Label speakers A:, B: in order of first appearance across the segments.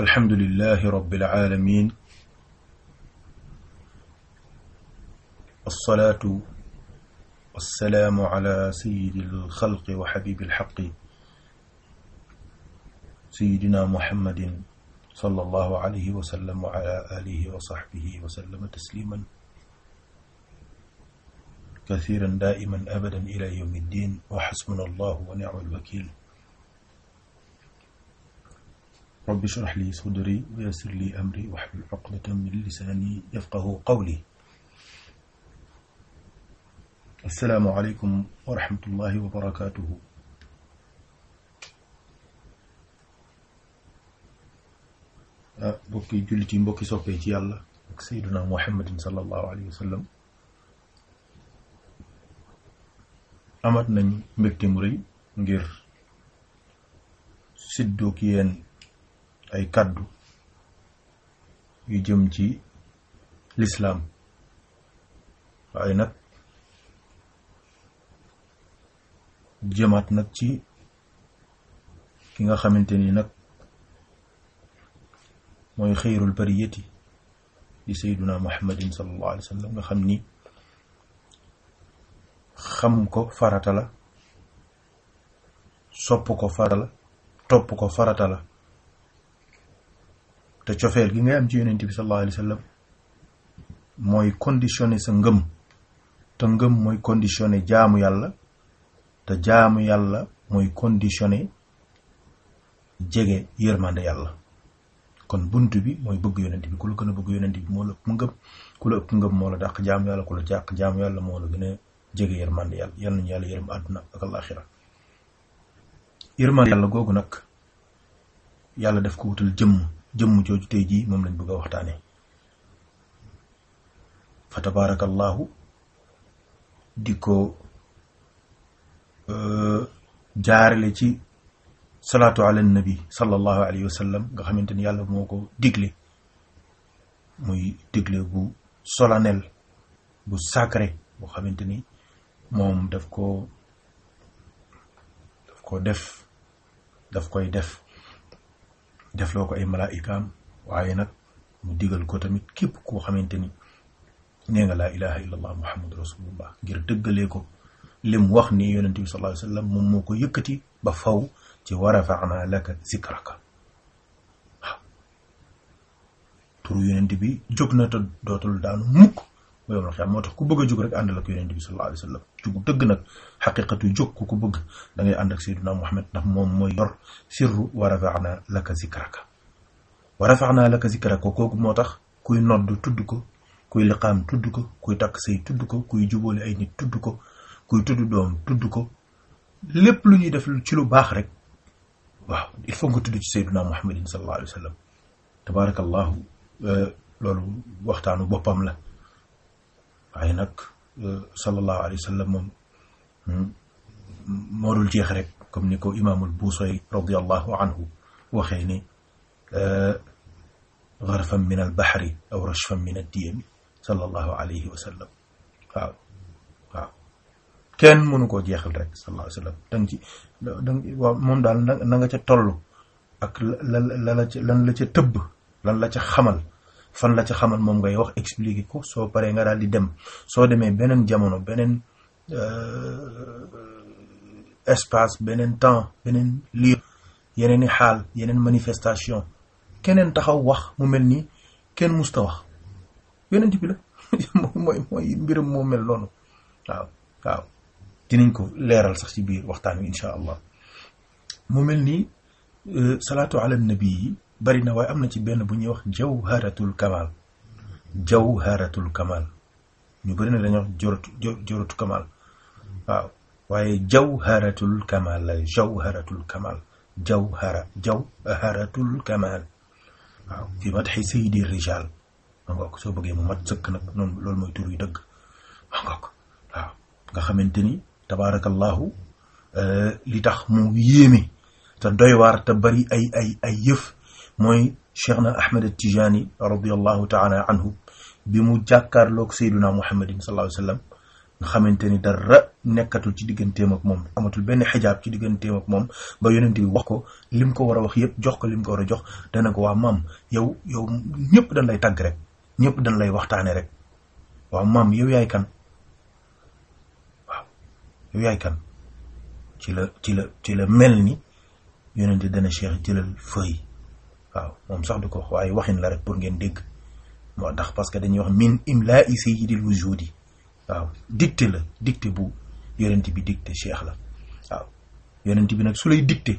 A: alhamdulilahi rabbil aalamiin wassalaatu wassalaamu ala sayyidil xalqi wa xabiibil xaqqi sayyidina muhammadin sallallahu alayhi wa sallam wa ala aalihi wa saxbihi wa sallama tasliiman kasiiran daa'iman abadan ilaa yawmi ddiin wa xasbunallaahu wa ni'mal wakiil rabbi shrah li sudri wa yassir li amri wahlul uqdatan min lisaani yafqahu qawli assalaamu aleykum wa rahmatullahi wa barakaatuhu ah, mbokki jullit yi mbokki soppee ci yàlla ak sayduna muhammadin sallallahu alayhi wa sallam amat nañ mbégte mu rëy ngir siddook yéen ay kàddu yu jëm ci lislaam waaye nag jëmaat nag ci ki nga xamante ni nag mooy xayrul bariyati di sayduna muhammadin sallallahu alayhi wa sallam nga xam ni xam ko farata la sopp ko farata la topp ko farata la te cofeel gi ngay am ci yonent bi sallallahu alayhi wa sallam mooy conditionné sa ngëm te ngëm mooy conditionné jaamu yàlla te jaamu yàlla mooy conditionné jege yërmande yàlla kon bunt bi mooy bëgg yonent bi ku la gën a bëgg yonent bi moo la ëpp ngëm ku la ëpp ngëm moo la dàq jaamu yàlla ku la jàq jaamu yàlla moo la gën a jege yërmande yàlla yal nañu yàlla yërëm àdduna ak alaaxira yërmande yàlla googu nag yàlla def ko wutal jëmm jëmm jooju tey jii moom lañ bëgg a waxtaane fa tabaarakallaahu di ko euh, jaarale ci salaatu ala nabi sallallahu alayhi wa sallam nga xamante ni yàlla moo ko digle muy digle bu solennel bu sacré boo xamante ni moom daf ko daf ko def daf koy def defloo ko ay malaayikaam waaye nag mu digal ko tamit képp koo xamante ni nee nga laa ilaha illallah muhammadu ngir dëggalee ko lim wax ni yonent bi sallallahu alayhi wa sallam moom moo ko yëkkati ba faw ci wa rafaana laka zikraka waaw turu yonent bi jóg na te dootul daanu mukk mu moo tax ku bëgg a jóg rek àndal ak yonent bi sallallahu alayhi wa sallam dëgg nag xaqiqatu jóg ku ko bëgg da ngay ànd ak sayduna Muhammad ndax moom mooy yor sirru wa rafaana laka zikraka wa rafaana laka zikraka kooku moo tax kuy nodd tudd ko kuy liqaam tudd ko kuy takk say tudd ko kuy jubóole ay nit tudd ko kuy tudd doom tudd ko lépp lu ñuy def ci lu baax rek waaw il faut nga tudd ci sayduna Muhammadin sallallahu alayhi wa sallam tabaarakallahu euh, waxtaanu boppam la waaye nag euh, sallallahu alayhi wa sallam moom hmm, moo dul jeex rek comme ni ko imaamul Buusooy radiyallahu anhu waxee ni euh, garfan min al-bahri aw rashfan min ad-diyami sallallahu alayhi wa sallam waaw waaw kenn mënu koo jeexal rek sallallahu alayhi wa sallam da nga ci da nga waaw moom daal na nga ca toll ak la la la ca lan la ca tëbb lan la ca xamal fan la ci xamal moom ngay wax expliquer ko soo paree nga daal di dem soo demee beneen jamono beneen euh, espace beneen temps beneen liir yeneen i xaal yeneen manifestation keneen taxaw wax mu mel nii kenn musta wax yonent bi la mooy mooy moo mel noonu waaw dinañ ko leeral sax ci biir waxtaan wi incha allah mu mel nii euh, salaatu ala nabi yi bari na waaye am na ci benn bu ñuy wax jawharatul kamal jawharatul kamal ñu bari na dañuy wax joratu joratu kamal waaw waaye jawharatul kamal kamal jawhara jawharatul kamal waaw fi matxi sayidi rijal ma soo bëggee mu mat sëkk nag noonu loolu mooy tur yu dëgg ma ngoog waaw nga xamante ni tabaarakallahu euh, li tax mu yéeme te doy waar bari ay ay ay yëf mooy Cheikhna Ahmed Tijaani radiyallahu taala anhu bi mu jàkkaarloog Seydina Muhammadin sallallahu alayhi nga xamante ni dara nekkatul ci digganteem ak moom amatul benn xijaab ci digganteem ak moom ba yonent wax ko lim ko war a wax yëpp jox ko lim ko war a jox dana ko waa maam yow yow ñëpp lay tàgg rek ñëpp dañ lay waxtaane rek maam yow yaay kan waaw yow yaay kan ci la ci la ci la mel ni yonent dana Cheikh jëlal fëy waaw moom sax du ko wax waaye waxin la rek pour ngeen dégg moo ndax parce que dañuy wax min imla i sayyidil wujudi waaw dicté la dicté bu yonent bi dicté cheikh la waaw yonent bi nag su lay dicté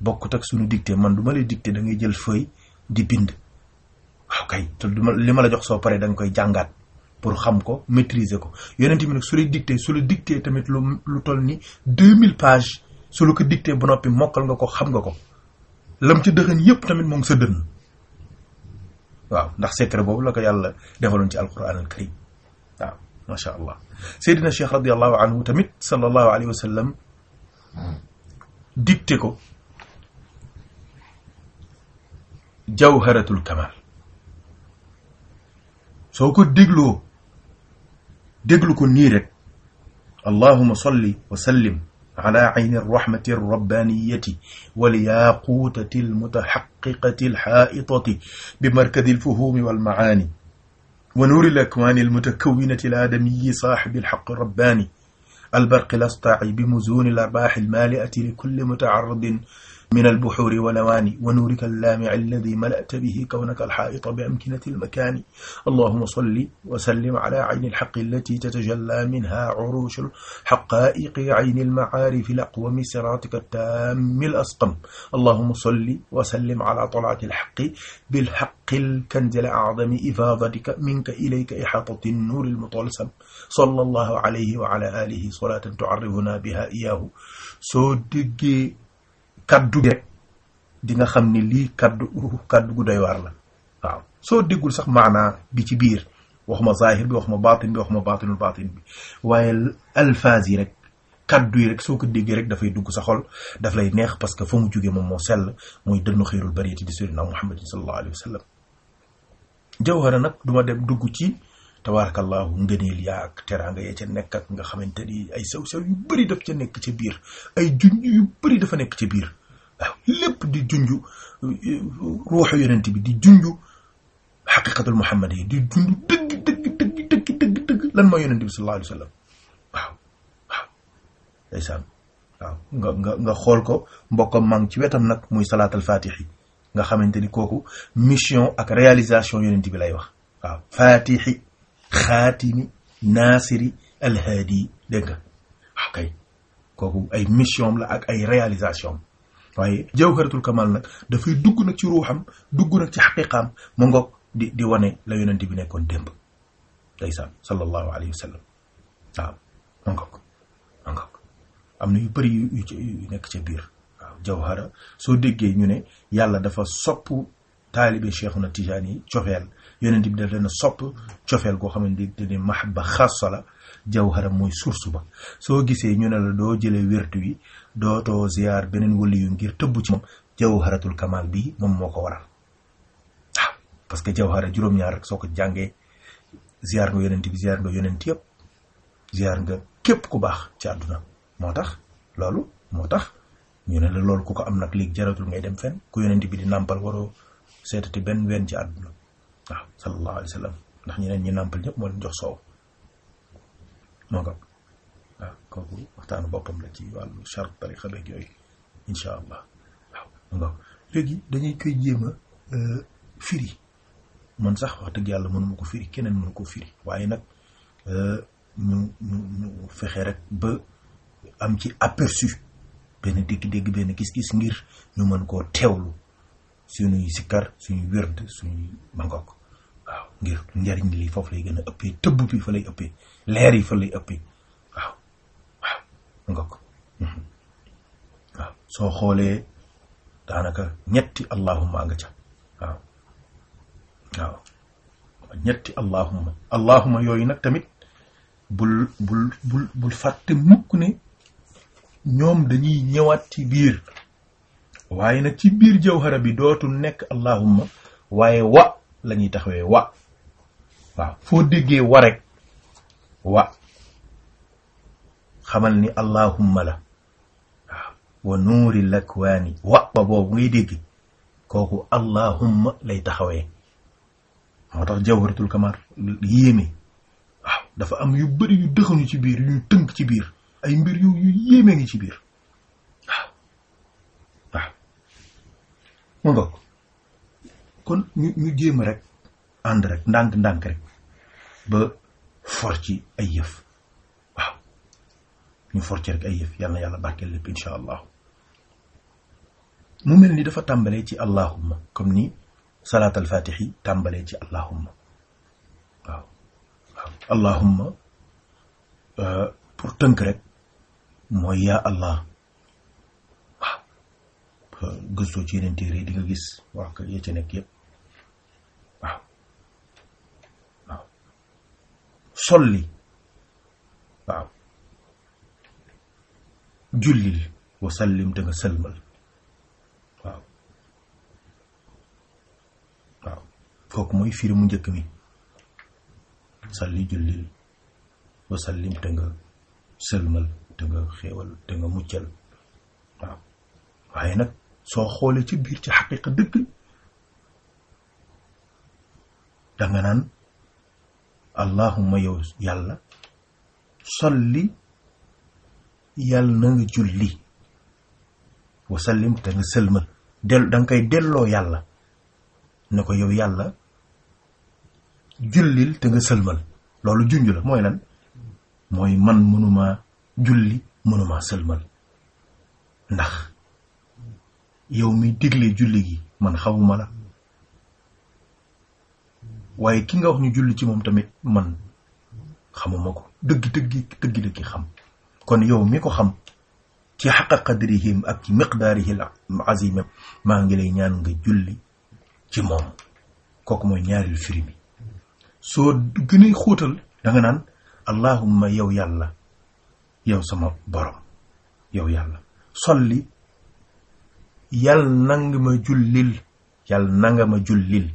A: bokkut ak sunu dicté man duma ma lay dicté da ngay jël feuille di bind waaw kay te du ma li ma la jox soo paree da koy jàngaat pour xam ko maîtriser ko yonent bi nag su lay dicté su la dicté tamit lu lu toll ni 2000 pages su la ko dicté ba noppi mokkal nga ko xam nga ko lam ci dëxën yépp tamit moo ngi sa dënn waaw ndax secret boobu la ko yàlla defaloon ci alquran al karim waaw macha allah seydina cheikh radiallahu anhu tamit sallallahu alayhi wa sallam dicté ko jawharatul kamal soo ko dégloo déglu ko nii rek allahuma salli wa sallim ala ayni alrahmati alrabbaniyati walyaqutati almutaxaqiqati alxaitati bi markadi alfuhumi walmaani wa nuuri alakwani almutakawinati aladamiyi saaxibi alxaq alrabbani albarqi lastai bi muzuni alarbaxi almaaliati likulli mutaaradin من البحور ولواني ونورك اللامع الذي ملأت به كونك الحائط بأمكنة المكان اللهم صل وسلم على عين الحق التي تتجلى منها عروش الحقائق عين المعارف الأقوم صراطك التام الأسقم اللهم صل وسلم على طلعة الحق بالحق الكنز الأعظم إفاضتك منك إليك إحاطة النور المطلسم صلى الله عليه وعلى آله صلاة تعرفنا بها إياه soo déggee kaddu gi rek di nga xam ni lii kaddu kaddu gu doy waar la waaw soo déggul sax maanaa bi ci biir waxuma zahir bi waxuma baatin bi waxuma baatinul baatin bi waaye alfaaz yi rek kaddu yi rek soo ko déggee rek dafay dugg sa xol daf lay neex parce que fa mu jógee moom moo sell mooy dënnu xeerul bariyati di sayyidina Muhammadin sallallahu alayhi wa sallam jawhara nag duma dem dugg ci tabaarakallaahu ngëneel yaa ak teraanga ya ca nga xamante ni ay sew-sew yu bëri daf nekk ca biir ay junj yu bëri dafa nekk ca biir lépp di junj ruuxu yonent bi di junju xaqiqatul muhammad di junj dëgg dëgg dëgg dëgg dëgg lan mooy yonent bi sallallahu alayhi nga nga xool ko mbokkam maa ci wetam nag muy salaatal fatix nga xamante ni kooku mission ak réalisation yonent bi lay wax xaatimi naasiri alhaadi dégg nga ah, kay kooku ay mission la ak ay réalisation waaye jawharatul kamal nag dafay dugg nag ci ruuxam dugg nag ci xaqiqaam mu di di wane la yonent bi nekkoon démb ndeysaan sallallahu alayhi wa sallam waaw mu ngoog am na yu bëri yu nekk ca biir waaw soo déggee ñu ne yàlla dafa soppu sopp taalibe na Tijaani yi cofeel yonent bi daf leen a sopp cofeel goo xamante ni mahabba xassa la jawhara mooy source suba soo gisee ñu ne la doo jëlee wertu yi dootoo ziyaar beneen wali ngir tëbb ci moom jawharatul kamal bi moom moo ko waral ah, parce que jawhara juróom-ñaar rek soo ko jàngee ziyaar nga yonent bi ziyaar nga képp ku baax ci àdduna moo tax loolu moo tax ñu ne la loolu ku ko am nag léegi jaratul ngay dem fenn ku yonent bi di nàmpal waroo seetati benn wenn ci àdduna waaw sallallahu alayhi wa sallam ndax ñeneen ñi nàmpal ñëpp moo leen jox soow moo ko waaw kooku waxtaanu boppam la ci wàllu charte tarixa beeg yooyu incha allah waaw moo léegi dañuy koy jéem a euh, firi man sax wax dëgg yàlla mënuma ko firi keneen mënu ko firi waaye nag euh, ñu ñu ñu fexe rek ba am ci aperçu benn dégg-dégg benn gis-gis ngir ñu mën koo teewlu suñuy sikkar suñu wérd suñuy mangok waaw ngir njariñ li foofu lay gën a ëppee tëbb bi fa lay ëppee leer yi fa lay ëppee waaw waaw mangok mhm. waaw soo xoolee daanaka ñetti allahuma nga ca waaw waaw ñetti allahuma allahuma yooyu nag tamit bul bul bul bul fàtte mukk ne ñoom dañuy ñëwaat ci biir waaye nag ci biir jawhara bi dootul nekk allahumma waaye wa lañuy ñuy taxawee wa waaw foo déggee wa wa xamal ni allahumma la waaw wa nuuri lakwaani wa wa boobu ngay dégg kooku allahumma lay taxawee moo tax jawharatul kamar yéeme waaw dafa am yu bari yu dëxañu ci biir yu tënk ci biir ay mbir yu yu yéeme ngi ci biir mu ngoog kon ñu ñu jéem rek ànd rek ndànk ndànk rek ba for ci ay yëf waaw ñu for ci rek ay yëf yal yàlla barkeel lépp incha allahu mu mel ni dafa tàmbalee ci allahumma comme ni salaat al fatixi tàmbalee ci allahumma waaw waaw allahumma euh, pour tënk rek mooy yaa allah gëstoo ci yeneen téere yi di gis wax ka ya ca nekk yépp waaw waaw solli waaw jullil wa sallim te nga sëlmal waaw kooku mooy firi mu njëkk mi salli jullil wa sallim te nga sëlmal te nga xéewal te nga muccal waaw waaye nag soo xoolee ci biir ci xaqiqa dëgg danga naan allahuma yow yàlla solli yàlla na nga julli wasallim te nga sëlmal del da nga koy delloo yàlla ne ko yow yàlla jullil te nga sëlmal loolu junj la mooy lan mooy man mënumaa julli mënumaa sëlmal ndax yow mi dégle julli gi man xamuma la waaye ki nga wax ñu julli ci moom tamit man xamuma ko dëgg dëgg dëgg dëgg xam kon yow mi ko xam ci xaqa qadrihim ak ci miqdaarihil maa ngi lay ñaan nga julli ci moom kooku mooy ñaaril firi bi soo gën a xóotal naan allahumma yow yàlla yow sama borom yow yàlla yal nanga ma jullil yal nanga ma jullil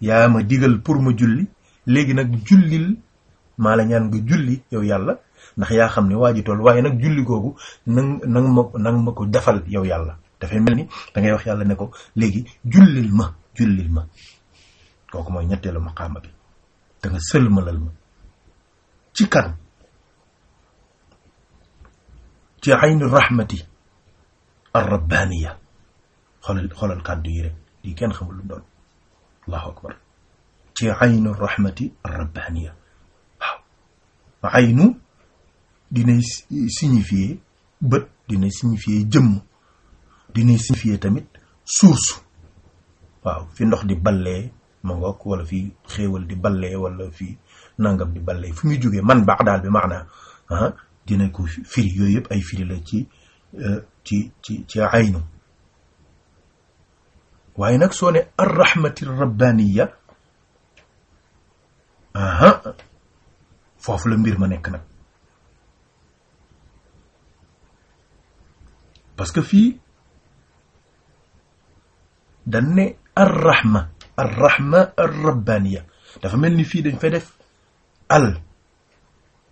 A: yaa ma digal pour ma julli léegi nag jullil maa la ñaan nga julli yow yàlla ndax yaa xam ne waa ji toll waaye nag julli googu nang nang ma ko defal yow yàlla dafay mel ni dangay wax yàlla ne ko léegi jullil ma jullil ma kooku mooy ñetteelu maqaama bi da sëlmalal ma ci kan ci aynu rahmati arrabbaaniya xol xoolal kàddu yi rek lii kenn xamul lu doon allahu akbar ci aynu rahmati arrabbaaniya waaw aynu dinay signifier bët dinay signifier jëmm dinay signifier tamit source waaw fi ndox di ballee ma ngoog wala fi xéewal di ballee wala fi nangam di ballee fu muy jógee man baax daal bi maanaa ah, dina ko firi yooyu yëpp ay firi la ci euh, ci ci ci aynu waaye nag soo ne ar rahmati rabbaniya foofu la mbir ma nekk nag parce que fii dañ ne ar rahma ar dafa mel ni fii dañ fay def al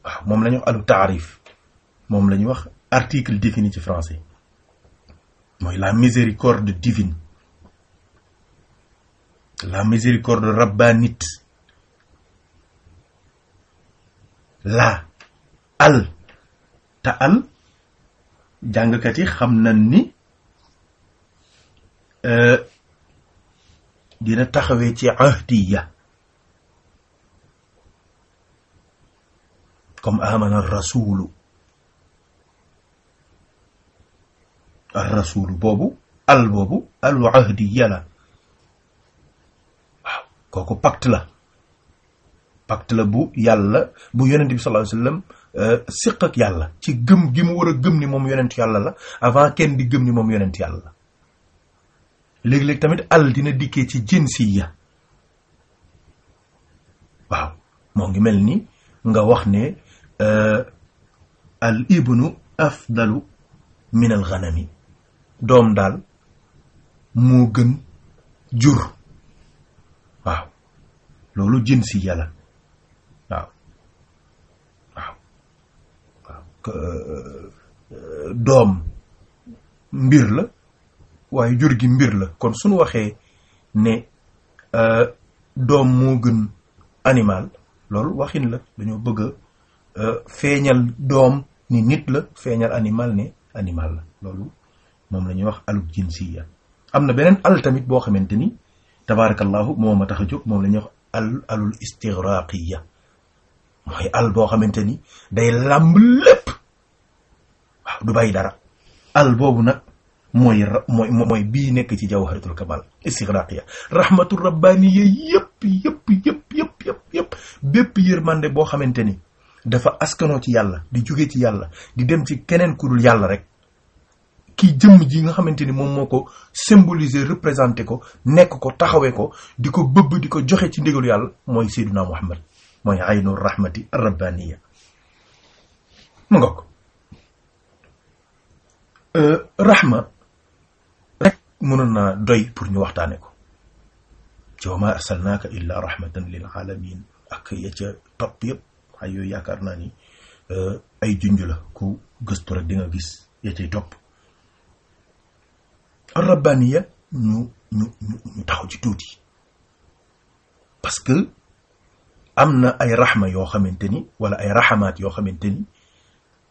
A: waaw ah, moom la ñuy wax alu taarif moom la ñuy wax article ci français mooy la miséricorde divine la miséricorde rabbanite la al te al jàngkat yi xam nañ ni euh, dina taxawee ci ahdiya comme amana rasulu ar rasulu boobu al boobu alu ahdiya la waaw kooku pacte la pacte la bu yàlla bu yonent bi sallallahu alayhi euh, siq ak yàlla ci gëm gi mu war a gëm ni moom yonent yàlla la avant kenn di gëm ni moom yonent yàlla la léeg tamit al dina dikkee ci jinsiya waaw moo ngi mel ni nga wax ne euh, al ibnu afdalu min al ghanami doom daal moo gën jur waaw loolu jën si yàlla waaw waaw euh, doom mbir la waaye jur gi mbir la kon suñu waxee ne euh, doom moo gën animal loolu waxin la dañoo bëgg a euh, feeñal doom ni nit la feeñal animal ne animal la loolu moom la ñuy wax alug jinsiya am na beneen al tamit boo xamante ni tabaarakallahu moo ma tax a jóg moom la ñuy wax al alul mooy al boo xamante ni day làmb lépp waaw du bàyyi dara al boobu nag mooy mooy mooy bii nekk ci jawharatul kamal istigraqiya rahmatu rabbaniya yëpp yëpp yëpp yëpp bépp yërmande boo xamante ni dafa askanoo ci yàlla di jóge ci yàlla di dem ci keneen ku dul yàlla rek kii jëmm ji nga xamante ni moom moo ko symboliser représenter ko nekk ko taxawee ko di ko bëbb di ko joxe ci ndigalu yàlla mooy Seydina Muhammad mooy aynu rahmati rabbaniya mu nga ko euh, rahma rek mënoon naa doy pour ñu waxtaane ko ci wa ma arsalnaaka illa rahmatan lil alamin ak ya ca topp yëpp ay yooyu yaakaar naa ni euh, ay junj la ku gëstu rek di nga gis ya cay topp rabbaniya ñu ñu ñu taxaw ci tuuti parce que am na ay raxma yoo xamante ni wala ay raxamaat yoo xamante ni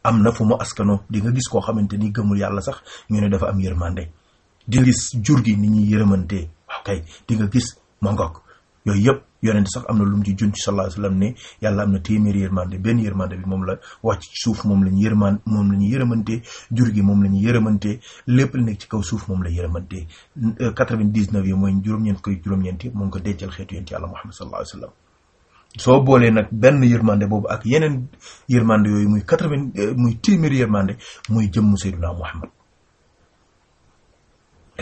A: am na fu mu askanoo di nga gis koo xamante ni gëmul yàlla sax ñu ne dafa am yërmande di gis jur gi ni ñuy yërëmantee waaw kay di nga gis ma yooyu yëpp yonent sax am na lu mu ci jun ci sallallahu alayhi wasallam ne yàlla am na téeméeri yërmande benn yërmande bi moom la wàcc ci suuf moom la ñu yërmaan moom la ñu yërëmante jur gi moom la ñu yërëmante lépp li nekk ci kaw suuf moom la yërëmante quatre-vingt-dix-neuf yi mooy juróom-ñeent koy juróom-ñeenti ko dencal xeetu yonent yàlla Muhammad sallallahu alayhi wasallam soo boolee nag benn yërmande boobu ak yeneen yërmande yooyu muy quatre-vingt euh, muy téeméeri yërmande muy jëmmu Seydina Muhammad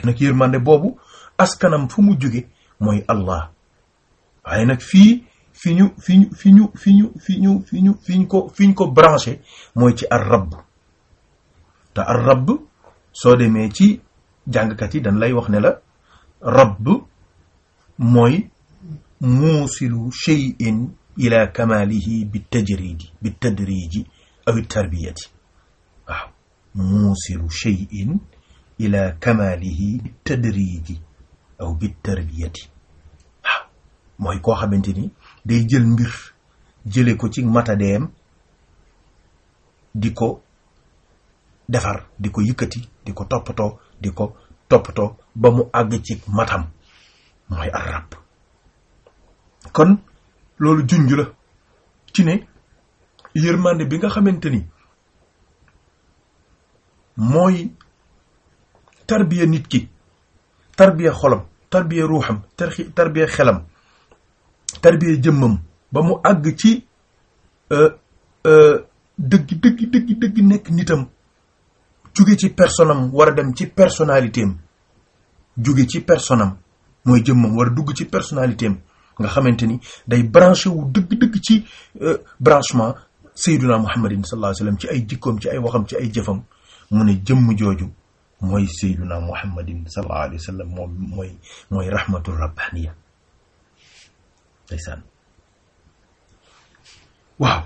A: nag yërmande boobu askanam fu mu jóge mooy Allah waaye nag fii fi ñu fi ñu fi ñu fi ñu fi ñu fi ñu ko fi ko branché mooy ci ar rabb te ar rabb soo demee ci jàngkat yi dañ lay wax ne la rabb mooy muusilu cheyin ila kamalihi bi tajridi bi tadriji aw tarbiyati waaw muusilu cheyin ila aw bi tarbiyati mooy koo xamante ni day jël mbir jële ko ci matadeem di ko defar di ko yëkkati di ko toppatoo di ko toppatoo ba mu àgg ci matam mooy arab kon loolu junj la ci ne yërmande bi nga xamante ni mooy tarbiya nit ki tarbiya xolam tarbiya ruuxam tarbiya xelam tarbiya jëmmam ba mu àgg ci euh, euh, dëgg dëgg dëgg dëgg nekk nitam jóge ci personam war a dem ci personnalité am jóge ci personam mooy jëmmam war dugg ci personnalité am nga xamante ni day branché wu dëgg-dëgg ci euh, branchement sayyiduna muhammadin sallallahu alayhi wasallam ci ay jikkoom ci ay waxam ci ay jëfam mu ne jëmm jooju mooy sayyiduna muhammadin sallallahu alayhi wasallam mooy mooy ndeysaan waaw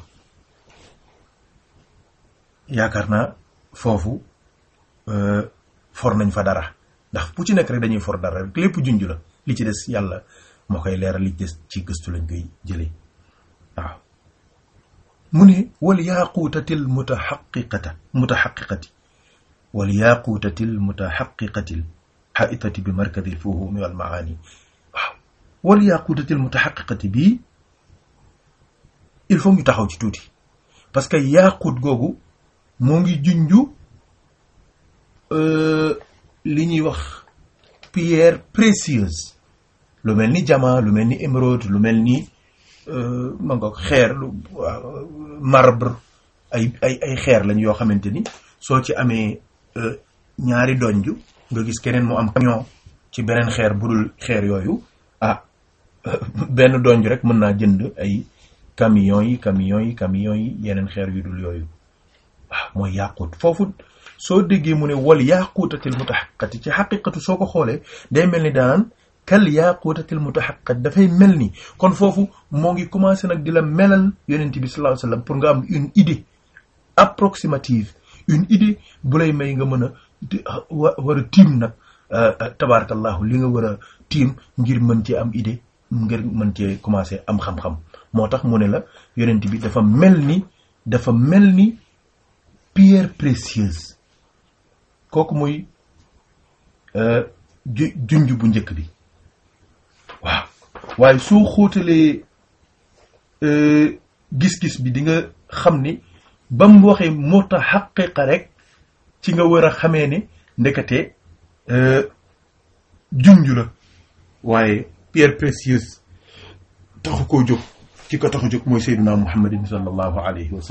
A: yaakaar naa foofu euh, foor nañ fa dara ndax bu ci nekk rek dañuy for dara rek lépp junj la li ci des yàlla moo koy leeral li ci ci gëstu lañ koy jëlee waaw mu ne wal yaaquutatil mutaxaqiqata mutaxaqiqati wal yaaquutatil mutaxaqiqatil xaitati bi markadil fuhumi wal maani wal yaaquutatil mutaxaqiqati bii il faut ñu taxaw ci tuuti parce que yaaquut googu moo ngi junju euh, li ñuy wax pierre précieuse lu mel ni diamant lu mel ni émeraude lu mel ni euh, ma nga xeer lu marbre ay ay xeer lañ yoo xamante ni soo ci amee euh, ñaari donju nga gis keneen mu am camion ci beneen xeer budul xeer yooyu ah, benn donj rek mën naa jënd ay camions yi camions yi camions yi yeneen xeer yu dul yooyu waaw mooy yàquut foofu soo déggee mu ne wal yàquutatil mutaxaqati ci xaqiqatu soo ko xoolee day mel ni daan kal yaaquutatil mutaxaqat dafay mel ni kon foofu moo ngi commencé nag di la melal yonent bi sallallahu alayhi pour nga am une idée approximative une idée bu lay may nga mën a ah, war a tiim nag ah, tabaarakallahu li nga war a tiim ngir mën ci am idée ngir mën cee commencé am xam-xam moo tax mu ne la yonent bi dafa mel ni dafa mel ni pierre précieuse kooku muy euh, ju junj bu njëkk bi waaw waaye soo xóotalee euh, gis-gis bi di nga xam ni bam mu waxee moo tax xaqiqa rek ci nga war a xamee ni ndekete euh, junj la waaye pierre précieuse taxu ko jóg ci ko tax a jóg mooy Seydina sallallahu alayhi wa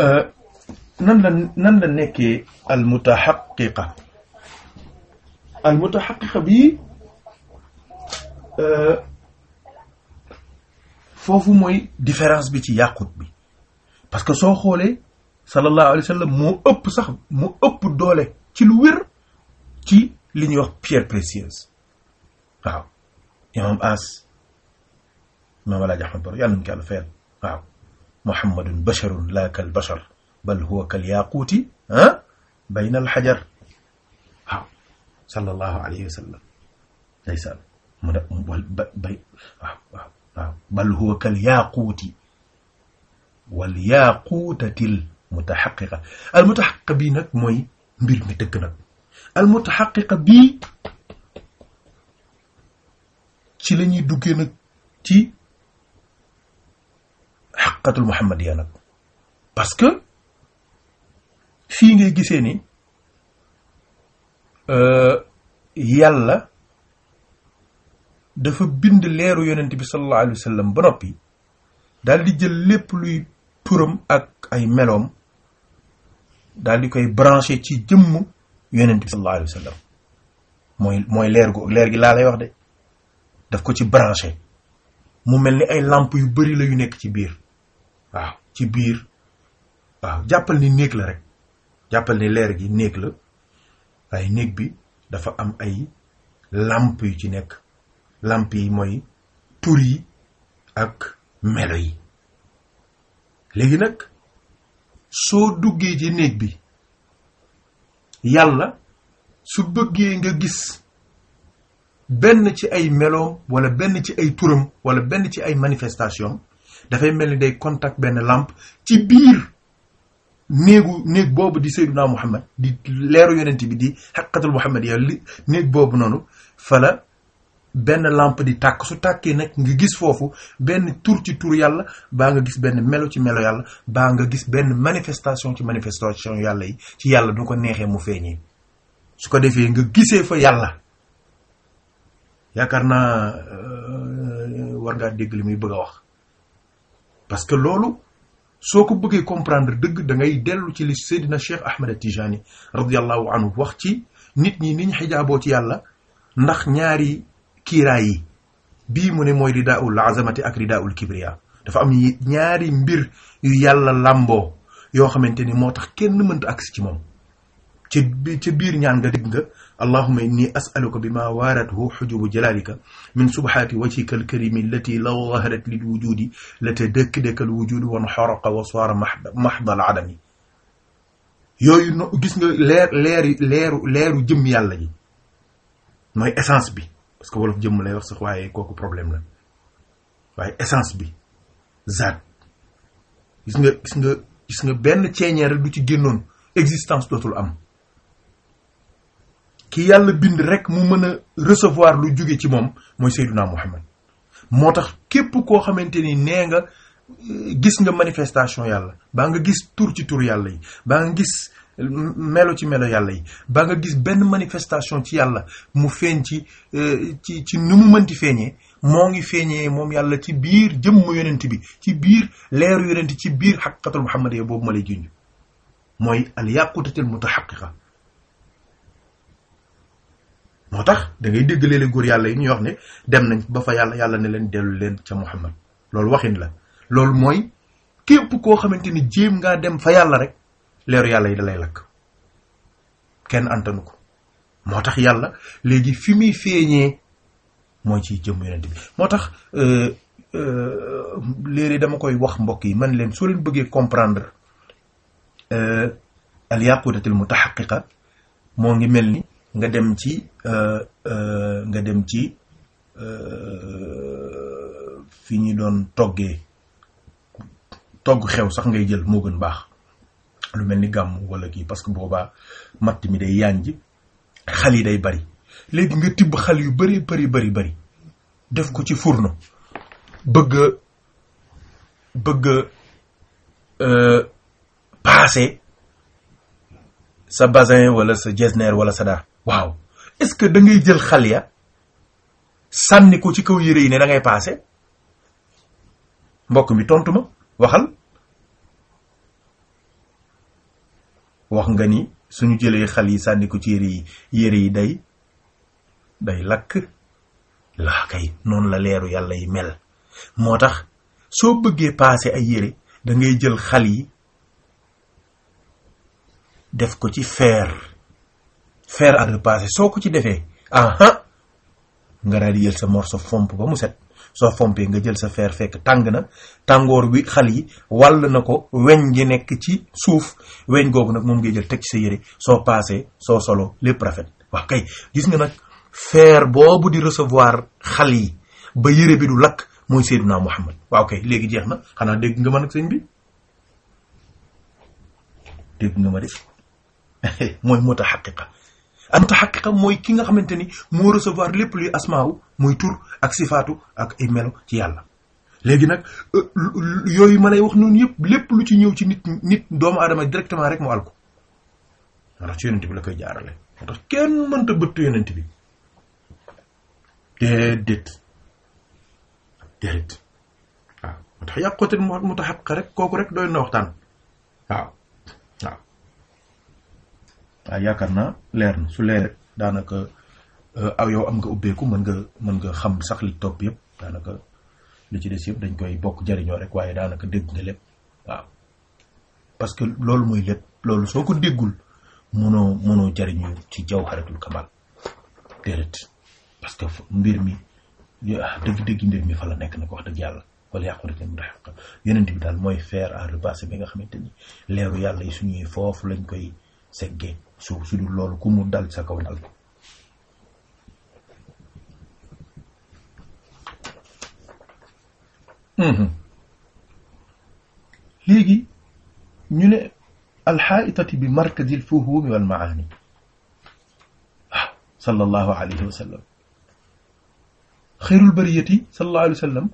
A: euh, nan la nan la nekkee al mutaxaqiqa euh, foofu mooy différence bi ci yàqut bi parce que soo xoolee sallallahu alayhi wa moo ëpp sax moo ëpp doole ci lu ci li ñuy wax pierre précieuse waaw imam as imam alaaji ahmad baro yàlla nañu ko yàlla fayal waaw muhammadun basharun laa kal bashar bal huwa kal yaquuti ah bayna al xajar waaw sallallahu alayhi wa sallam ndeysaan mu ne wal ba bay waaw waaw waaw bal huwa kal yaquuti wal yaquutatil mutaxaqiqa al mutaxaqiqa bii nag mooy mbir mi dëgg nag al mutaxaqiqa ci la duggee nag ci xaqiqatul muhammadiya nag parce que fii ngay gisee ni euh, yàlla dafa bind leeru yonent bi sallallahu alayhi wa sallam ba noppi di jël lépp luy turam ak ay meloom daal di koy branché ci jëmm yonent bi sallallahu alayhi mooy mooy leer gu leer gi laa lay wax de daf ko ci branché mu mel ni ay làmp yu bari la yu nekk ci biir waaw ci biir waaw jàppal ni néeg la rek jàppal ni leer gi néeg la waaye néeg bi dafa am ay làmp yu ci nekk làmp yi mooy tur yi ak melo yi léegi nag soo duggee ci néeg bi yàlla su bëggee nga gis benn ci ay melo wala benn ci ay turam wala benn ci ay manifestation dafay mel ni day contact benn làmp ci biir néegu néeg boobu di Seydunaa Muhammad di leeru yonent bi di xaqiqatul Muhammad yow li néeg boobu noonu fala benn lampe di tàkk su tàkkee nag ngi gis foofu benn tur ci tur yàlla baa nga gis benn melo ci melo yàlla baa nga gis benn manifestation ci manifestation yàlla yi ci yàlla du ko neexee mu feeñee su ko defee nga gisee fa yàlla yaakaar naa euh, war ngaa dégg li muy bëgg a wax parce que loolu soo ko bëggee comprendre dëgg da ngay dellu ci li Seydina Cheikh Ahmed Tijani radiyallahu anhu wax ci nit ñi ni ñu xijaaboo ci yàlla ndax ñaari. kiiraay yi bii mu ne mooy ridaul azamati ak ridaul kibriya dafa am ñaari mbir yu yàlla làmboo yoo xamante ni moo tax kenn mënta agsi ci moom ci ca biir ñaan nga dégg nga allahuma inni asaluka bi ma waarathu xujubu jalalika min subhaati wajhika alkarimi allati law zaharat lil wujudi la te dëkk-dëkkal wujudi wan xoroqa wa soara maxdal adami yooyu no gis nga leer leeri leeru leeru jëm yàlla ji mooy essence bi parce que wolof jëmm lay wax sax waaye kooku problème la waaye essence bi zaat gis nga gis nga gis nga benn ceeñeer du ci génnoon existence dootul am ki yàlla bind rek mu mën a recevoir lu jóge ci moom mooy Seydunaa Muhammad moo tax képp koo xamante ni nee nga gis nga manifestation yàlla baa nga gis tur ci tur yàlla yi baa nga gis melo ci melo yàlla yi ba nga gis benn manifestation ci yàlla mu feeñ ci euh, ci ci nu mu mënti feeñee moo ngi feeñee moom yàlla ci biir jëmm yonent bi ci biir leeru yonent ci biir xaqiqatul muhammad ya boobu ma lay junj mooy al yaqutatil mutahaqiqa moo tax da ngay dégg léeg-léeg góor yàlla yi ñuy wax ne dem nañ ba fa yàlla yàlla ne leen dellu leen ca muhammad loolu waxin la loolu mooy képp koo xamante ni jéem ngaa dem fa yàlla rek leeru yàlla yi dalay lakk kenn antanu ko moo tax yàlla léegi fi muy feeñee mooy ci jëm yonent bi moo tax euh, euh, léegi dama koy wax mbokk yi man leen soo leen bëggee comprendre euh, al yaqudatil mutahaqiqa moo ngi mel ni nga dem ci nga dem ci fi ñu doon toggee togg xew sax ngay jël moo gën baax lu mel ni gàmm wala kii parce que boobaa matt mi day yànj xal yi day bari léegi nga tibb xal yu bari bari bari bari def ko ci furno bëgg a bëgg a euh, paase sa basin wala sa jesner wala sa daa waaw est-ce que dangay jël xal ya sànni ko ci kaw yére yi ne da ngay paase mbokk mi tontuma waxal wax nga ni suñu jëlee xal yi sànni ko ci yére yi yére yi day day lakk laa kay noonu la leeru yàlla yi mel moo tax soo bëggee paase ay yére dangay jël xal yi def ko ci fer fer à repasser soo ko ci defee aha nga daal di sa morceau fomp ba mu set soo fompee nga jël sa fer fekk tàng na tàngoor wi xal yi wàll na ko weñ gi nekk ci suuf weñ googu nag moom ngay jël teg ci sa yére soo paasee soo solo lépp rafet wax kay gis nga nag fer boobu di recevoir xal yi ba yére bi du lakk mooy Seydina Muhammad waaw kay léegi jeex na xanaa dégg nga ma nag sëñ bi dégg nga ma de mooy mutahaqiqa almutaxaqiqa mooy ki nga xamante ni moo recevoir lépp luy asmaaw muy tur ak sifaatu ak ay melo ci yàlla léegi nag euh, yooyu ma lay wax noonu yëpp lépp lu ci ñëw ci nit nit doomu aadama directement rek mu alko moo tax ci yonent bi la koy jaarale moo tax kenn mënta bëtt yonent bi déedéet déedéet waaw moo tax yàqoote mutaxaqiqa rek kooku rek doy na waxtaan waaw waaye yaakaar na leer na su leeree daanaka euh, aw yow am nga ubbeeku mën nga mën nga xam sax li topp yëpp daanaka li ci des yëpp dañ koy bokk jariñoo rek waaye daanaka dégg nga lépp waaw parce que loolu mooy lépp loolu soo ko déggul mënoo mënoo jariñu ci jawharatul kamal déedéet parce que mbir mi dëgg-dëgg mbir mi fa la nekk nag wax dëgg yàlla wala yàqurite mu ndax yonent bi daal mooy faire à repasser bi nga xamante ni leeru yàlla yi suñuy foofu lañ koy seggee su su dul loolu ku mu dal sa kaw dal mhm. léegi ñu ne alxaaitati bi markazil fuhumi wal maani ah sallallahu alayhi wa sallam xayrul bariyati sallallahu alayhi wa sallam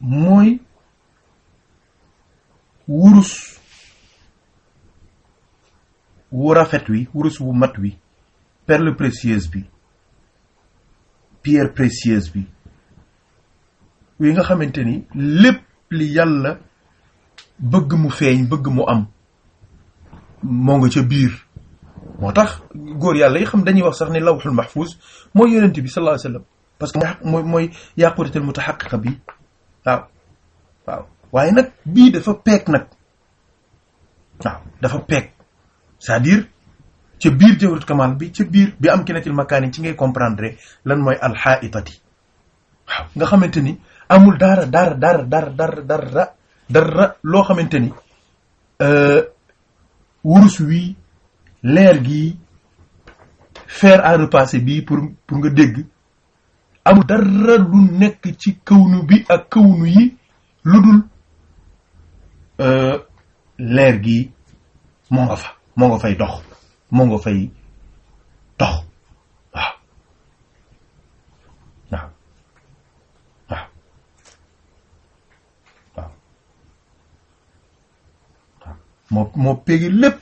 A: mooy wurus wu rafet wi wurus wu mat wi perle précieuse bi pierre précieuse bi wi nga xamante ni lépp li yàlla bëgg mu feeñ bëgg mu am moo nga ca biir moo tax góor yàlla yi xam dañuy wax sax ni lawxul mahfuz mooy yonent bi sallallahu alayhi wasallam parce que mooy mooy yàqutatul mutaxaqiqa bi waaw waaye nag bii dafa peeg nag waaw dafa peeg c'est-à-dire ca biir jawharatul kamal bi ca biir bi am kinatil makaani ci ngay comprendre lan mooy alxaaitati waaw nga xamante ni amul dara dara dara dara loo xamante ni euh, wurus wi leer gi fer à repasser bii pour pour nga dégg amul dara lu nekk ci kawnu bi ak kawnu yi lu dul euh, leer gi moo nga fa moo nga fay dox moo nga fay dox waaw waaw waaw moo moo péegi lépp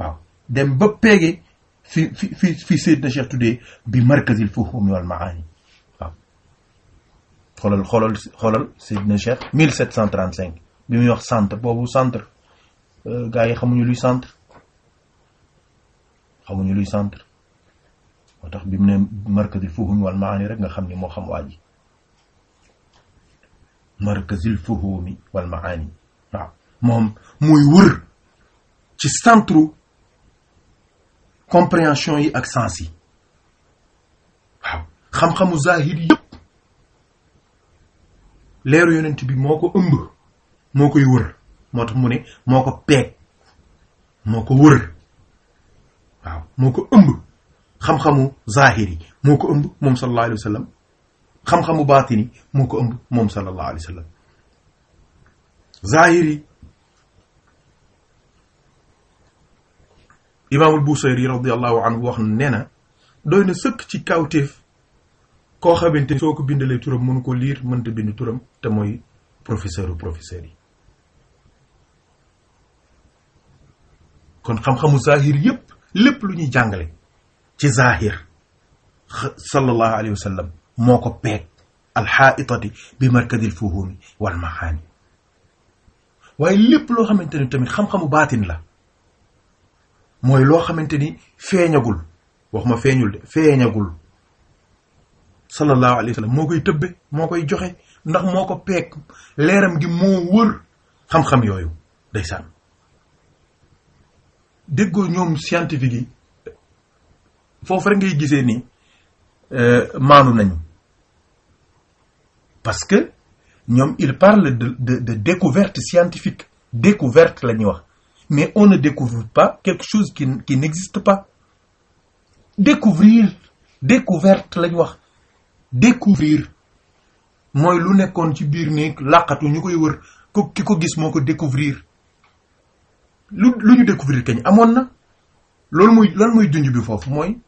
A: waaw dem ba péegi fi fi fi fi Seydina Cheikh tuddee bi markazil fuhum wal maani xoolal xoolal xoolal Seydina Cheikh 1735 bi muy wax centre boobu centre euh, gars yi xamuñu luy centre xamuñu luy centre moo tax bi mu ne markazil fuhum wal maani rek nga xam ni moo xam waa ji markazil fuhumi wal maani waaw moom mooy wër ci centre compréhension yi ak sens yi waaw xam-xamu zahir yëpp leeru yonent bi moo ko ëmb moo koy wër moo tax mu ne moo ko peeg moo ko wër waaw ko ëmb xam-xamu zahir yi moo ko ëmb moom sallallahu alayhi wa sallam xam-xamu baatin yi moo ko ëmb moom sallallahu alayhi wa sallam zahir yi imaamul Busayri radiyallahu anhu wax na nee na doy na sëkk ci kawteef koo xamante soo ko bindalee turam mënu ko liir mënta bind turam te mooy professeur u kon xam-xamu zahir yépp lépp lu ñuy jàngale ci zahir sallallahu alayhi wa sallam moo ko peeg alxaaitati bi markadil fuhumi wal maxaani waaye lépp loo xamante ni tamit xam-xamu baatin la mooy loo xamante ni feeñagul wax ma feeñul de sallallahu alayhi wa sallam moo koy tëbbe moo koy joxe ndax moo ko peeg leeram gi moo wër xam-xam yooyu day sànn déggoo ñoom scientifique yi foofu rek ngay gisee ni euh, maanu nañu parce que ñoom il parle de de de découverte scientifique découverte la ñuy wax mais on ne découvre pas quelque chose qui qui n'existe pas découvrir découverte la wax découvrir mooy lu nekkoon ci biir néeg làqatu ñu koy wër ko ki ko gis moo ko découvrir lu lu ñu découvrir kañ amoon na loolu muy lan mooy junj bi foofu mooy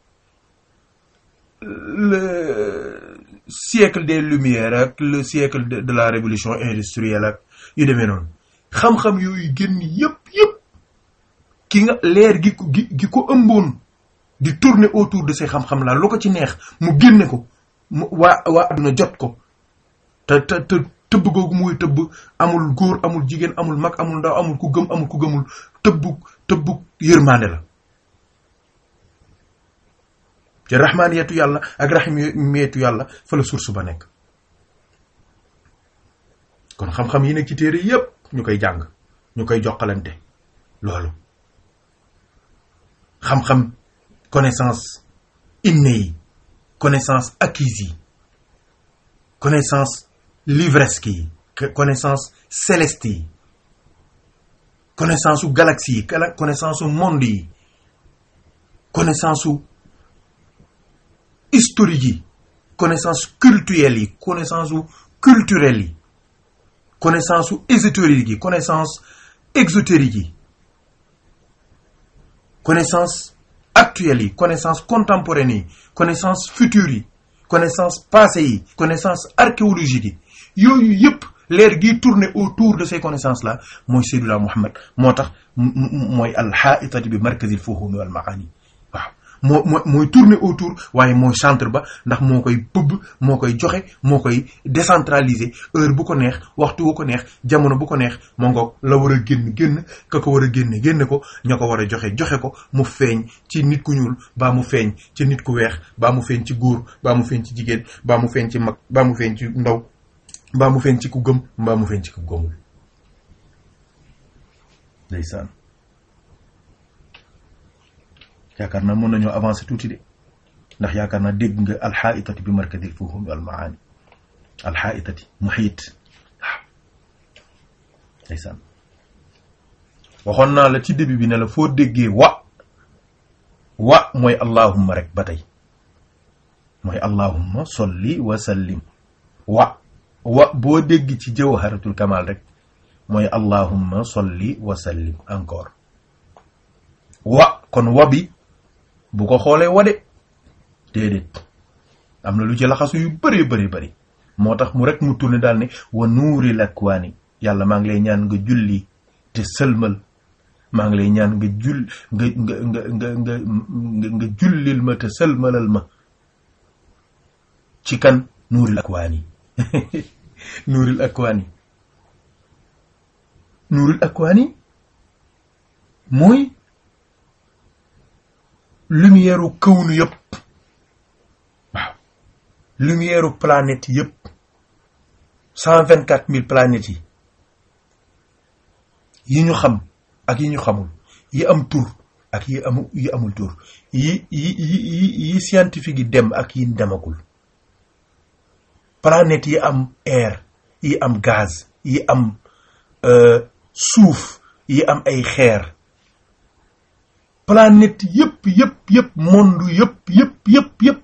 A: le siècle des lumières ak le siècle de la révolution industrielle ak yu demee noonu xam-xam yooyu génn yëpp yëpp ki nga leer gi ko gi ko ëmboon di tourner autour de ces xam-xam la lu ko ci neex mu génne ko waa waa adduna jot ko te te te tëbb googu muy tëbb amul góor amul jigéen amul mag amul ndaw amul ku gëm amul ku gëmul tëbbu tëbbu yërmaande la ci rahmaaniyetu yàlla ak rahimiyetu yàlla fa la source ba nekk kon xam-xam yi nekk ci téere yépp ñu koy jàng ñu koy joxalante loolu xam-xam connaissance innée connaissance acquise yi connaissance livresque yi connaissance céleste yi connaissance su galaxie yi connaissance su monde yi connaissance su historique yi connaissance culturelle yi connaissance su culturelle yi connaissance su ésotérique yi connaissance exotérique yi connaissance actuelles yi connaissance contemporaine yi connaissance future yi connaissance passée yi connaissance archéologique yi yooyu yëpp leer gi tourner autour de ces connaissances là mooy Seydina Muhammad moo tax mooy alxaitati bi markazil fuhumi wal maani moo moo mooy tourner autour waaye mooy centre ba ndax moo koy pëbb moo koy joxe moo koy décentraliser heure bu ko neex waxtu wu ko neex jamono bu ko neex moo ngoog la war a génn génn ka ko war a génn génne ko ñoo ko war a joxe joxe ko mu feeñ ci nit ku ñuul ba mu feeñ ci nit ku weex ba mu feeñ ci góor baa mu feeñ ci jigéen ba mu feeñ ci mag ba mu feeñ ci ndaw mbaa mu feeñ ci ku gëm mbaa mu feeñ ci ku gëmul ndeysaan yaakaar naa mun nañoo avancer tuuti de ndax yaakaar naa dégg nga alxaitati bi markadil fuhum wal maani alxaitati muxiit waaw waxoon naa la ci début bi na la foo déggee wa wa mooy allahumma rek ba tey mooy allahumma solli wa sallim wa wa boo dégg ci jawharatul kamal rek mooy allahumma solli wa sallim encore wa kon wa bu ko xoolee wade déedéet am na lu ci laxasu yu bëree bëri bëri moo tax mu rek mu tourné daal ne wa nuuri lakwaani yàlla maa ngi lay ñaan nga julli te sëlmal maa ngi lay ñaan nga jul jullil ma te sëlmalal ma ci kan nuuril akwaani nuuril akwaani nuuril mooy lumière u këwnu yëpp waaw lumière u planète yëpp cent vingt quatre mille planètes yi yi ñu xam ak yi ñu xamul yi am tur ak yi amul yi yi yi yi yi scientifique yi dem ak yi demagul planètes yi am air yi am gaz yi am euh, suuf yi am ay xeer planète yëpp yëpp yëpp monde yëpp yëpp yëpp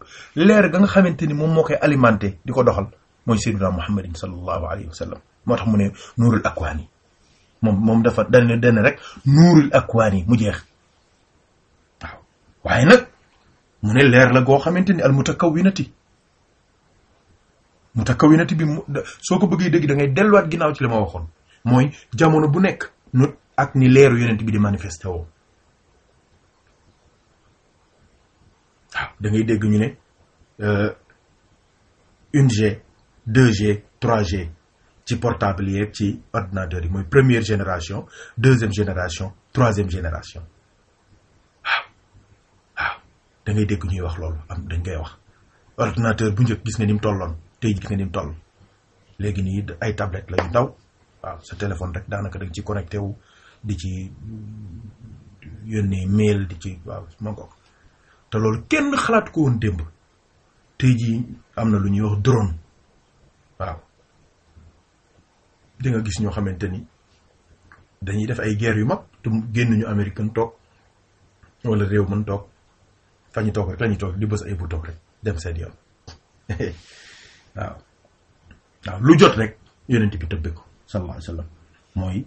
A: leer ga nga xamante ni moom moo koy alimenté di ko doxal mooy sayyidina muhammadin sallallahu alayhi wa sallam moo tax mu ne nuurul akwaan yi moom moom dafa dana dana rek nuurul akwaan yi mu jeex waaw waaye nag mu ne leer la goo xamante ni al mutakawwinati mutakawwinati bi mu soo ko bëggee dégg da delluwaat ginnaaw ci li ma waxoon mooy jamono bu nekk nut ak ni leeru yonent bi di manifesté woo waaw da ngay dégg ñu ne euh, une G deux G trois G ci portable ci ordinateur yi mooy première génération deuxième génération troisième génération waaw waaw da ngay dégg ñuy wax loolu am dañ koy wax ordinateur bu njëkk gis nga ni mu tolloon tey gis nga ni mu toll léegi nii ay tablette la ñu ndaw waaw sa téléphone rek daanaka da nga ci connecté wu di ci mm, yónnee mail di ci waaw ma te loolu kenn xalaat ko won démb tey jii am na lu ñuy wax drone waaw di gis ñoo xamante ni dañuy def ay guerre yu mag te génn ñu américain toog wala réew mën toog fa ñu toog rek la toog di bës ay bu toog rek dem seen yoon waaw lu jot rek yonent bi tëbbe ko sallallahu alayhi wa sallam mooy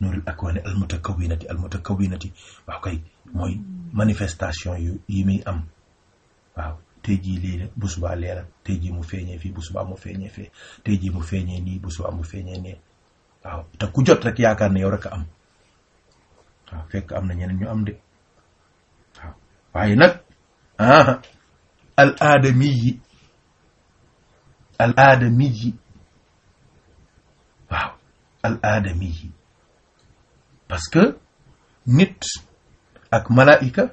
A: nuuril akwaani almutakawinati almutakawinati waaw kay mooy manifestation yu yi muy am waaw tey jii lii la bu subaa tey jii mu feeñee fi bu subaa mu feeñee fee tey jii mu feeñee nii bu subaa mu feeñee nee waaw te ku jot rek yaakaar ne yow rek am waaw fekk am na ñeneen ñu am de waaw waaye nag ah, al aadami yi al aadami yi waaw al aadami yi parce que nit. ak malaika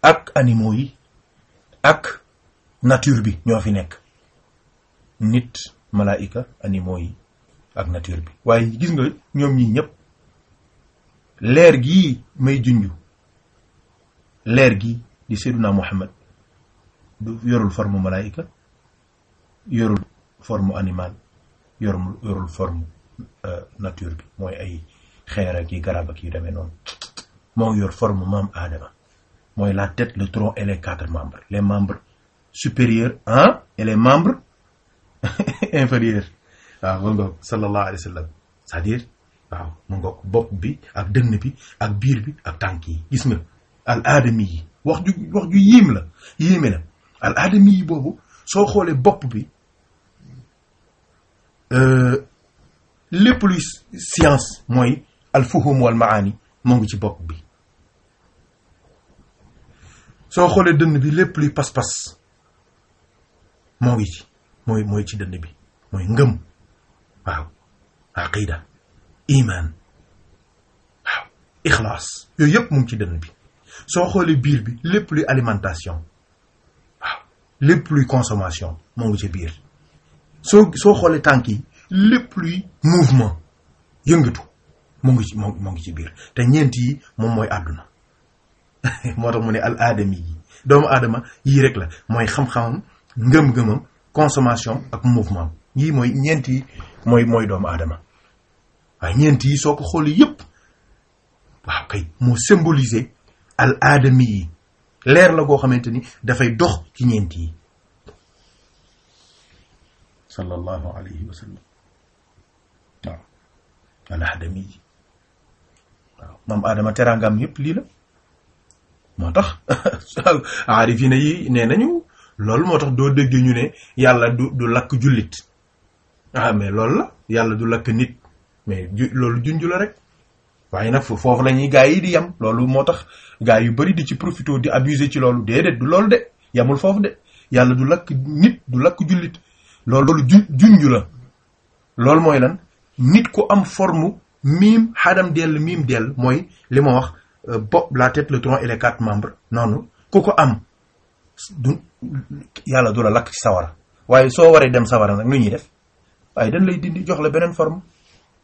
A: ak animaux yi ak nature bi ñoo fi nekk nit malaika animaux yi ak nature bi waaye gis nga ñoom ñii ñëpp leer gi may junju leer gi di Seyduna Muhammad du yorul formu malaika yorul forme animal yorul yorul forme euh, nature bi mooy ay xeer ak yi garab ak yi demee noonu moo yor forme maam aadama mooy la tête le tronc et les quatre membres les membres supérieurs ah et les membres inférieurs waaw mu ngoog sallallahu alayhi wa sallam c'est-à-dire waaw mu ngoog bopp bi ak dënn bi ak biir bi ak tànk yi gis nga al aadami yi wax ju wax ju yiim la yiime la al aadami yi boobu soo xoolee bopp bi euh, lépp luy science mooy al fuhum wal maani moo ngi ci bopp bi soo xoolee dënn bi lépp luy pas-pas moo ngi ci mooy mooy ci dënn bi mooy ngëm waaw aqida iman waaw ixlaas yooyu yëpp mu ngi ci dënn bi soo xoolee biir bi lépp luy alimentation waaw lépp luy consommation moo ngi ci biir soo soo xoolee tànk yi lu luy mouvement yëngatu ngi ci moo ngi ci biir te ñeent yi moom mooy àdduna moo tax mu ne al yi doomu aadama yii rek la mooy xam-xamam ngëm-ngëmam consommation ak mouvement yii mooy ñeenti yi mooy mooy doomu aadama waaye ñeent yi soo ko xoolee yëpp waaw kay moo symboliser al aadami yi leer la goo xamante ni dafay dox ci ñeent yi sallallahu alayhi wa sallam waaw al aadami yi waaw aadama teraangam yëpp lii la moo tax aarifina yi nee nañu loolu moo tax doo dégg ñu ne yàlla du du lakk jullit ah mais loolu la yàlla du lakk nit mais ju loolu junju la rek waaye nag foofu la ñuy gaa yi di yam loolu moo tax gaa yu bari di ci profité di abusé ci loolu déedéet du loolu de yamul foofu de yàlla du lakk nit du lakk jullit loolu loolu la loolu mooy lan nit ku am forme miim xadam dell miim dell mooy li ma wax Euh, bopp la tête le tronc et les quatre membres noonu ku ko am du yàlla du la lakk ci sawara waaye soo waree dem sawara nag lu ñuy def waaye dañ lay dindi jox la beneen forme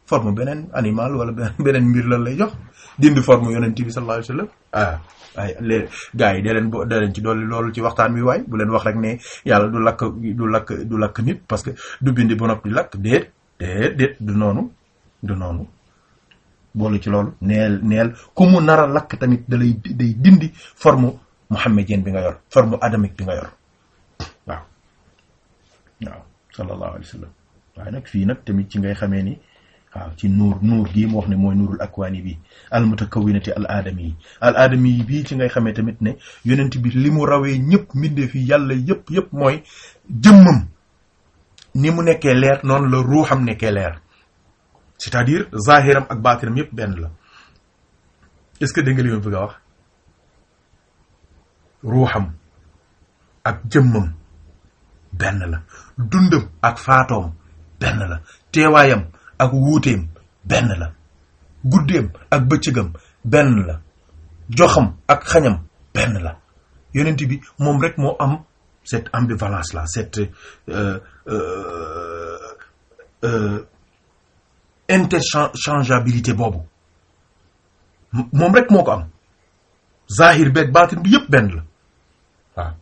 A: forme beneen animal wala beneen mbir lan lay jox dindi forme yonent bi sallallahu alayhi wasallam ah waaye les gars yi da leen da leen ci dolli loolu ci waxtaan wi waay bu leen wax rek ne yàlla du lakk du lakk du lakk nit parce que du bindi ba noppi di lakk déet déet déet du noonu du noonu boolu ci loolu neel neel ku mu nar lakk tamit dalay dindi formu muhammadien bi nga yor forme adamique bi nga yor waaw waaw sallallahu alayhi wa sallam waaye nag fii nag tamit ci ngay xame ni waaw ci nuur nuur gi mu wax ne mooy nuurul akwaani bi al mutakawinati al aadami yi al bii ci ngay xamee tamit ne yonent bi li mu rawee ñëpp mbindee fi yàlla yëpp yëpp mooy jëmmam ni mu nekkee leer noonu la ruuxam nekkee leer c'est-à-dire zahiram ak baatinam yépp benn la est que dégg nga li bëgg a wax ruuxam ak jëmmam benn la dundam ak faatoom benn la teewaayam ak wuuteem benn la guddeem ak bëccëgam benn la joxam ak xañam benn la yonent bi moom rek moo am cette ambivalence là interchangeabilité boobu moom rek moo ko am zahir beeg baatin bi yëpp benn la waaw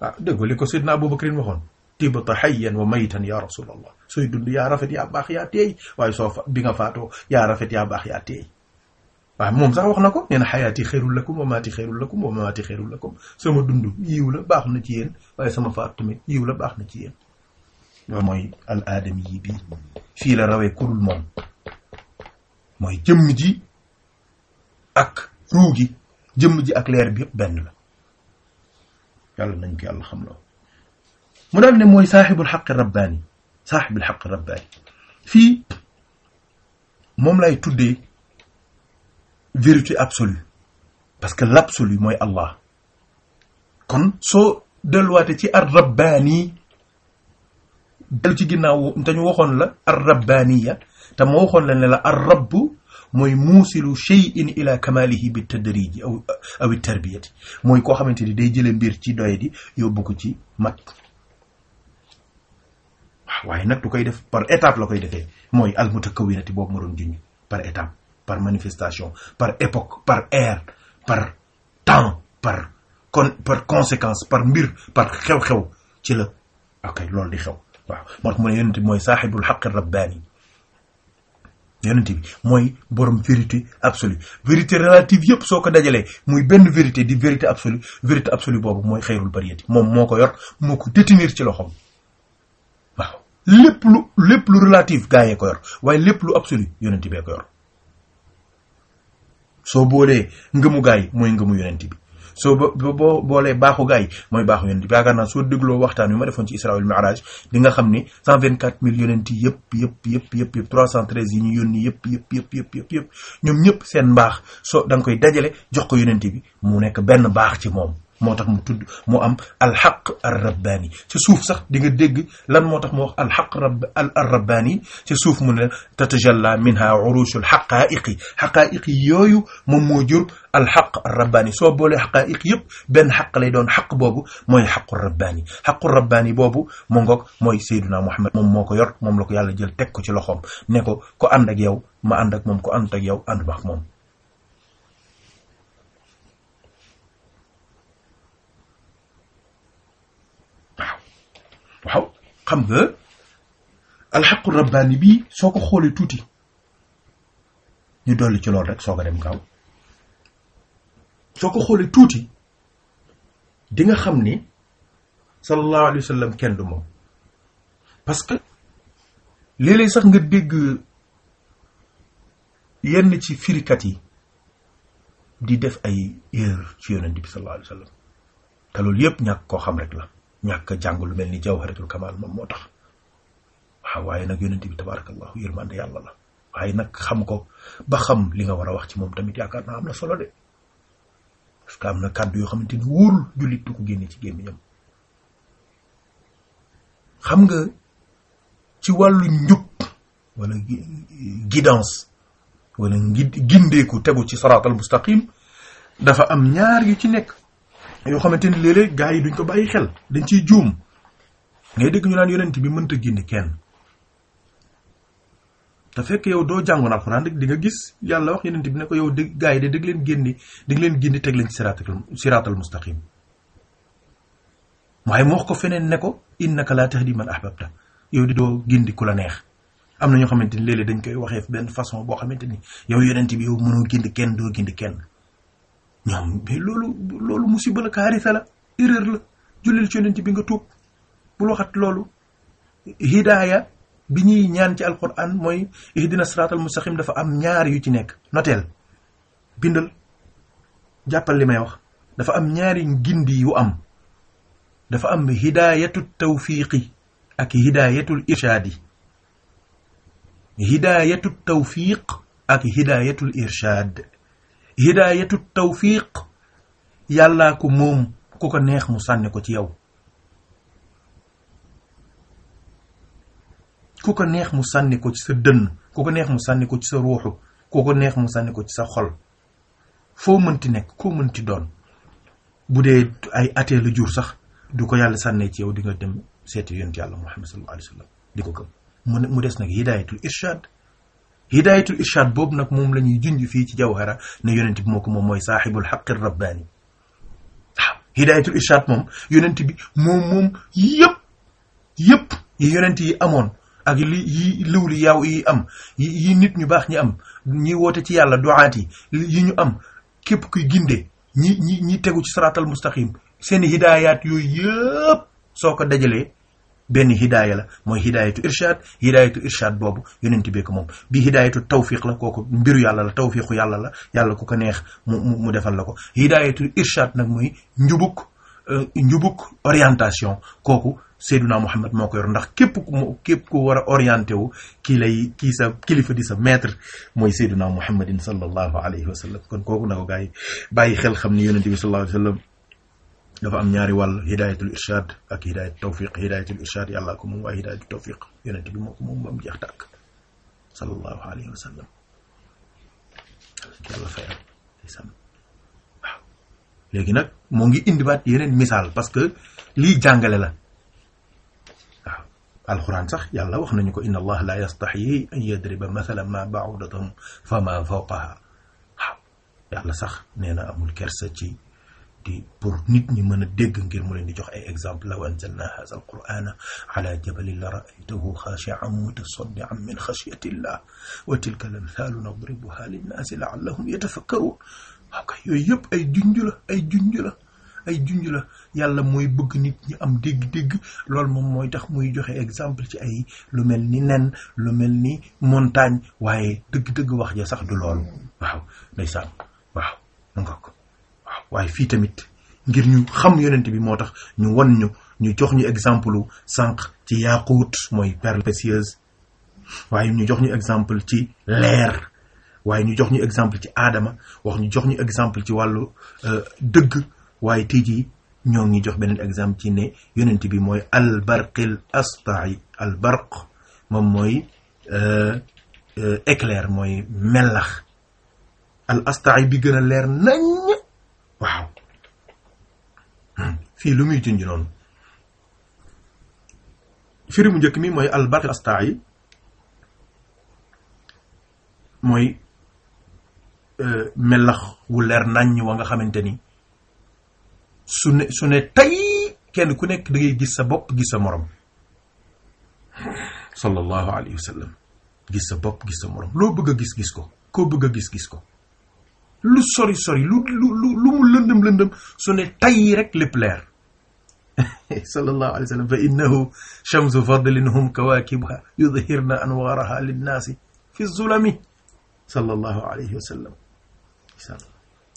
A: waaw ah, dégg li ko sidna Abubakrin waxoon tibta hayyan wa maytan ya rasulallah sooy dund yaa rafet yaa baax yaa teey waaye soo bi nga faatoo yaa rafet yaa baax yaa teey waaw moom sax wax na ko nee na xayaati xayrul lakum wa maati xayrul lakum wa maati xayrul lakum sama dund yiw la baax na ci yéen waaye sama faat tamit yiw la baax na ci loolu mooy al aadami yi fii la rawee ku dul moom mooy jëmm ji ak ruu gi jëmm ji ak leer bi benn la yàlla nañ ko yàlla xam loo mu daal ne mooy saaxibul xaqi rabbaani saaxibul xaqi rabbaani fii moom lay tudde vérité absolue parce que l'absolu mooy Allah kon soo delluwaate ci ar dellu ci ginnaaw te ñu waxoon la ar rabbaniya te moo waxoon la ne la ar rabb mooy muusilu shay'in ila kamalihi bi tadriji aw aw tarbiyati mooy koo xamante ni day jële mbir ci doye di yóbbu ko ci mat waaw waaye nag du koy def par étape la koy defee mooy al mutakawinati boobu ma doon par étape par manifestation par époque par ère par temps par kon par conséquence par mbir par xew-xew ci la ok loolu di xew waaw moo tax mu ne yonent bi mooy saaxibul xaqi rabbaani yonent bi mooy borom vérité absolue vérité relative yëpp soo ko dajalee muy benn vérité di vérité absolue vérité absolue boobu mooy xayrul bariyati moom moo ko yor moo ko détenir ci loxoom waaw lépp lu lépp lu relative gaa ko yor waaye lépp lu absolu yonent bee ko yor soo boolee ngëmu gaa yi mooy ngëmu yonent bi soo ba boo boolee baaxu gaa yi mooy baaxu yonent bi yaakaar naa soo dégloo waxtaan wi ma defoon ci Israël Mi'raj di nga xam ni 124000 yonent yi yëpp yëpp yëpp yëpp yëpp 313 yi ñu yónni yëpp yëpp yëpp yëpp yëpp yëpp ñoom ñëpp seen baax soo da koy dajale jox ko yonent bi mu nekk benn baax ci moom moo tax mu tudd mu am alxaq ar rabbaani ci suuf sax di nga dégg lan moo tax mu wax alxaq rab al rabbaani ci suuf mu ne tatajalla minha urushul xaqaa'iqi xaqaa'iqi yooyu moom moo jur alxaq ar rabbaani soo boolee xaqaa'iq yëpp benn xaq lay doon xaq boobu mooy xaqu rabbaani xaqu rabbaani boobu mu ngoog mooy Seydina Muhammad moom moo ko yor moom la ko yàlla jël teg ko ci loxoom ne ko ko ànd ak yow ma ànd ak moom ko ànd ak yow ànd ma ak moom waaw xam nga alxaqu rabbaani bi soo ko xoolee tuuti ñu dolli ci loolu rek soo ko dem gaaw soo ko xoolee tuuti di nga xam ni sallallahu alayhi wa sallam kenn du moom parce que léeg sax nga dégg yenn ci firikat yi di def ay erreur ci yonent bi sallallahu alayhi wa sallam te loolu yëpp ñàkk koo xam rek la ñàkk a jàng lu mel ni jawharatul kamal moom moo tax waaw waaye nag yonent bi tabarakallahu yërmande yàlla la waaye nag xam ko ba xam li nga war a wax ci moom tamit yaakaar naa am na solo de parce que am na kàddu yoo xamante ni wóorul jullit du ko génne ci gémmiñam xam nga ci wàllu njub wala guidance wala ngi gindeeku tegu ci saratal mustaqim dafa am ñaar yu ci nekk yoo xamante ni léeg-léeg gars yi duñ ko bàyyi xel dañ ciy juum ngay dégg ñu naan yonent bi mënta génne kenn te fekk yow doo jàngoon naan rek di nga gis yàlla wax yonent bi ne ko yow dégg gaa yi de dégg leen génne dégg leen génne teg leen ci siraatal siraatal mustaqim waaye mu ko feneen ne ko innaka laa tahdi man ahbabta yow di doo gindi ku la neex am na ñoo xamante ni léeg-léeg dañ koy waxee benn façon boo xamante ni yow yonent bi yow mënoo gindi kenn doo gindi kenn ñoom mais loolu loolu musiba la kaarisa la erreur la jullil ci bi nga tuub bul waxat loolu hidaaya bi ñuy ñaan ci alquran mooy ihdina siraatal mustaqim dafa am ñaar yu ci nekk noteel bindal jàppal li may wax dafa am ñaari gindi yu am dafa am hidaayatu tawfiqi ak hidaayatul irshaadi hidaayatu tawfiq ak hidaayatul irshaad hidaayatu tawfiq yàllaa ko moom ku ko neex mu sànni ko ci yow ku ko neex mu sànni ko ci sa dënn ku ko neex mu sànni ko ci sa ruuxu ku ko neex mu sànni ko ci sa xol foo mënti nekk koo mënti doon bu dee ay atee lu jur sax du ko yàlla sànnee ci yow di nga dem seeti yonent yàlla Muhammad sallallahu alayhi wa sallam di ko gëm mu mu des nag hidayatul irshad hidayatul irshad boobu nag moom la ñuy junj fii ci jawhara ne yonent bi moo ko moom mooy saaxibul xaqi rabbaani waaw hidayatul irshad moom yonent bi moom moom yëpp yëpp yi yonent yi amoon ak li yi liwli yi am yi nit ñu baax ñi am ñi woote ci yàlla duaat yi yi ñu am képp kuy ginde ñi ñi ñi tegu ci saratal mustaqim seeni hidaayat yooyu yëpp soo ko dajalee benn hidaaya la mooy hidaayatu irshad hidaayatu irshad boobu yonent bi ko moom bi hidaayatu tawfiq la kooku mbiru yàlla la tawfiqu yàlla la yàlla ku ko neex mu mu defal la ko hidaayatu irshad nag mooy njubuk euh, njubuk orientation kooku Seyduna Muhammad moo ko yor ndax képp ku képp ku war a orienté wu kii lay kii sa kilifa di sa maître mooy Seyduna Muhammadin sallallahu alayhi wa sallam kon kooku na ko gars yi bàyyi xel xam ni yonent bi sallallahu alayhi dafa am ñaari wàll hidayatul irshad ak hidayat tawfiq hidayatul irshad yàlla ko moom waaye hidayatul tawfiq yonent bi moo ko moom ba mu jeex tàkk sallallahu alayhi wa sallam yàlla fayal waaw léegi nag moo ngi indiwaat yeneen misaal parce que lii jàngale la waaw alxuraan sax yàlla wax nañu ko inna allah la yastaxyi an yadriba mathalan ma ba'udatan fa ma fawqaha waaw yàlla sax nee na amul kersa ci di pour nit ñi mën a dégg ngir mu leen di jox ay exemple law anzalna hadha al qurana ala jabalin la raaytahu xaashian mutasaddian min xashyati illah wa tilka al amthalu nadribuha linnaasi laallahum yatafakkarun waaw kay yooyu yëpp ay junj la ay junj la ay junj la yàlla mooy bëgg nit ñi am dig dig loolu moom mooy tax muy joxe exemple ci ay lu mel ni nen lu mel ni montagne waaye dëgg-dëgg wax ja sax du loolu waaw ndeysaan waaw nga ko waaye fii tamit ngir ñu xam yonent bi moo tax ñu wan ñu ñu jox ñu exemple sànq ci yaaquut mooy perle précieuse waaye ñu jox ñu exemple ci leer waaye ñu jox ñu exemple ci aadama wax ñu jox ñu exemple ci wàllu euh, dëgg waaye tey jii ñoo ngi jox benn exemple ci ne yonent bi mooy albarqil astai albarq moom mooy euh, euh, éclair mooy melax al astai bi gën a leer nañ waaw hmm. fii lu muy junj noonu firi mu njëkk mi mooy albarkil astaa yi mooy euh, melax wu leer naññ wa nga xamante ni su ne su ne tey kenn ku nekk da ngay gis sa bopp gis sa morom sallallahu alayhi wa sallam gis sa bopp gis sa morom loo bëgg a gis gis ko koo bëgg a gis gis ko lu sori sori lu lu lu mu lëndëm lëndëm su ne tay rek lépp leer sallallahu alayhi wa sallam fa innahu shamsu fadlin hum kawakibuha yudhirna anwaraha linnaasi fi zulami sallallahu alayhi wa sallam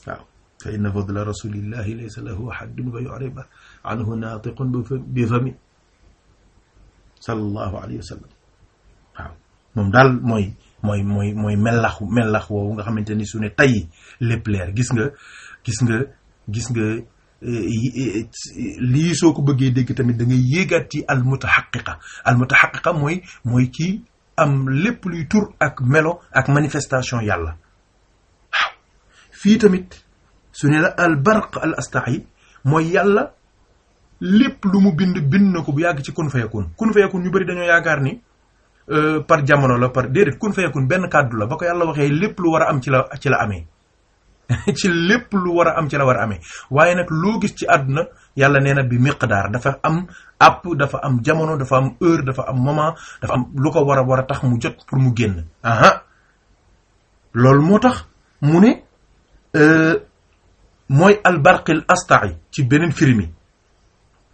A: waaw fa inna fadla rasulillahi laysa lahu haddun fa yu'riba anhu naatiqun bi fami sallallahu alayhi wa sallam waaw moom daal mooy mooy mooy mooy melax melax woowu nga xamante ni su ne tey lépp leer gis nga gis nga gis nga eh, eh, eh, lii soo ko bëggee dégg tamit da ngay yéegaat ci al mutahaqiqa al mutahaqiqa mooy mooy kii am lépp luy tur ak melo ak manifestation yàlla fii tamit su ne la al mooy yàlla lépp lu mu bind bind na ko bu yàgg ci kun fayakun kun fayakun ñu bëri dañoo yaakaar ni Euh, par jamono la par déedéet kun fayakun benn kàddu la boo ko yàlla waxee lépp lu war am ci la ci la amee ci lépp lu war a am ci la war a amee waaye nag loo gis ci àdduna yàlla nee na bi miqdaar dafa am app dafa am jamono dafa am heure dafa am moment dafa am lu ko war a war a tax mu jot pour mu génn aha loolu moo tax mu ne euh, mooy albarqil astai ci beneen firmi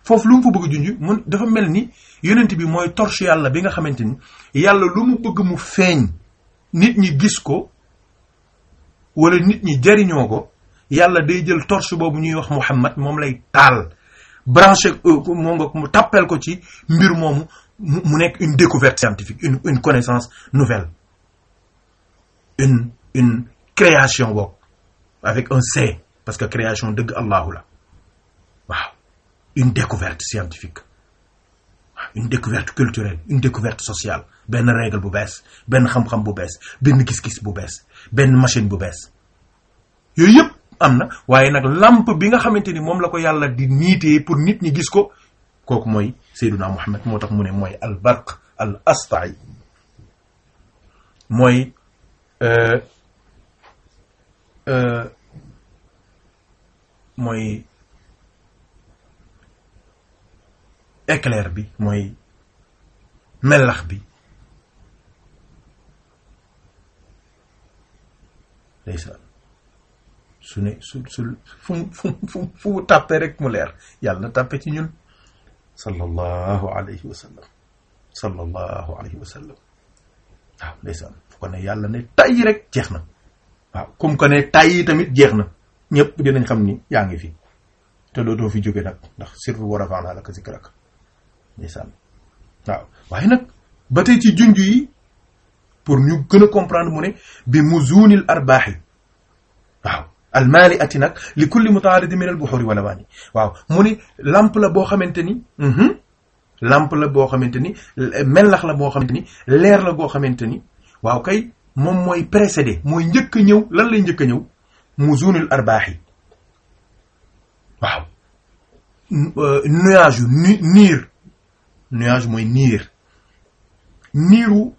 A: foofu lu mu fa bëgg a junj mun dafa mel ni yonent bi mooy torche yàlla bi nga xamante ni yàlla lu mu bëgg mu feeñ nit ñi gis ko wala nit ñi jariñoo ko yàlla day jël torche boobu ñuy wax Muhammad moom lay taal branché euh, moo nga mu tàppel ko ci mbir moomu mu nekk une découverte scientifique une une connaissance nouvelle une une création boog avec un C parce que création dëgg Allahu la une découverte scientifique une découverte culturelle une découverte sociale benn règle bu bees benn xam-xam bu bees benn gis-gis bu bees benn machine bu bees yooyu yëpp am na waaye nag làmp bi nga xamante ni moom la ko yàlla di niitee pour nit ñi gis ko kook mooy Seyduna Muhammad moo tax mu ne mooy al barq al astai mooy euh, euh, mooy éclair bi mooy melax bi ndeysaan su ne su su fu mu fu mu tàppee rek mu leer yàlla na tàppe ci ñun sallallahu alayhi wa sallam sallallahu alayhi wa sallam waaw fu ko ne yàlla ne tàyyi rek jeex na waaw comme que ne tàyyi tamit jeex na ñëpp dinañ xam ni yaa ngi fi te dootoo fi jóge nag ndax surtout war a faanaa la ko ndeysaan waaw waaye nag ba tey ci junj yi pour ñu gën a comprendre mu ne bi muzunil arbaaxi waaw almaali ati nag li kulli mutaaridi min al buxuri wala waani waaw mu ni lamp la boo xamante ni mhm. lamp la boo xamante ni mellax la boo xamante ni leer la boo xamante ni waaw kay moom mooy précédé mooy njëkk a ñëw lan lay njëkk a ñëw muzunil arbaaxi waaw euh, nuage yu niir nuage mooy niir niiru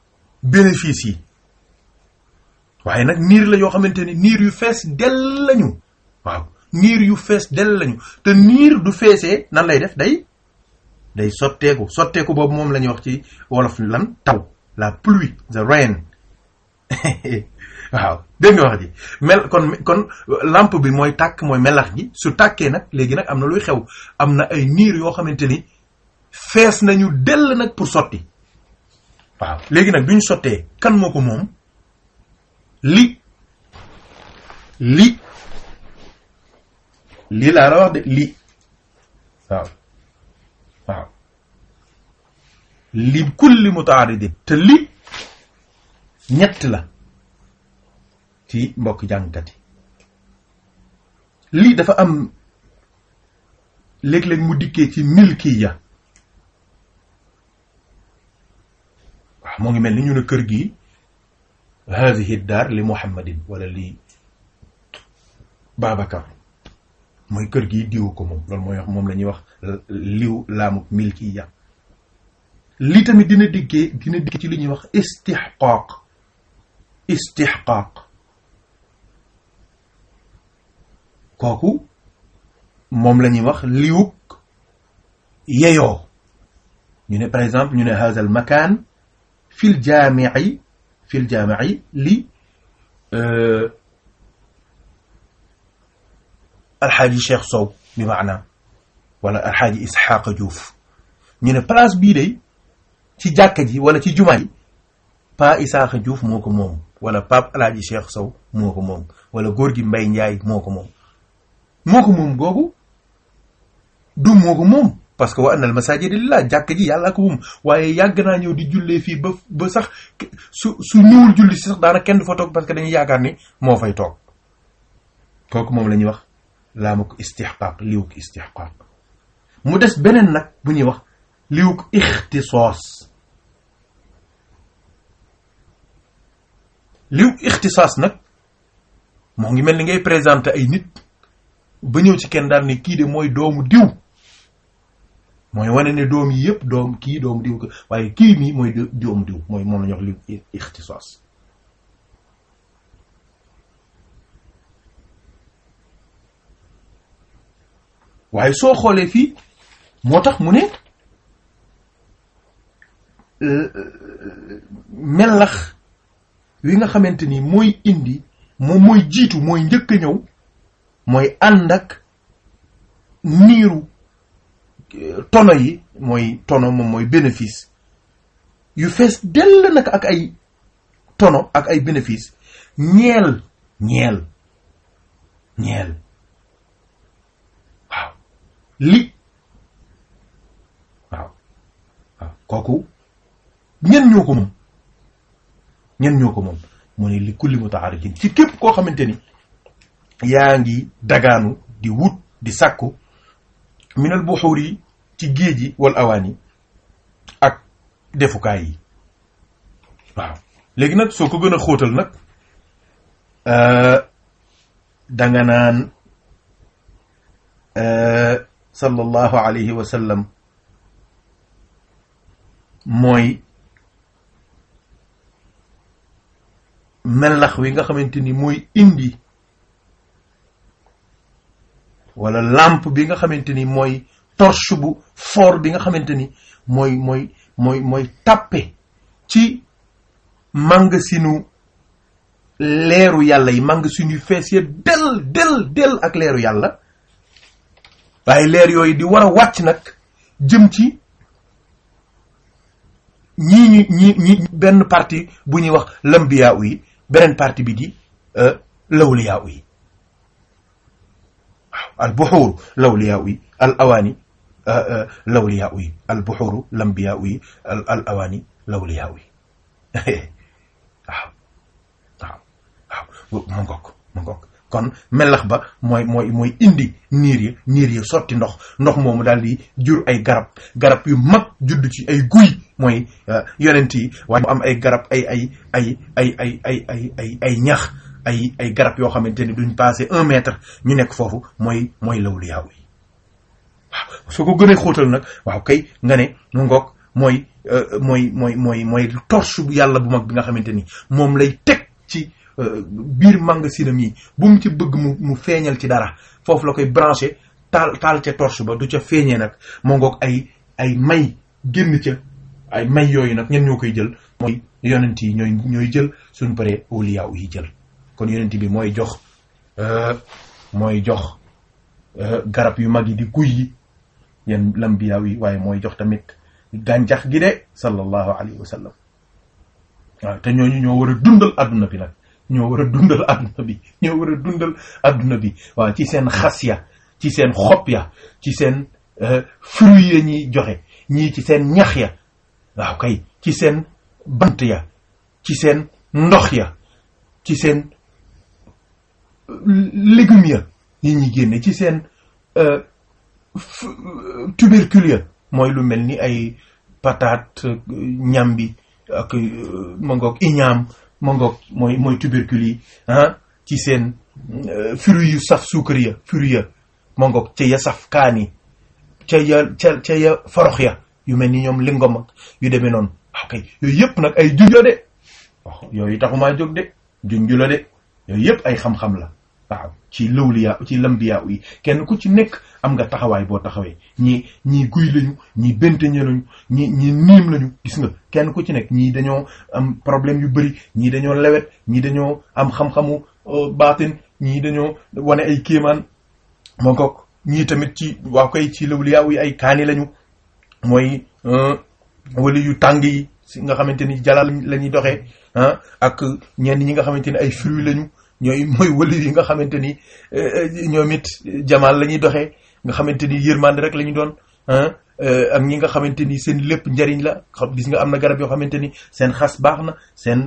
A: bénéfice yi waaye nag niir la yoo xamante ni niir yu fees del lañu waaw niir yu fees del lañu te niir du feesee nan lay def day day sotteeku sotteeku boobu moom lañuy wax ci wolof lan taw la pluie the rain waaw dégg wax ji mel kon kon lampe bi mooy tàkk mooy melax gi su tàkkee nag léegi nag am na luy xew am na ay niir yoo xamante ni fees nañu dell nag pour sotti waaw léegi nag duñ sottee kan moo ko moom li li li laa la de li waaw waaw li kulli mutaaridin te li ñett la ci mbokk jàngkat yi lii dafa am léegi léeg mu dikkee ci milkiya moo ngi mel ni ñu ne kër gi hadihi daar li muhammadin wala li Babacar mooy kër gi diwu ko moom loolu mooy wax moom lañuy ñuy wax liw laamu milkiya li tamit dina diggee dina diggee ci li ñuy wax istixqaaq istixqaaq kooku moom la ñuy wax liwuk yeyoo ñu ne par exemple ñu ne haazal makaan fil jaami'i fil jaami'i li euh, alxaaji Cheikh Sow bi maanaam wala alxaaji Isxaaqa Diouf ñu ne place bii de ci jàkka ji wala ci jumaa ji pa Isxaaqa Diouf moo ko moom wala Pape alxaaji Cheikh Sow moo ko moom wala góor gi Mbay Njaay moo ko moom moo ko moom googu du moo ko moom parce que wa annal masajida lillah jàkk ji yàlla ko moom waaye yàgg naa ñëw di jullee fii ba ba sax su su julli si sax daana kenn du fa toog parce que dañuy yaakaar ni moo fay toog kooku moom lañuy wax ñuy wax laamuk istihqaaq liwuk istihqaaq mu des beneen nag bu ñuy wax liwuk ixtisaas liw ixtisaas nag moo ngi mel ni ngay présenter ay nit ba ñëw ci kenn daal ni kii de mooy doomu diw mooy wane ne doom yi yëpp doom kii doom diw ko waaye kii mii mooy doom diw mooy moom la ñu wax li ixtisaas waaye soo xoolee fii moo tax mu ne euh, euh, melax wi nga xamante ni mooy indi moom mooy jiitu mooy njëkk a ñëw mooy ànd ak niiru Euh, tono yi mooy tono moom mooy bénéfice yu fees dell nag ak ay tono ak ay bénéfice ñeel ñeel ñeel waaw li waaw waaw kooku ñen ñoo ko moom ñen ñoo ko moom mu ne li kulli mutaaridin ci képp koo xamante ni yaa ngi dagaanu di wut di sàkku minal buxuur yi ci géej yi wal awaan yi ak defukaay yi waaw léegi nag soo ko gën a xóotal nag euh, danga naan euh, sallallahu alayhi wa sallam mooy melax wi nga xamante ni mooy indi wala làmp bi nga xamante ni mooy torche bu fort bi nga xamante ni mooy mooy mooy mooy tàppe ci màngasinu leeru yàlla yi màngasinu fees ya del del del ak leeru yàlla waaye leer yooyu di war a wàcc nag jëm ci ñii ñu ñi ñi benn parti bu ñuy wax lambiyaa yi beneen partie bi di euh, lawliyaa yi albuxuuru lawliyaa yi al awaani lawliyaa yi albuxuuru lambiyaa yi al awaani lawliyaa yi waaw waaw mu ngokk mu ngokk kon mellax ba mooy mooy mooy indi niir ya niir ya sotti ndox ndox moomu daal di jur ay garab garab yu mag judd ci ay guy mooy euh, yonent yi waaye mu am ay garab ay ay ay ay ay ay ay ay ñax ay ay garab yoo xamante ni duñ passé un mètre ñu nekk foofu mooy mooy lawlu yi waaw soo ko gën a nag waaw kay nga ne mu ngoog mooy euh, mooy mooy mooy mooy torche bu yàlla bu mag bi nga xamante ni moom lay teg ci euh, biir mangasinam yi bu mu ci bëgg mu mu feeñal ci dara foofu la koy branché taal taal ca torche ba du ca feeñee nag moo ngoog ay ay may génn ca ay may yooyu nag ñen ñoo koy jël mooy yonent ñooy jël suñ paree awliyaaw yi jël kon yonent bi mooy jox euh, mooy jox euh, garab yu mag yi di guy yi lambiyaaw yi waaye mooy jox tamit gàncax gi de sallallahu alayhi waaw te ñooñu ñoo war dundal adduna bi nag ñoo war a dundal adduna bi ñoo war dundal adduna bi waaw ci seen xas ya ci seen xob ya ci seen euh, fruit ya ñuy joxe ñii ci seen ñax ya waaw kay ci seen bant ya ci seen ndox ya ci seen légumes ya yi ñuy génne ci seen euh, tubercule ya mooy lu mel ni ay patate euh, ñambi ak euh, mangoog iñaam mangoog mooy mooy tubercule yi ah ci seen fruits yu saf suukar ya fruits ya mangoog ca ya saf kaan ca ya ca ya forox ya yu mel ni ñoom lingom ak yu demee noonu ok ah, yooyu yëpp nag ay junjo de wax oh, yooyu taxumaa jóg de junju la de yooyu yëpp ay xam-xam la waaw ci lawliya ci lambiya yi kenn ku ci nekk am nga taxawaay boo taxawee ñi ñii guy lañu ñii benteñe lañu ñi ñi niim lañu gis nga kenn ku ci nekk ñii dañoo am problème yu bëri ñii dañoo lewet ñii dañoo am xam-xamu euh, baatin ñii dañoo wane ay kéemaan moo ko ñii tamit ci waa koy ci lawliya yi ay kaani lañu mooy euh, wali yu tàng yi si nga xamante ni jalal la doxee ah, ak ñenn ñi nga xamante ni ay fruits lañu ñooy mooy wëliw yi nga xamante ni eh, eh, ñoom it jamaal la ñuy doxee nga xamante ni yërmande rek la doon eh, ak ñi nga xamante ni seen lépp njariñ la xam gis nga am na garab yoo xamante ni seen xas baax na seen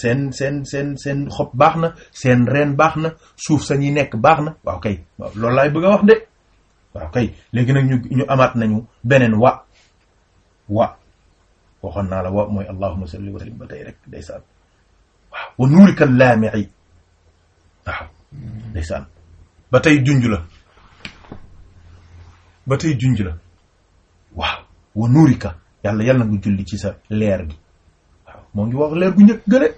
A: seen seen seen seen xob baax na seen reen baax na suuf sa ñuy nekk baax na waaw kay loolu laay bëgg a wax de waaw kay léegi nag ñu ñu amaat nañu beneen wa wa waxoon naa la wa mooy allahumma salli wa sallim ba tey rek ndeysaan waaw wa nuurika laamii waaw ndeysaan ba tey junj la ba tey junj la waaw wa nuurika yàlla yàlla nga julli ci sa leer gi waaw moo ngi wax leer gu njëkk gële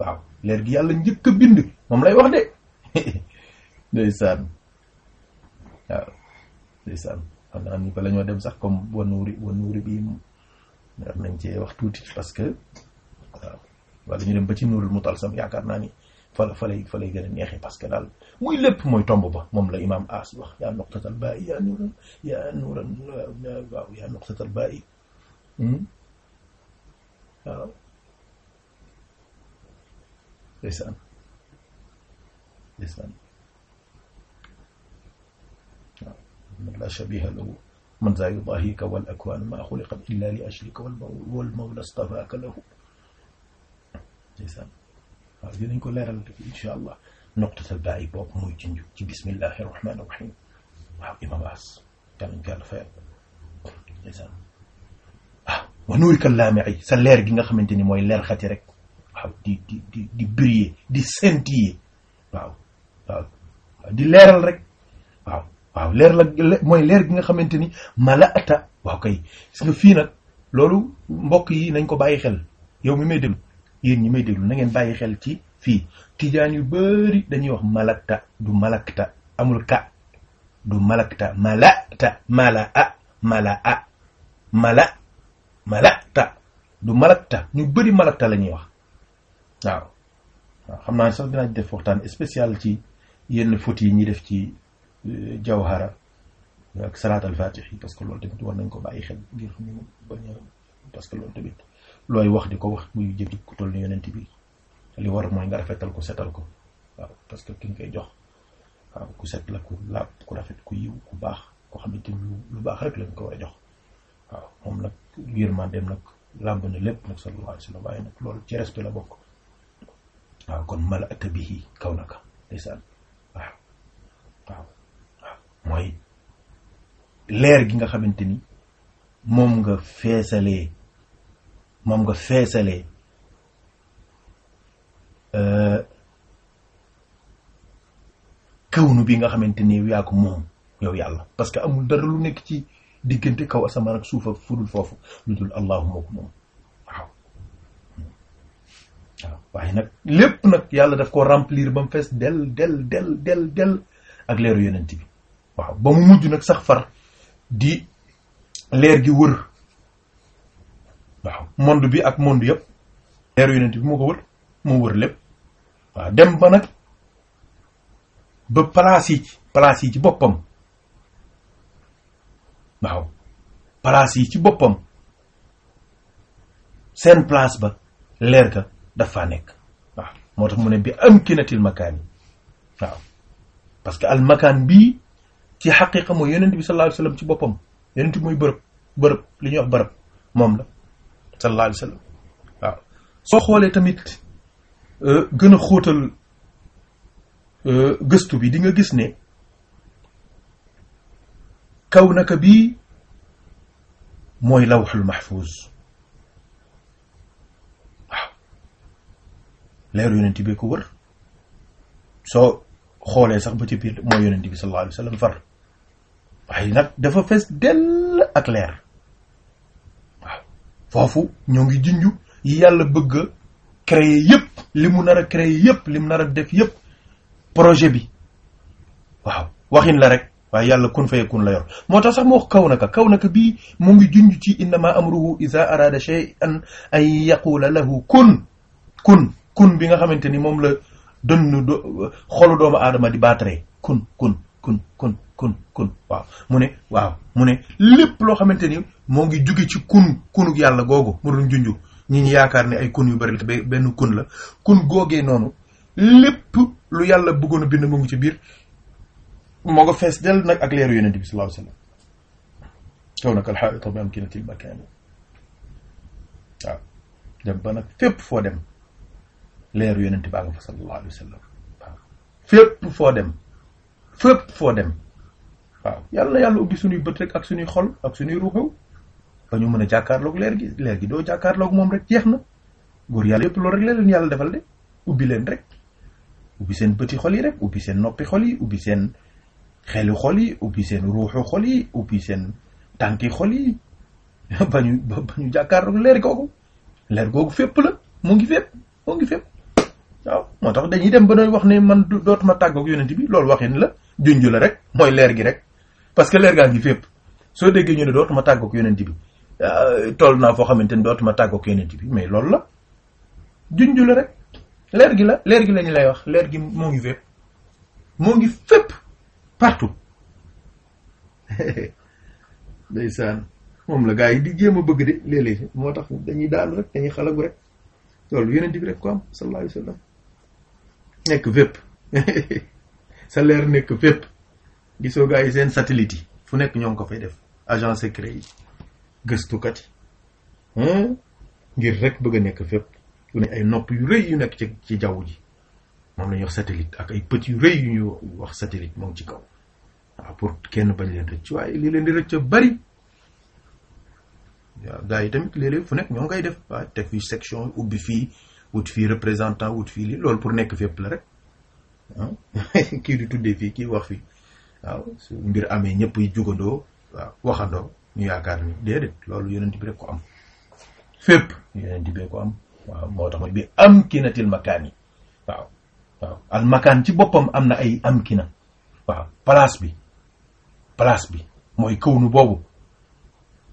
A: waaw leer gi yàlla njëkk a bind moom lay wax de ndeysaan waaw ndeysaan xam naa ni bala ñoo dem sax comme wa nuuri wa nuuri bi war nañ cee wax tuuti parce que waaw wala ñu dem ba ci nuurul mutalsam yaakaar naa ni fa la fa lay fa lay gën a neexee parce que daal muy lépp mooy tomb ba moom la imaam Aas wax yaa nuqtatal ba'i yaa nuuran yaa nuuran waaw yaa nuqtatal ba'i hmm? waaw ndeysaan ndeysaan waaw la shabiha lahu man za yudahika wal akwaan ma xuliqat illa li ajlika wal mawla istafaaka lahu ndeysaan waaw dinañ ko leeral te incha allah noqtatal bàyyi bopp muy ci njub ci bismillahi rahmaani rahim waaw imam as yàllañ ko yàlla fayal ndeysaan waaw ah, wa gi nga xamante ni mooy leer xati rek waaw di di di di waaw waaw di leeral rek waaw waaw leer la gi nga xamante ni malaata waaw kay gis nga fii loolu mbokk yi nañ ko bàyyi xel yow mi may dem yéen ñi may déglu na ngeen bàyyi xel ci fii tiijaan yu bëri dañuy wax malakta du malakta amul ka du malakta malata mala a mala a mala malakta du malakta ñu bari malakta la ñuy wax waaw xam naa sax dinaa def waxtaan spécial ci yenn fautes yi ñuy def ci euh, jawhara ak salaat al fatih parce que loolu tamit war nañ ko bàyyi xel ngir parce que loolu tamit looy wax di ko wax muy jëf ku toll ni yonent bi li war mooy nga rafetal ko setal ko waaw parce que ki nga koy jox waaw ku set la ku laab ku rafet ku yiw ku baax koo xamante ni lu baax rek lañ ko war jox waaw moom nag yërmandeem nag làmb na lépp nag sallallahu alayhi wa sallam bokk waaw kon mala atabihi kaw naka mooy leer gi nga xamante ni moom nga feesalee moom nga feesalee euh, kawnu bi nga xamante ni yow yaa ko moom yow yàlla parce que amul dara lu nekk ci diggante kaw asamaan ak suufa ak fudul foofu lu dul allahuma ko moom hmm. waaw waaye nag lépp nag yàlla daf koo remplir ba mu fees del del del del ak leeru yonent bi waaw ba mu mujj nag sax far di leer gi wër waaw monde bi ak monde yëpp leeru yonent bi moo ko wër moo wër lépp waaw dem ba nag ba place yi ci place yi ci boppam waaw place yi ci boppam seen place ba leer ka dafa nekk waaw moo tax mu ne bi am kinatil makaan waaw parce que al bi bii ci xaqiqa mooy yonent bi sallallahu alayhi wasallam ci boppam yonent bi mooy bërëb bërëb li ñuy bërëb moom la sallallahu alayhi wa sallam waaw soo xoolee tamit euh, gën a xóotal euh, gëstu bi di nga gis ne kaw naka bii mooy lawxul mahfuz waaw leer yonent bi ko wër soo xoolee sax ba ci biir mooy yonent bi sallallahu alayhi wa sallam far waaye nag dafa fees dell ak leer foofu ñoo ngi junju yi yàlla bëgg a créer yépp li mu nar a créer yépp li mu nar a def yépp projet bi waaw waxin la rek waaye yàlla kun fayakun la yor moo tax sax mu wax kaw naka kaw naka bii mu ngi junj ci innama amruhu ida arada shay'an an yaqula lahu kun kun kun bi nga xamante ni moom la dënn xolu doomu aadama di baatare kun kun kun kun kun kun waaw mu ne waaw mu ne lépp loo xamante ni moo ngi jóge ci kun kunu yàlla googu mu doon junju ñi ñu yaakaar ne ay kun yu bari la benn kun la kun googee noonu lépp lu yàlla bëggoon a bind mu ngi ci biir moo nga fees del nag ak leeru yonent bi sallallahu alayhi wa sallam foo dem leeru yonent baa nga fa sallallahu alayhi wa sallam waaw fépp foo dem fépp foo dem waaw yàlla na yàlla ubbi suñuy bët rek ak suñuy xol ak suñuy ruuxew ba ñu mën a jàkkaarloog leer gi leer gi doo jàkkaarloog moom rek jeex na góor yàlla yëpp loolu rek leen yàlla defal ubbi leen rek ubbi seen bëti xol yi rek ubbi seen noppi xol yi ubbi seen xelu xol yi ubbi seen ruuxu xol yi ubbi seen tànki xol yi ba ñu leer googu leer googu fépp la mu ngi fépp mu ngi fépp waaw moo tax dañuy dem ba nooy wax ne man dootuma tàggook yonent bi loolu waxin la junj la rek mooy leer gi rek parce que leer gaa ngi fépp soo déggee ñu ne dootuma tàggoog yonent bi euh, toll naa foo xamante ni dootuma tàggoog yonent bi mais loolu la junj la rek leer gi la leer gi la ñu lay wax leer gi moo ngi fépp moo ngi fépp partout ndeysaan moom la gaa yi di jéem a bëgg de léeg-léeg moo tax dañuy daanu rek dañuy xalagu rek loolu yonent bi rek ko am sa leer nekk fépp gisoo gars yi seen satellite yi fu nekk ñoo ngi ko fay def agent secret yi gëstukat ngir rek bëgg a nekk fépp yu ne ay nopp yu rëy yu nekk ci ci jaww ji moom la wax satellite ak ay pët yu rëy yu ñuy wax satellite moom ci kaw waaw pour kenn bañ leen rëcc waaye li leen di rëcc bari waaw gars yi tamit léeg-léeg fu nekk ñoo ngay def waaw teg fii section ubbi fii wut fii représentant wut fi lii loolu pour nekk fépp la rek kii di tuddee fii kii wax fii waaw su mbir amee ñëpp yi jugandoo waxandoo ñu yaakaar ni déedéet loolu yonent bi rek ko am fépp yonent bi ko am waaw moo tax mooy bi am ci boppam am na ay am kina bi place bi mooy kawnu boobu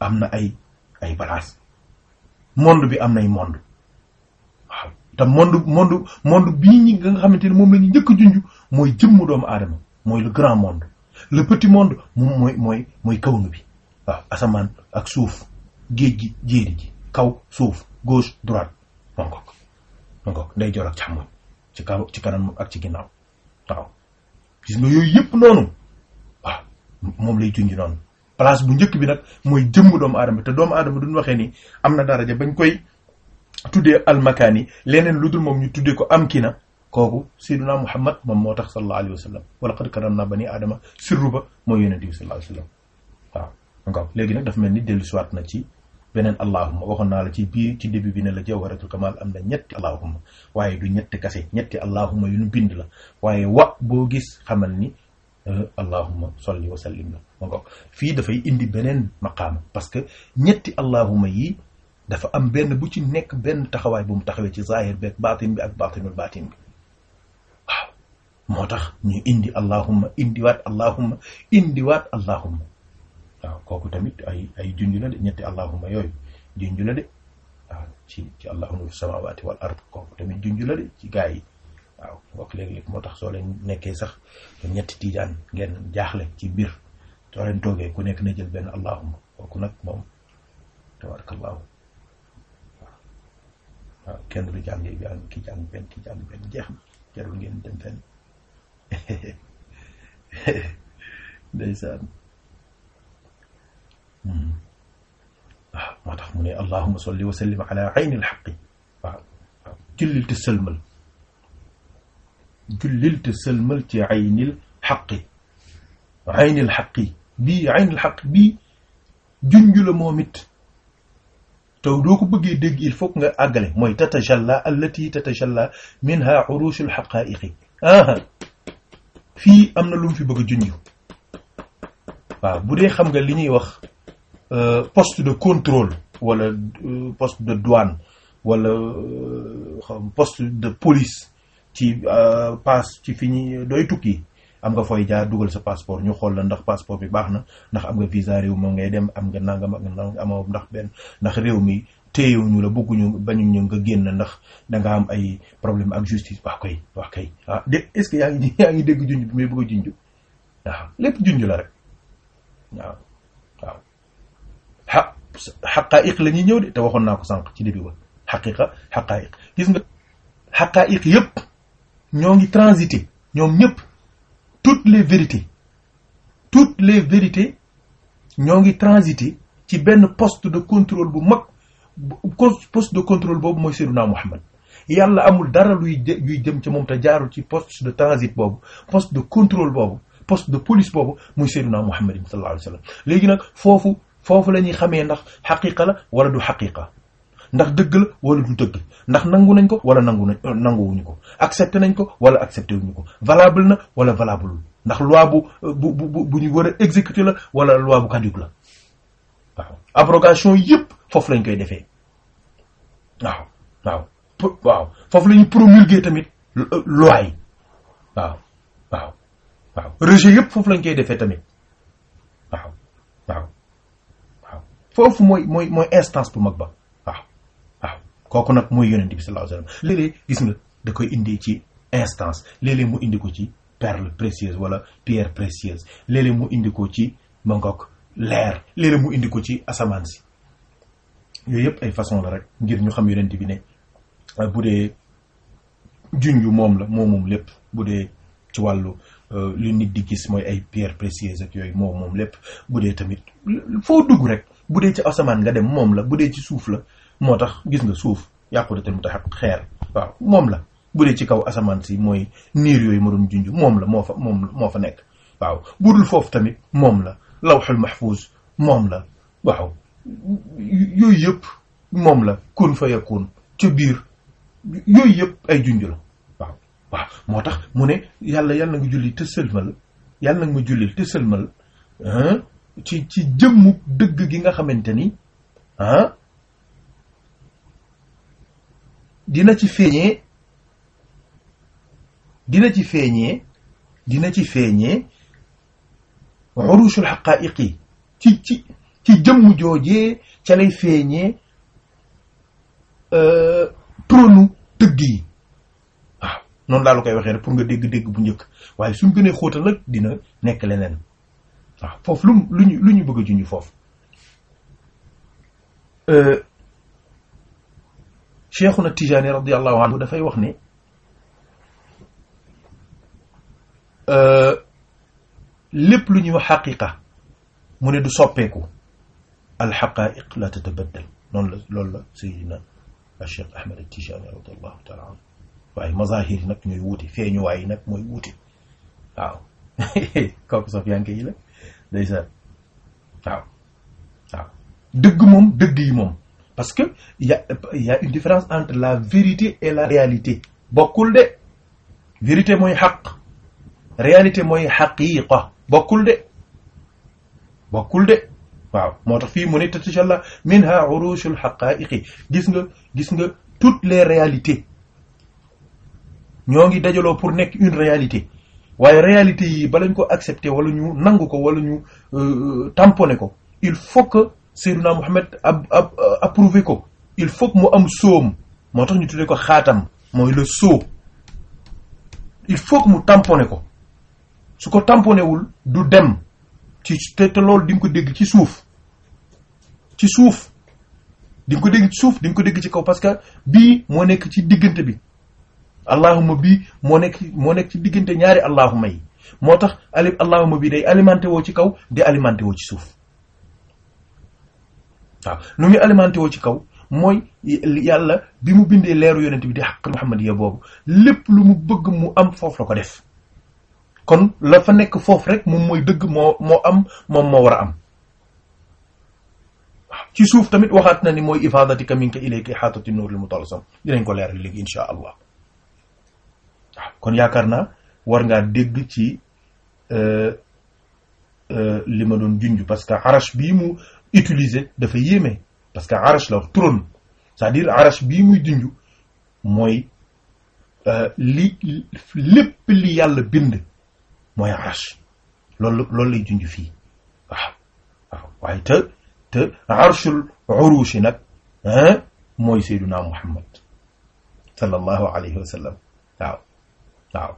A: am na ay ay place monde bi am nay monde waaw te monde monde monde bii ñi nga xamante ne moom la ñu njëkk junj mooy jëmm doomu aadama mooy le grand monde le petit monde moom mooy mooy mooy kawnu bi waaw asamaan ak suuf géej gi jéeri ji kaw suuf gauche droite mangook mangook nday joor ak càmmoñ ci kaw ci kanam ak ci ginnaaw waaw gis nga yooyu yëpp noonu waaw moom lay junj noonu place bu njëkk bi nag mooy jëmm doomu aadama te doomu aadama duñ waxee ni am na daraja bañ koy tuddee almakaani leneen lu dul moom ñu tuddee ko am kii na kooku sayyiduna muhammad moom moo tax sallallahu alayhi wa sallam wa laqad karamna bani aadama sirru ba mooy yonent bi sallallahu alayhi wa sallam waaw nga léegi nag dafa mel ni dellu siwaat na ci beneen allahuma waxoon naa la ci biir ci début bi ne la jawharatul kamal am na ñetti allahuma waaye du ñetti kase ñetti allahuma yu nu bind la waaye wa boo gis xamal ni euh, allahuma salli wa sallim la ma nga fii dafay indi beneen maqaama parce que ñetti allahuma yi dafa am benn bu ci nekk benn taxawaay bu mu taxawee ci zahir baatin bi ak baatinul baatin moo tax ñu indi allahumma indiwaat allahumma indiwaat allahumma waaw kooku tamit ay ay la de ñetti allahumma yooyu junj la de waaw ci ci allahu nuru samawaati wal ard kooku tamit junj la de ci gaa yi waaw wax léeg-léeg moo tax soo leen nekkee sax ñetti tiijaan ngeen jaaxle ci biir soo leen toogee ku nekk na jël benn allahumma kooku nag moom tabarakallahu waaw kenn du jàng yi benn ki benn jeex na jarul ngeen dem fenn ndeysaan waaw hmm. ah, moo tax mu ne allahuma salli wa sallim ala ayni alxaqi waaw waaw jullil te sëlmal jullil te sëlmal ci aynil xaqi aynil xaqi bii aynil xaqi bii junju la moom it taw doo ko bëggee dégg il faut nga àggale mooy tatajalla allati tatajalla minha urushul xaqaiqi aha fii am na lu mu fi bëgg a waaw bu dee xam nga li ñuy wax euh, post de contrôle wala euh, poste de douane wala euh, poste de police ci passe ci fi ñuy dooy tukki am nga fooy jaar dugal sa passeport ñu xool la ndax passeport bi baax na ndax am nga visa réew ma ngay dem am nga nangam ak nangam ndax benn ndax réew mi téyewuñu la bëgguñu bañuñu nga génn ndax danga am ay problème ak justice wax koy wax koy ah de est-ce yaa ngi yaa ngi dégg junj bi may bëgg a junj waaw lépp junj la rek waaw waaw xaq xaqaayiq la ñëw de te waxoon naa ko sànq ci début ba xaqiqa xaqaayiq gis nga xaqaayiq yëpp ñoo ngi transité ñoom ñëpp toutes les vérités toutes les vérités ñoo ngi transité ci benn poste de contrôle bu mag poste de contrôle boobu mooy Seydina Muhammad yàlla amul dara luy luy jëm ca moom te jaarul ci poste de transit boobu poste de contrôle boobu poste de police boobu muy Seydina Muhammad sallallahu alayhi wa sallam léegi nag foofu foofu la ñuy xamee ndax xaqiqa wala du xaqiqa ndax dëgg la wala du dëgg ndax nangu nañ ko wala nangu nañ nanguwuñu ko accepté nañ ko wala accepté wuñu ko valable na wala valable ndax loi bu bu bu bu ñu a exécuter la wala loi bu caduc la yëpp foofu lañ koy defee waaw waaw waaw foofu la ñu promulguer tamit euh, loi yi waaw waaw waaw rejet yëpp foofu lañ koy defee tamit waaw waaw foofu mooy mooy mooy instance bu mag ba waaw waaw kooku nag mooy yonent bi sallallahu alayhi wasallam léeg-léeg gis nga da koy indi ci instance léeg-léeg mu indi ko ci perle précieuse wala pierre précieuse léeg-léeg mu indi ko ci mangok leer léeg-léeg mu indi ko ci asamaan si yooyu yëpp ay façon la rek ngir ñu xam yonent bi ne euh, bu dee junju moom la moo moom lépp bu dee ci wàllu euh, li nit di gis mooy ay pierres yooyu moo moom lépp bu dee tamit foo dugg rek bu dee ci asamaan nga dem moom la bu dee ci suuf la moo tax gis nga suuf yàqudate mu tax xeer moom la bu dee ci kaw asamaan si mooy niir yooyu ma doon moom la moo fa moom moo fa nekk waaw budul foofu tamit moom la lawxul mahfuz moom la waaw yooyu yëpp moom la kun fa yakun ca biir yooyu yëpp ay junj la waaw waaw moo tax mu ne yàlla yàlla na nga julli te sëlmal yàlla na nga ma jullil te sëlmal ah, ci ci jëmmu dëgg gi nga xamante ni ah dina ci feeñee dina ci feeñee dina ci feeñee urushul xaqaa'iqi ci ci ci jëmm joojee ca lay feeñee euh, tronu tëgg yi waaw noonu laa la koy waxee rek pour nga dégg-dégg bu njëkk waaye suñ gënee xóotal nag dina nekk leneen waaw foofu lu lu ñu bëgg a junj foofu euh, na tijaani radiallahu anhu dafay wax ni euh, lépp lu ñuy wax mu ne du soppeeku alxaqaiq la tatabaddal noonu la loolu la sayidina Cheikh Ahmed Tijaani radiallahu taala anhu waaye mazahir yi nag ñooy wuute feeñuwaay yi nag mooy wuute waaw kooku sofyanke yi la ndeysaan waaw waaw dëgg moom dëgg yi moom parce que y a y a une différence entre la vérité et la réalité bokkul de vérité mooy xaq réalité mooy xaqiiqa bokkul de bokkul de waaw moo tax fii mu ne tatachalla minha urushul haqaaiqi gis nga gis nga toutes les réalités ñoo ngi dajaloo pour nekk une réalité waaye réalité yi balañ ko accepter wala ñu nangu ko wala ñu euh, euh, tamponner ko il faut que Seydina Muhammad ab ab euh, ko il faut que mu am sóom moo tax ñu tuddee ko xaatam mooy le sceau il faut que mu tamponner ko su ko tamponné wul du dem ci te te loolu di nga ko dégg ci suuf ci suuf di ko dégg ci suuf di ko dégg ci kaw parce que bii moo nekk ci diggante bi allahuma bii moo nekk moo nekk ci diggante ñaari allahuma yi moo tax ali allahuma bii day alimenté woo ci kaw di alimenté woo ci suuf waaw nu muy alimenté woo ci kaw mooy yàlla bi mu bindee leeru yonent bi di xaq Muhammad ya boobu lépp lu mu bëgg mu am foofu la ko def kon la fa nekk foofu rek moom mooy dëgg moo moo am moom moo war a am ci suuf tamit waxaat na ni mooy ifadatika minka ilayka ihatati nuuril mutalsam dinañ ko leeral léegi insha allah waaw kon yaakaar naa war ngaa dégg ci euh, euh, li ma doon junj parce que arash bii mu utiliser dafa yéeme parce que arash la trône c'est-à-dire arash bii muy junj mooy euh, li lépp li yàlla bind mooy arash loolu loolu lay junj fii waaw waaw waaye te te arshul urushi nag ah, mooy sayduna muhammad sallallahu alayhi wa sallam waaw waaw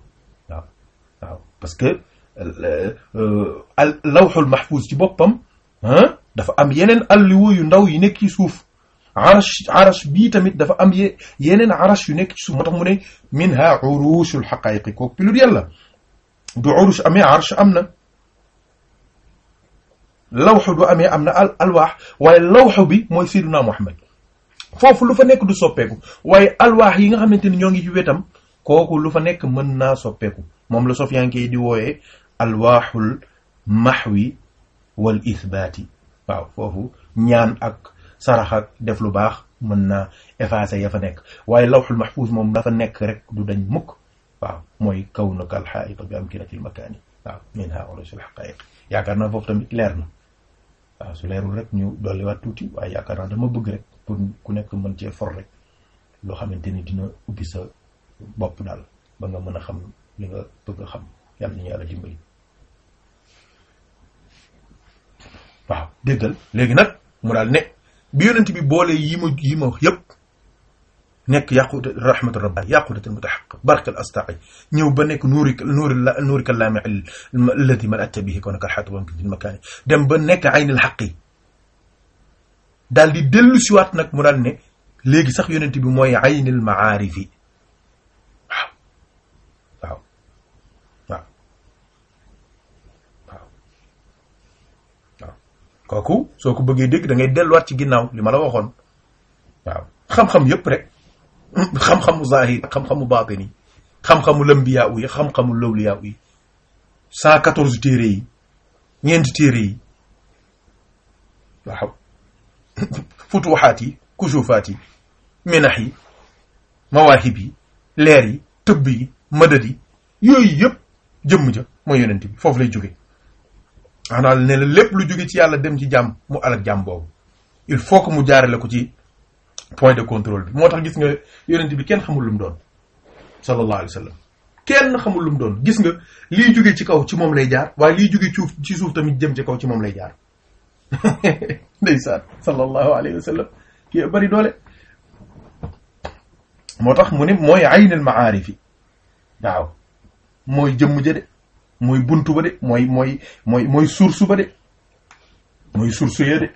A: waaw waaw parce que euh, lawxul mahfuz ci boppam ah, dafa am yeneen alliwo yu ndaw yi nekk ci suuf arash arash bii tamit dafa am ye yeneen arash yu nekk ci suuf moo tax mu ne minha urushul xaqaayiqi kooku pilul yàlla du urush amee arash am na lawxu du amee am na al alwaax waaye lawxu bi mooy Seydina Muhammad foofu lu fa nekk du soppeeku waaye alwaax yi nga xamante ni ñoo ngi ci wetam kooku lu fa nekk mën naa soppeeku moom la sofiyanke yi di wooyee alwaaxul maxwi wal isbaati waaw foofu ñaan ak sarax ak def lu baax mën naa effacer ya fa nekk waaye lawxul maxfuus moom dafa nekk rek du dañ mukk waaw mooy kaw na kal xaayita bi am kinatil makaani waaw min haa wala sul xaqaayiq yaakaar naa foofu tamit leer na waaw su rek ñu dolliwaat tuuti waaye yaakaar naa dama bëgg rek pour ku nekk mën cee for rek loo xamante ni dina ubbi sa bopp daal ba nga mën a xam li nga bëgg a xam yàlla nañu yàlla dimbali waaw déggal léegi nag mu daal ne bi yonent bi boole yi ma yi ma yépp nekk yaquta rahmatu rabbaani yaqudatul mutaxaq barkal astaqi ñëw ba nekk nuuri nuuri nuuri kalaami alladi man atta bihi kon karxaatu bam kidil makaani dem ba nekk aynil xaq yi daal di dellu siwaat nag mu daal ne léegi sax yonent bi mooy aynil maarifi waaw waaw waaw waaw waaw kooku soo ko bëggee dégg da ngay delluwaat ci ginnaaw li ma la waxoon waaw xam-xam yépp rek xam-xamu zahir xam-xamu batini xam-xamu lëmbiyaa yi xam-xamu lawliyaa yi cent quatorze téere yi ñeenti téere yi waaw futuxaat yi kusufaat yi minax yi yi leer yi tëbb yi madad yi yooyu yëpp jëmm ja mooy foofu lay jóge xanaa ne la lépp lu jóge ci yàlla dem ci jàmm mu alak jàmm boobu il faut mu jaare la ko ci point de contrôle bi moo tax gis nga yonent bi kenn xamul lu mu doon sallallahu alayhi wa kenn xamul lum doon gis nga liy jóge ci kaw ci moom lay jaar waaye liy jóge ci ci suuf tamit jëm ci kaw ci moom lay jaar ndeysaan sallallahu alayhi wa sallam kii bari doole moo tax mu ne mooy aynul maarifi waaw mooy jëmm ja de mooy buntu ba de mooy mooy mooy mooy source ba de mooy source ya de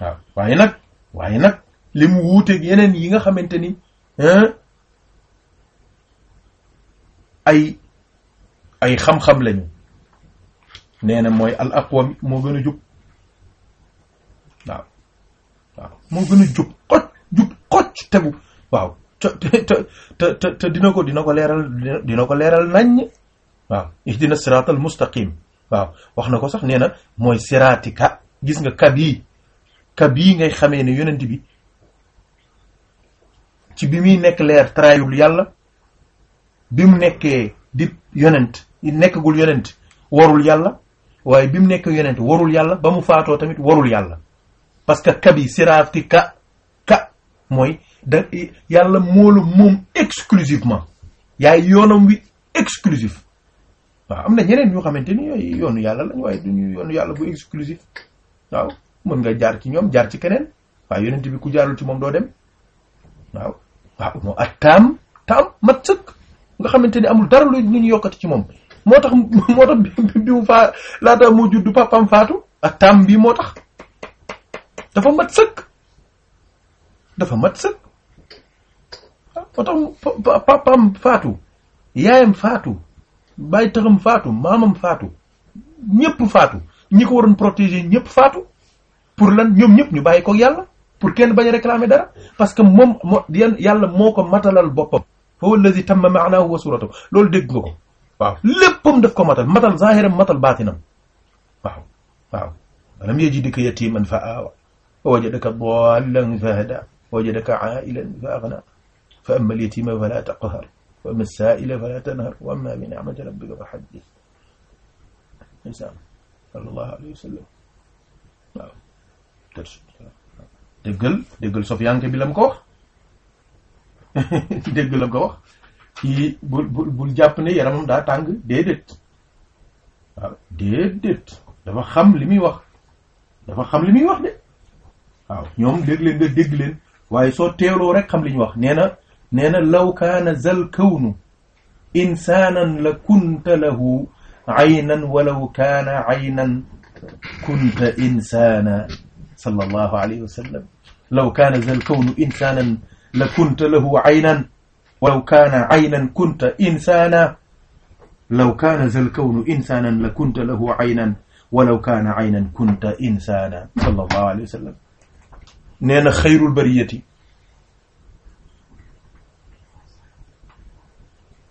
A: waaw waaye nag waaye nag li mu wuuteeg yeneen yi nga xamante ni ay ay xam-xam lañu nee na mooy al aqwam moo gën a jub waaw moo gën a jub xoj jub xoj tegu waaw te te te te dina ko dina ko leeral dina ko leeral nañ waaw ihdina siraatal mustaqim waaw wax na ko sax nee na mooy siraatika gis nga kab yi kab yi ngay xamee ne yonent bi ci bi muy nekk leer trahirul yàlla bi mu nekkee di yonent nekkagul yonent warul yàlla waaye bi mu nekk yonent warul yàlla ba mu faatoo tamit warul yàlla parce que kabi siraati ka ka mooy da yàlla moo la moom exclusivement yaay yoonam wi exclusif waaw am na ñeneen ñoo xamante ni yooyu yoonu yàlla lañ waaye duñu yoonu yàlla bu exclusif waaw mën nga jaar ci ñoom jaar ci keneen waaye yonent bi ku jaarul ci moom doo dem waaw waaw moo at taam taam mat sëkk nga xamante ni amul dara lu ñu yokkati ci moom moo tax moo tax faa laata moo juddu papam faatu a taam bii moo tax dafa mat sëkk dafa mat sëkk ah, moo tax papam faatu yaayam faatu bàyyi taxam faatu maamam faatu ñëpp faatu ñi ko waroon protéger ñëpp faatu pour lan ñoom ñëpp ñu bàyyi ko yàlla pour kenn bañ a réclamer dara parce que moom moo yàlla moo ko matalal boppam huwa allazi tamma maanaahu wa suratahu loolu dégg ko waaw léppam daf ko matal matal zahiram matal baatinam waaw waaw alam yajidka yatiman fa aawa wa wajadaka dallan fa hada wa wajadaka ailan fa agna fa amma al yatima fala taqhar wa amma saa'ila fala tanhar wa amma bi ni'mati rabbika fa haddith insan sallallahu alayhi wa sallam waaw déggal déggal sofiyanke bi la mu ko wax dégg la ko wax ci bul bul bul jàpp ne yaramam daa tàng déedéet dafa xam li muy wax dafa xam li muy wax de waaw ñoom dégg leen nga waaye soo teeloo rek xam li wax nee na nee na law kaana zal kawnu insaanan la kunta lahu aynan walaw kaana aynan insaana sallallahu alayhi wa sallam law kaana zal kawnu insaanan la kunta lahu aynan walaw kaana aynan kunta insaana law kaana zal kawnu insaanan la kunta lahu aynan walaw kaana aynan kunta insaana sallallahu alayhi wa sallam nee na xayrul bariyati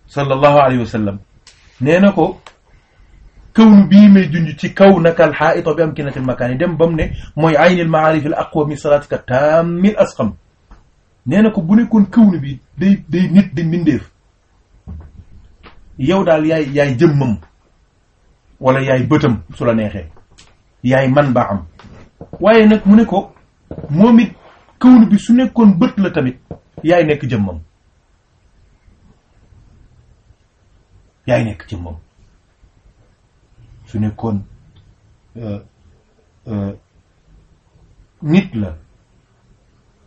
A: sallallahu alayhi wa sallam nee na ko kawnu bii may junj ci kaw naka al bi amkinati al makaani dem ba mu ne mooy aynil maarif al aqwa min salaatika tammil asqam nee na ko bu nekkoon kawnu bi day nit di mbindeef yow daal yaay yaay jëmmam wala yaay bëtam su la neexe yaay man ba am waaye nag mu ne ko moom it kawnu bi su nekkoon bët la tamit yaay nekk jëmmam yaay nekk jëmmam su nekkoon euh, euh, nit la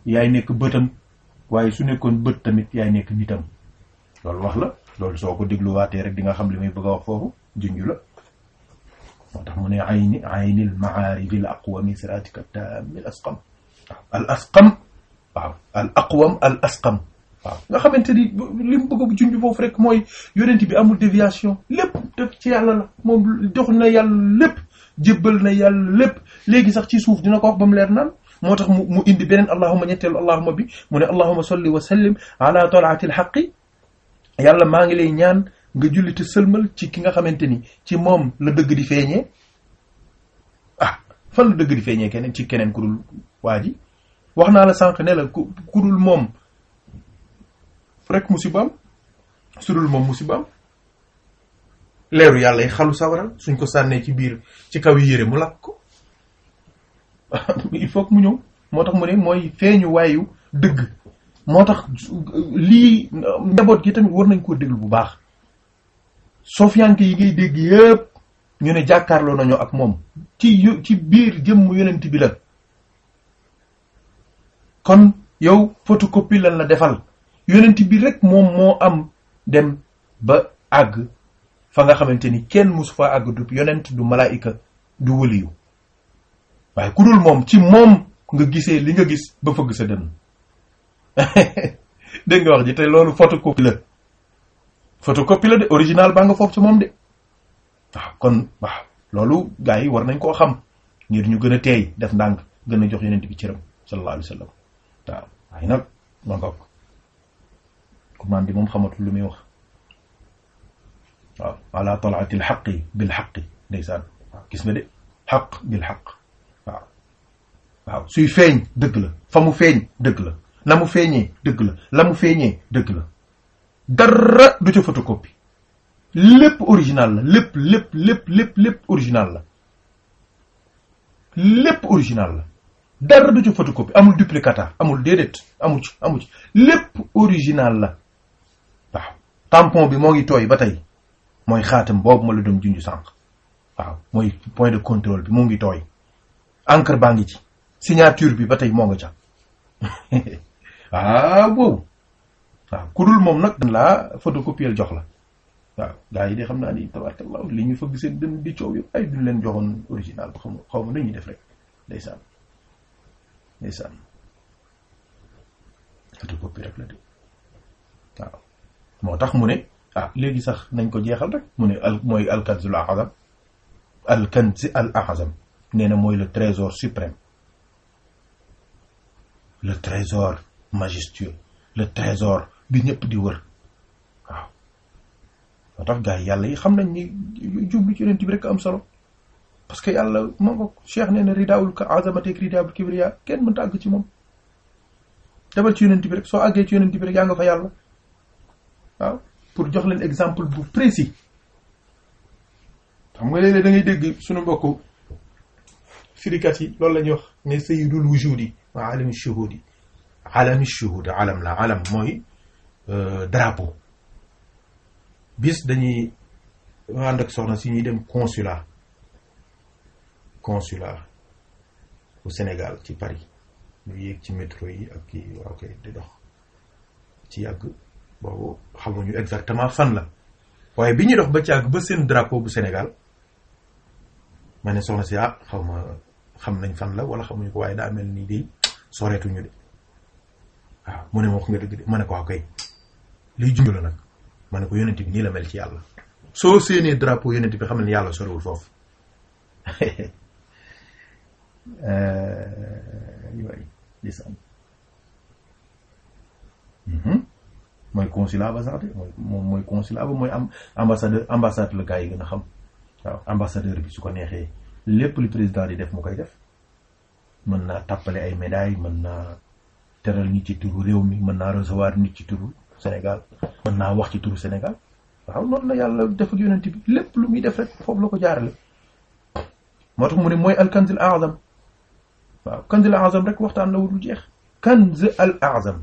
A: yaay nekk bëtam waaye su nekkoon bët tamit yaay nekk nitam loolu wax la loolu soo ko dégluwaatee rek di nga xam li may bëgg a wax foofu junju la moo tax mu ne ayni aynil maaribil aqwami siraatika taamil asqam waaw al asqam waaw al aqwam al asqam waaw nga xamante ni li mu bëgg a foofu rek mooy yonent bi amul déviation lépp def ci yàlla la moom jox na yàlla lépp jébbal na yàlla lépp léegi sax ci suuf dina ko wax ba mu leer naan moo tax mu mu indi beneen allahuma ñetteelu allahuma bi mu ne allahuma salli wa sallim ala talaati alxaqi yàlla maa ngi lay ñaan nga julli te sëlmal ci ki nga xamante ni ci moom la dëgg di feeñee ah fan la dëgg di feeñee keneen ci keneen ku dul waa wax naa la sànq ne la ku ku dul moom rek musibaam sudul moom musibaam leeru yàlla yi xalu sawaral suñ ko sànnee ci biir ci kaw yi yére mu lakk ko il faut que mu ñëw moo tax mu ne mooy feeñu waayu dëgg moo tax lii ndaboot gi tamit war nañ koo déglu bu baax sofiyanke yi ngay dégg yépp ñu ne jàkkaarloo nañu ak moom ci ci biir jëmm yonent bi la kon yow photocopie la la defal yonent bi rek moom moo am dem ba àgg fa nga xamante ni kenn musu fa àgg du yonent du malaayika du wëliyu waaye ku dul moom ci moom nga gisee li nga gis ba fëgg sa dënn dégg nga wax ji te loolu photocopie la photocopie la de original baa nga foofu ci moom de waaw kon waaw loolu gars yi war nañ koo xam ngir ñu gën a teey def ndànk gën a jox yonent bi cëram sallallahu waaye nag ma ngoog Ousmane di moom xamatul lu muy wax waaw ala talaati alxaqi bil xaqi ndeysaan waaw gis nga de xaq bil suy feeñ dëgg la fa mu feeñ dëgg la na mu feeñee dëgg la mu feeñee dëgg la du ca photocopie lépp original la lépp lépp lépp lépp original la lépp original la amul duplicata amul déedéet original la tampon bi moo ngi tooy ba tey mooy xaatam boobu ma la doon junj sànq waaw mooy point de contrôle bi mu ngi tooy encre baa ngi ci signature bi ba tey moo nga ca ah boobu waaw ku dul moom nag. laa photocopier jox la waaw gars yi de xam naa ni tabarakallah li ñu fëgg seen dënn di coow yëpp ay duñ leen joxoon original xaw ma xaw ma nañuy def rek ndeysaan ndeysaan photocopie rek la de waaw. moo tax mu ne ah léegi sax nañ ko jeexal rek mu ne al mooy alkanzul ahzam alkanzi al ahzam nee na mooy le trésor suprême le trésor majestueux le trésor bi ñëpp di wër waaw moo tax gars yàlla yi xam nañ ni jublu ci yonent bi rek am solo parce que yàlla moo ko cheikh nee na ridaawul ka azamateeg ridaawul kibriya kenn mënta àgg ci moom demal ci yonent bi rek soo àggee ci yonent bi rek yaa nga fa yàlla waaw pour jox leen exemple bu précis xam nga léeg-léeg da ngay dégg suñu mbokku firikat yi loolu la ñuy wax ne sayyidul wujudi wa alami shuhudi alami alam la alam mooy euh, drapeau bis dañuy ànd ak soxna si ñuy dem consulat consulat au Sénégal ci Paris ñu yéeg ci métro yi ak kii waaw kay di dox ci yàgg boobu xamuñu exactement fan la waaye bi ñuy dox ba caag ba seen drapeau bu Sénégal ma ne soxna si ah xaw ma xam nañ fan la wala xamuñu ko waaye daa mel nii de soreetuñu de waaw mu ne ma wax nga dëgg de ma ne ko waaw kay liy junj la nag ma ne ko yonent bi nii la mel ci yàlla soo séenee drapeau yonent bi xam ne yàlla sorewul foofu euh, mooy consulat basanté mooy moom mooy consulat ba mooy am ambassadeur ambassade la gars yi gën a xam waaw ambassadeur bi su ko neexee lépp lu président di def mu koy def mën naa tàppale ay médailles mën naa teral nit ci turu réew mi mën naa recevoir nit ci turu Sénégal mën naa wax ci turu Sénégal waaw noonu la yàlla def ak yonent bi lépp lu muy def rek foofu la ko jaarale moo tax mu ne mooy alkanzil azam waaw kanzil azam rek waxtaan la wutul jeex kanz al azam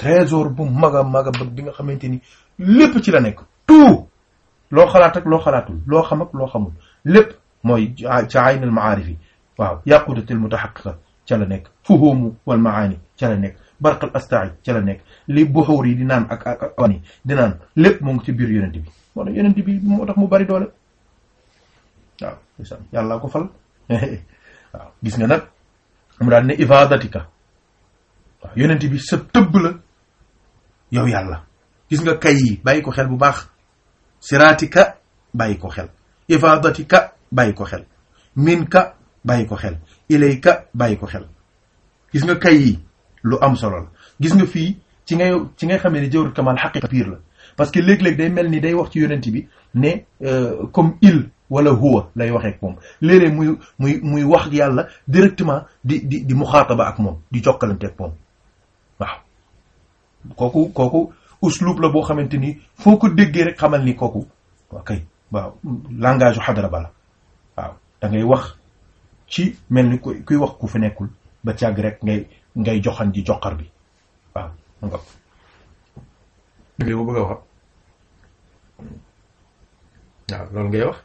A: trésor bu mag a mag a bëgg bi nga xamante ni lépp ci la nekk tout loo xalaat ak loo xalaatul loo xam ak loo xamul lépp mooy ca aynal maarif yi waaw yaqudatil mutahaqiqa ca la nekk fuhumu wal maani ca la nekk barqal astai ca la nekk li buxuur yi di naan ak ak ani di naan lépp mu ngi ci biir yonent bi moo tax yonent bi moo tax mu bari doole waaw isaan yàllaa ko fal waaw gis nga nag mu daal ne ivaadatika waaw yonent bi sa tëbb la yow yàlla gis nga kay yi bàyyi ko xel bu baax ka bàyyi ko xel ka bàyyi ko xel miin ka bàyyi ko xel ilayka bàyyi ko xel gis nga kay yi lu am solo la gis nga fii ci ngay ci ngay xamee ne jawru kamal xaqiqa piir la parce que léeg-léeg day mel nii day wax ci yonent bi ne euh, comme il wala huwa lay waxee ak moom léeg muy muy muy wax yàlla directement di di di muxaataba ak moom di jokkalante ak moom kooku kooku uslub la boo xamante ni foo ko déggee rek xamal ni kooku waaw kay langage u xadara ba waaw da wax ci mel ni ku kuy wax ku fi nekkul ba càgg rek ngay ngay joxan ji joxar bi waaw nga léegi bëgg a wax waaw loolu ngay wax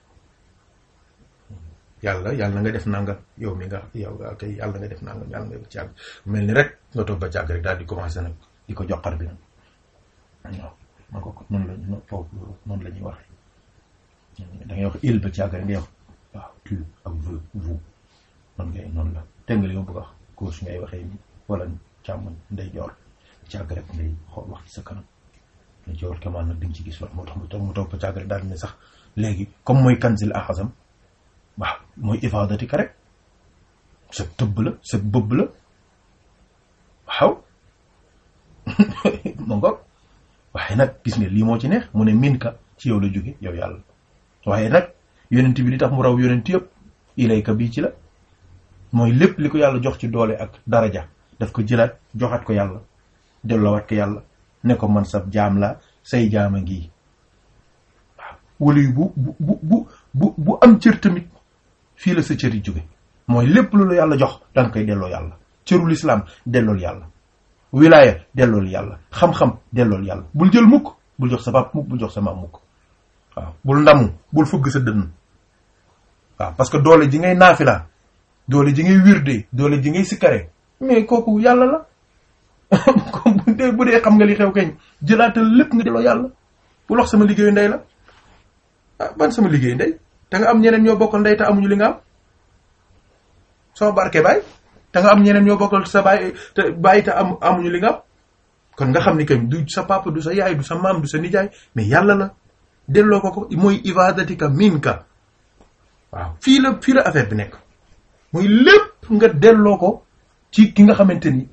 A: yàlla nga def nangam yow mi nga yow kay yàlla nga def nangam yàlla nga def càgg mel ni rek nga toog ba càgg rek daal di commencé nag di ko joxar bi nag waaw noonu la foofu la ñuy wax da ngay wax il ba càgg rek ngay wax waaw tu ak vous vous noonu ngay noonu la tëngal yow bëgg a wax gauche ngay waxee wala càmmoñ nday joor càgg rek ngay xool wax ci sa kanam ne joor kamaan nag di ci gis loolu moo tax ma toog mu toog ba daal ne sax léegi comme mooy kanzil ahasam waaw mooy ifaadati ka rek sa tëbb la sa bëbb la waaw mangoog waaye nag gis nga lii moo ci neex mu ne min ka ci yow la jóge yow yàlla waaye nag yonent bi li tax mu raw yonent yëpp ilayka bii ci la mooy lépp li ko yàlla jox ci doole ak ja daf ko jëlaat joxaat ko yàlla delloowaat ko yàlla ne ko man sab jaam la say jaam a ngi waaw wala yu bu bu bu bu bu am cër tamit fii la sa cër jóge mooy lépp lu la yàlla jox danga koy delloo yàlla cëru lislaam dellool yàlla wilaaya dellool yàlla xam-xam dellool yàlla bul jël mukk bul jox sa pap mukk bul jox sa maam mukk waaw bul ndamu bul fëgg sa dënn waaw parce que doole ji ngay naafila doole ji ngay wirde doole ji ngay sikkare mais kooku yàlla la comme bu dee xam nga li xew kañ jëlaatal lépp nga delloo yàlla bul wax sama liggéeyu ndey la ah ban sama liggéeyu ndey te nga am ñeneen ñoo bokk ndey te amuñu li nga am sama barke baay te nga am ñeneen ñoo bokkal sa bàyyi te bàyyi am amuñu li nga kon nga xam ni kay du sa papa du sa yaay du sa maam du sa nijaay mais yàlla la delloo ko ko mooy ivadatika minka waaw fii la fii la affaire bi nekk mooy lépp nga delloo ko ci ki nga xamante ni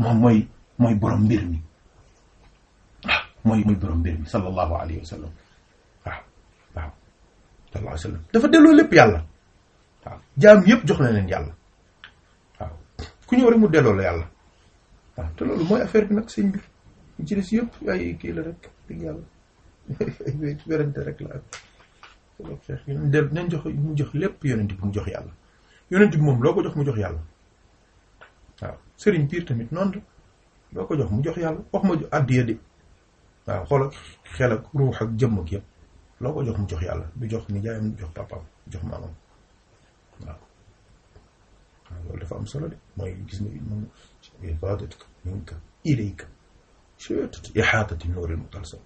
A: moom mooy mooy borom mbir mi waaw ah, mooy mooy borom mbir mi dafa delloo lépp yàlla waaw jaam yépp jox na leen yàlla ku ñëw rek mu delloo la yàlla waaw ah, te loolu mooy affaire bi nag sëñ bi ñu ci yëpp ay kii la rek dëgg la ak nañ jox mu jox lépp yonent bi mu jox yàlla yonent bi moom loo ko jox mu jox yàlla waaw sëriñ piir tamit noonu la loo ko jox mu jox yàlla wax ma addiya de waaw xool ak xel ak ruux ak jëmm ak yëpp loo ko jox mu jox yàlla du jox nijaayam du jox papaam jox maamam loolu dafa am solo de mooy gis nga moom ifaadatika minka ilayka chutut ihaatati nuuril mutalsam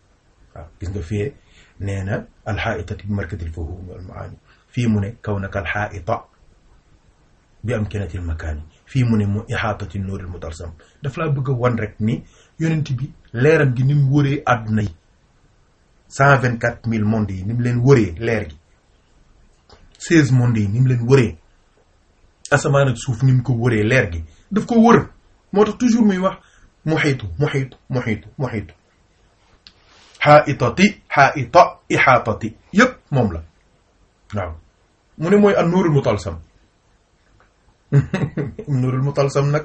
A: waaw gis nga fee nee na alxaaitati bi markatil fuhum wal maani fii mu ne kaw naka alxaaita bi am kenatil makaani fii mu ne mu ihaatati nuuril mutalsam daf laa bëgg a wan rek ni yonent bi leeram gi ni mu wëree àdduna yi cent vingt quatre mille monde yi ni mu leen wëree leer gi seize monde yi ni mu leen wëree asamaan ak suuf ni mu ko wëree leer gi daf ko wër moo tax toujours muy wax muxiitu muxiitu muxiitu muxiitu xaaitati xaaita ixaatati yépp moom la waaw mu ne mooy an nuurul mutalsam nuurul mutalsam nag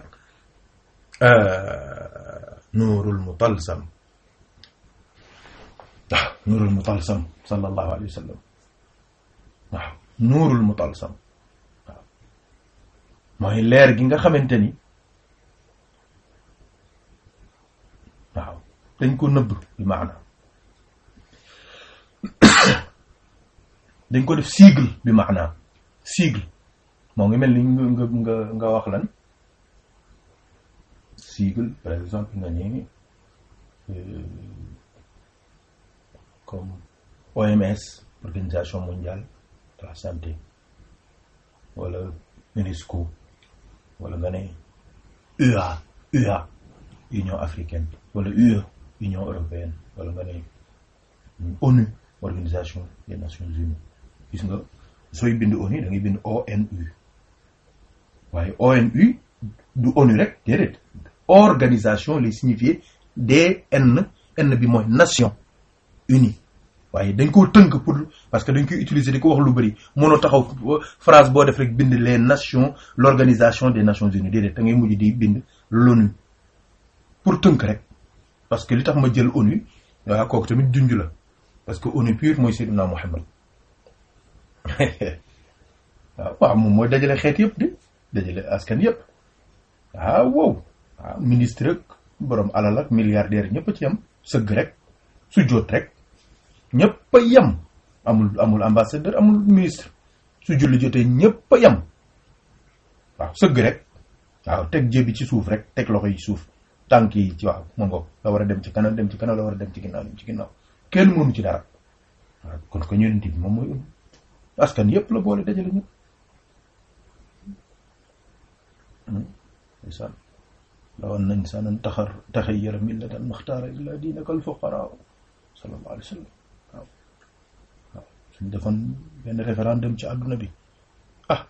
A: euh, nuurul mutalsam waaw nuurul mutalsam sallallahu alayhi wa sallam waaw nuurul mutalsam mooy leer gi nga xamante ni waaw dañ ko nëbb bi maana dañ ko def sigle bi maana sigle moo ngi mel ni nga nga nga wax lan sigle par exemple nga ni euh, comme OMS organisation mondiale de la santé wala UNESCO wala nga ne UA UA Union africaine wala UE Union européenne wala nga ne ONU organisation des nations unies gis nga sooy bind ONU da ngay bind ONU waaye ONU du ONU rek déedéet organisation lay signifier DN N bi mooy Nations Unies waaye dañ koo tënk pour parce que dañ koy utiliser di ko wax lu bëri mënoo taxaw phrase boo def rek bind les nations l'organisation des nations unies déedéet da ngay mujj di bind l'ONU pour tënk rek parce que li tax ma jël ONU waaw tamit junj la parce que ONU pure mooy Seydina Muhammad waaw waaw moom mooy dajale xeet yëpp de dajale askan yëpp waaw wow waaw ministre ak borom alal ak milliardaire ñëpp a ci am sëgg rek su jot rek ñëpp a yem amul amul ambassadeur amul ministre su julli jotee ñëpp a yem waaw sëgg rek waaw teg jébi ci suuf rek teg loxo yi suuf tànk yi ci waaw ma ngoog la war a dem ci kanam dem ci kanam la war a dem ci ginnaaw ci ginnaaw kenn mënu ci dara waaw kon ko moom mooy um askan yëpp la boole dajale ñëpp hmm, ndeysaan law anna insanan taxar taxayyara millatan maxtaara illa diinaka alfuqaraa sallallahu alayhi wa sallam ñu defoon benn référendum ci àdduna bi ah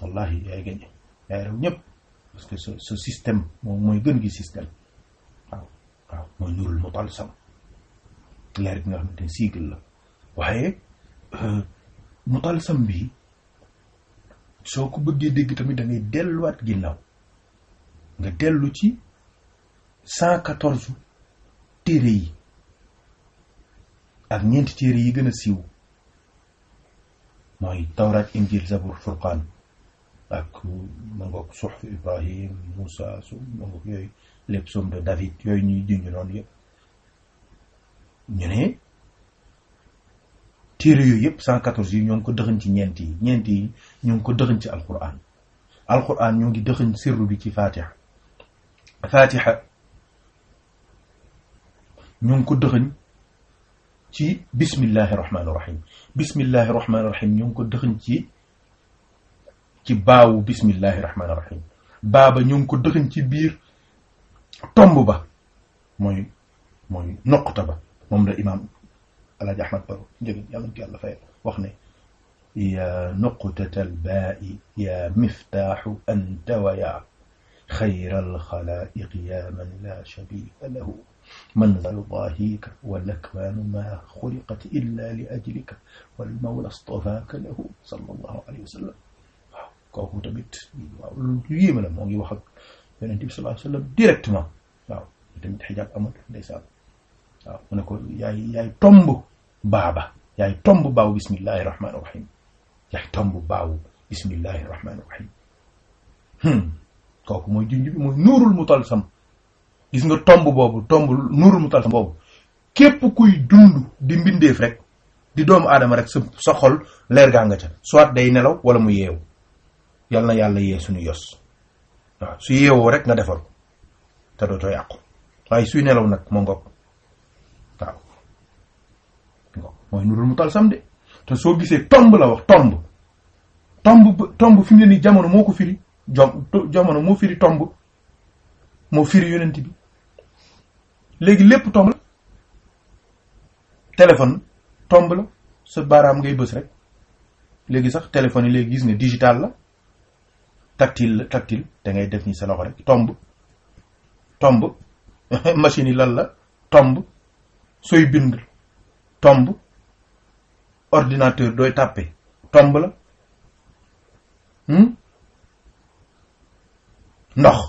A: wallahi yaay gagné yaay rew ñëpp parce que ce ce système moom mooy gën gi système waaw waaw mooy nurul mu sam leer bi nga xamante ne sigle la waaye euh, mu sam bi soo ko bëggee dégg tamit da delluwaat ginnaaw nga dellu ci cent quatorze téere yi ak ñeenti téere yi gën a siiw mooy tawraat injil zabur furqaan ak ma ngoog suxfu ibrahim moussa su ma yooyu lépp somme de david yooyu ñuy junj noonu yëpp ñu ne téere yëpp cent quatorze yi ñoo ngi ko ci ñeent yi ñeent yi ñoo ngi ko dëxañ ci alquran alquran ñoo ngi dëxañ sirru bi ci fatiha fatiha ñoo ngi ko dëxañ ci bismillahi rahmaani rahim bismillahi rahmaani rahim ñu ngi ko dëxëñ ci ci baawu bismillahi rahmaani rahim baaba ñu ngi ko dëxëñ ci biir tomb ba mooy mooy noqta ba moom la imaam alaaji ahmad baro njëgin yàlla na yàlla fay wax ne ya noqtata albaa'i ya miftaaxu anta wa ya xayra alxalaa'iq ya man la shabiha lahu من لا يضاهيك والأكوان ما خلقت إلا لأجلك والمولى اصطفاك له صلى الله عليه wasallam waaw kooku tamit waaw lu yéeme la moo ngi wax ak yonent bi sallallahu alayhi wasallam directement waaw tamit xijaab amul ndeysaan waaw mu ne ko yaay yaay tomb baaba yaay tomb baaw bismillahi rahmaani rahim yaay tomb baaw bismillahi rahmaani rahim hmm, kooku mooy junj bi mooy nuurul mutalsam gis nga tomb boobu tomb nuurul mu tal boobu képp kuy di doomu aadama rek sa leer gaa nga ca day nelaw wala mu yeewu yal na yàlla yee suñu yos su yeewoo rek nga defar te dootoo yàqu moo ngoog waaw ngoog soo gisee tomb la wax tomb tomb tomb fi mu nii jamono moo ko firi jom jamono moo firi tomb moo firi yonent bi léegi lépp tomb la téléphone tomb la sa baaraam ngay bës rek léegi sax téléphone yi léegi gis nga digital la tactile la tactile da ngay def ni sa loxo rek tomb tomb machine yi lan la tomb sooy bind tomb ordinateur dooy tàppe tomb la hmm? ndox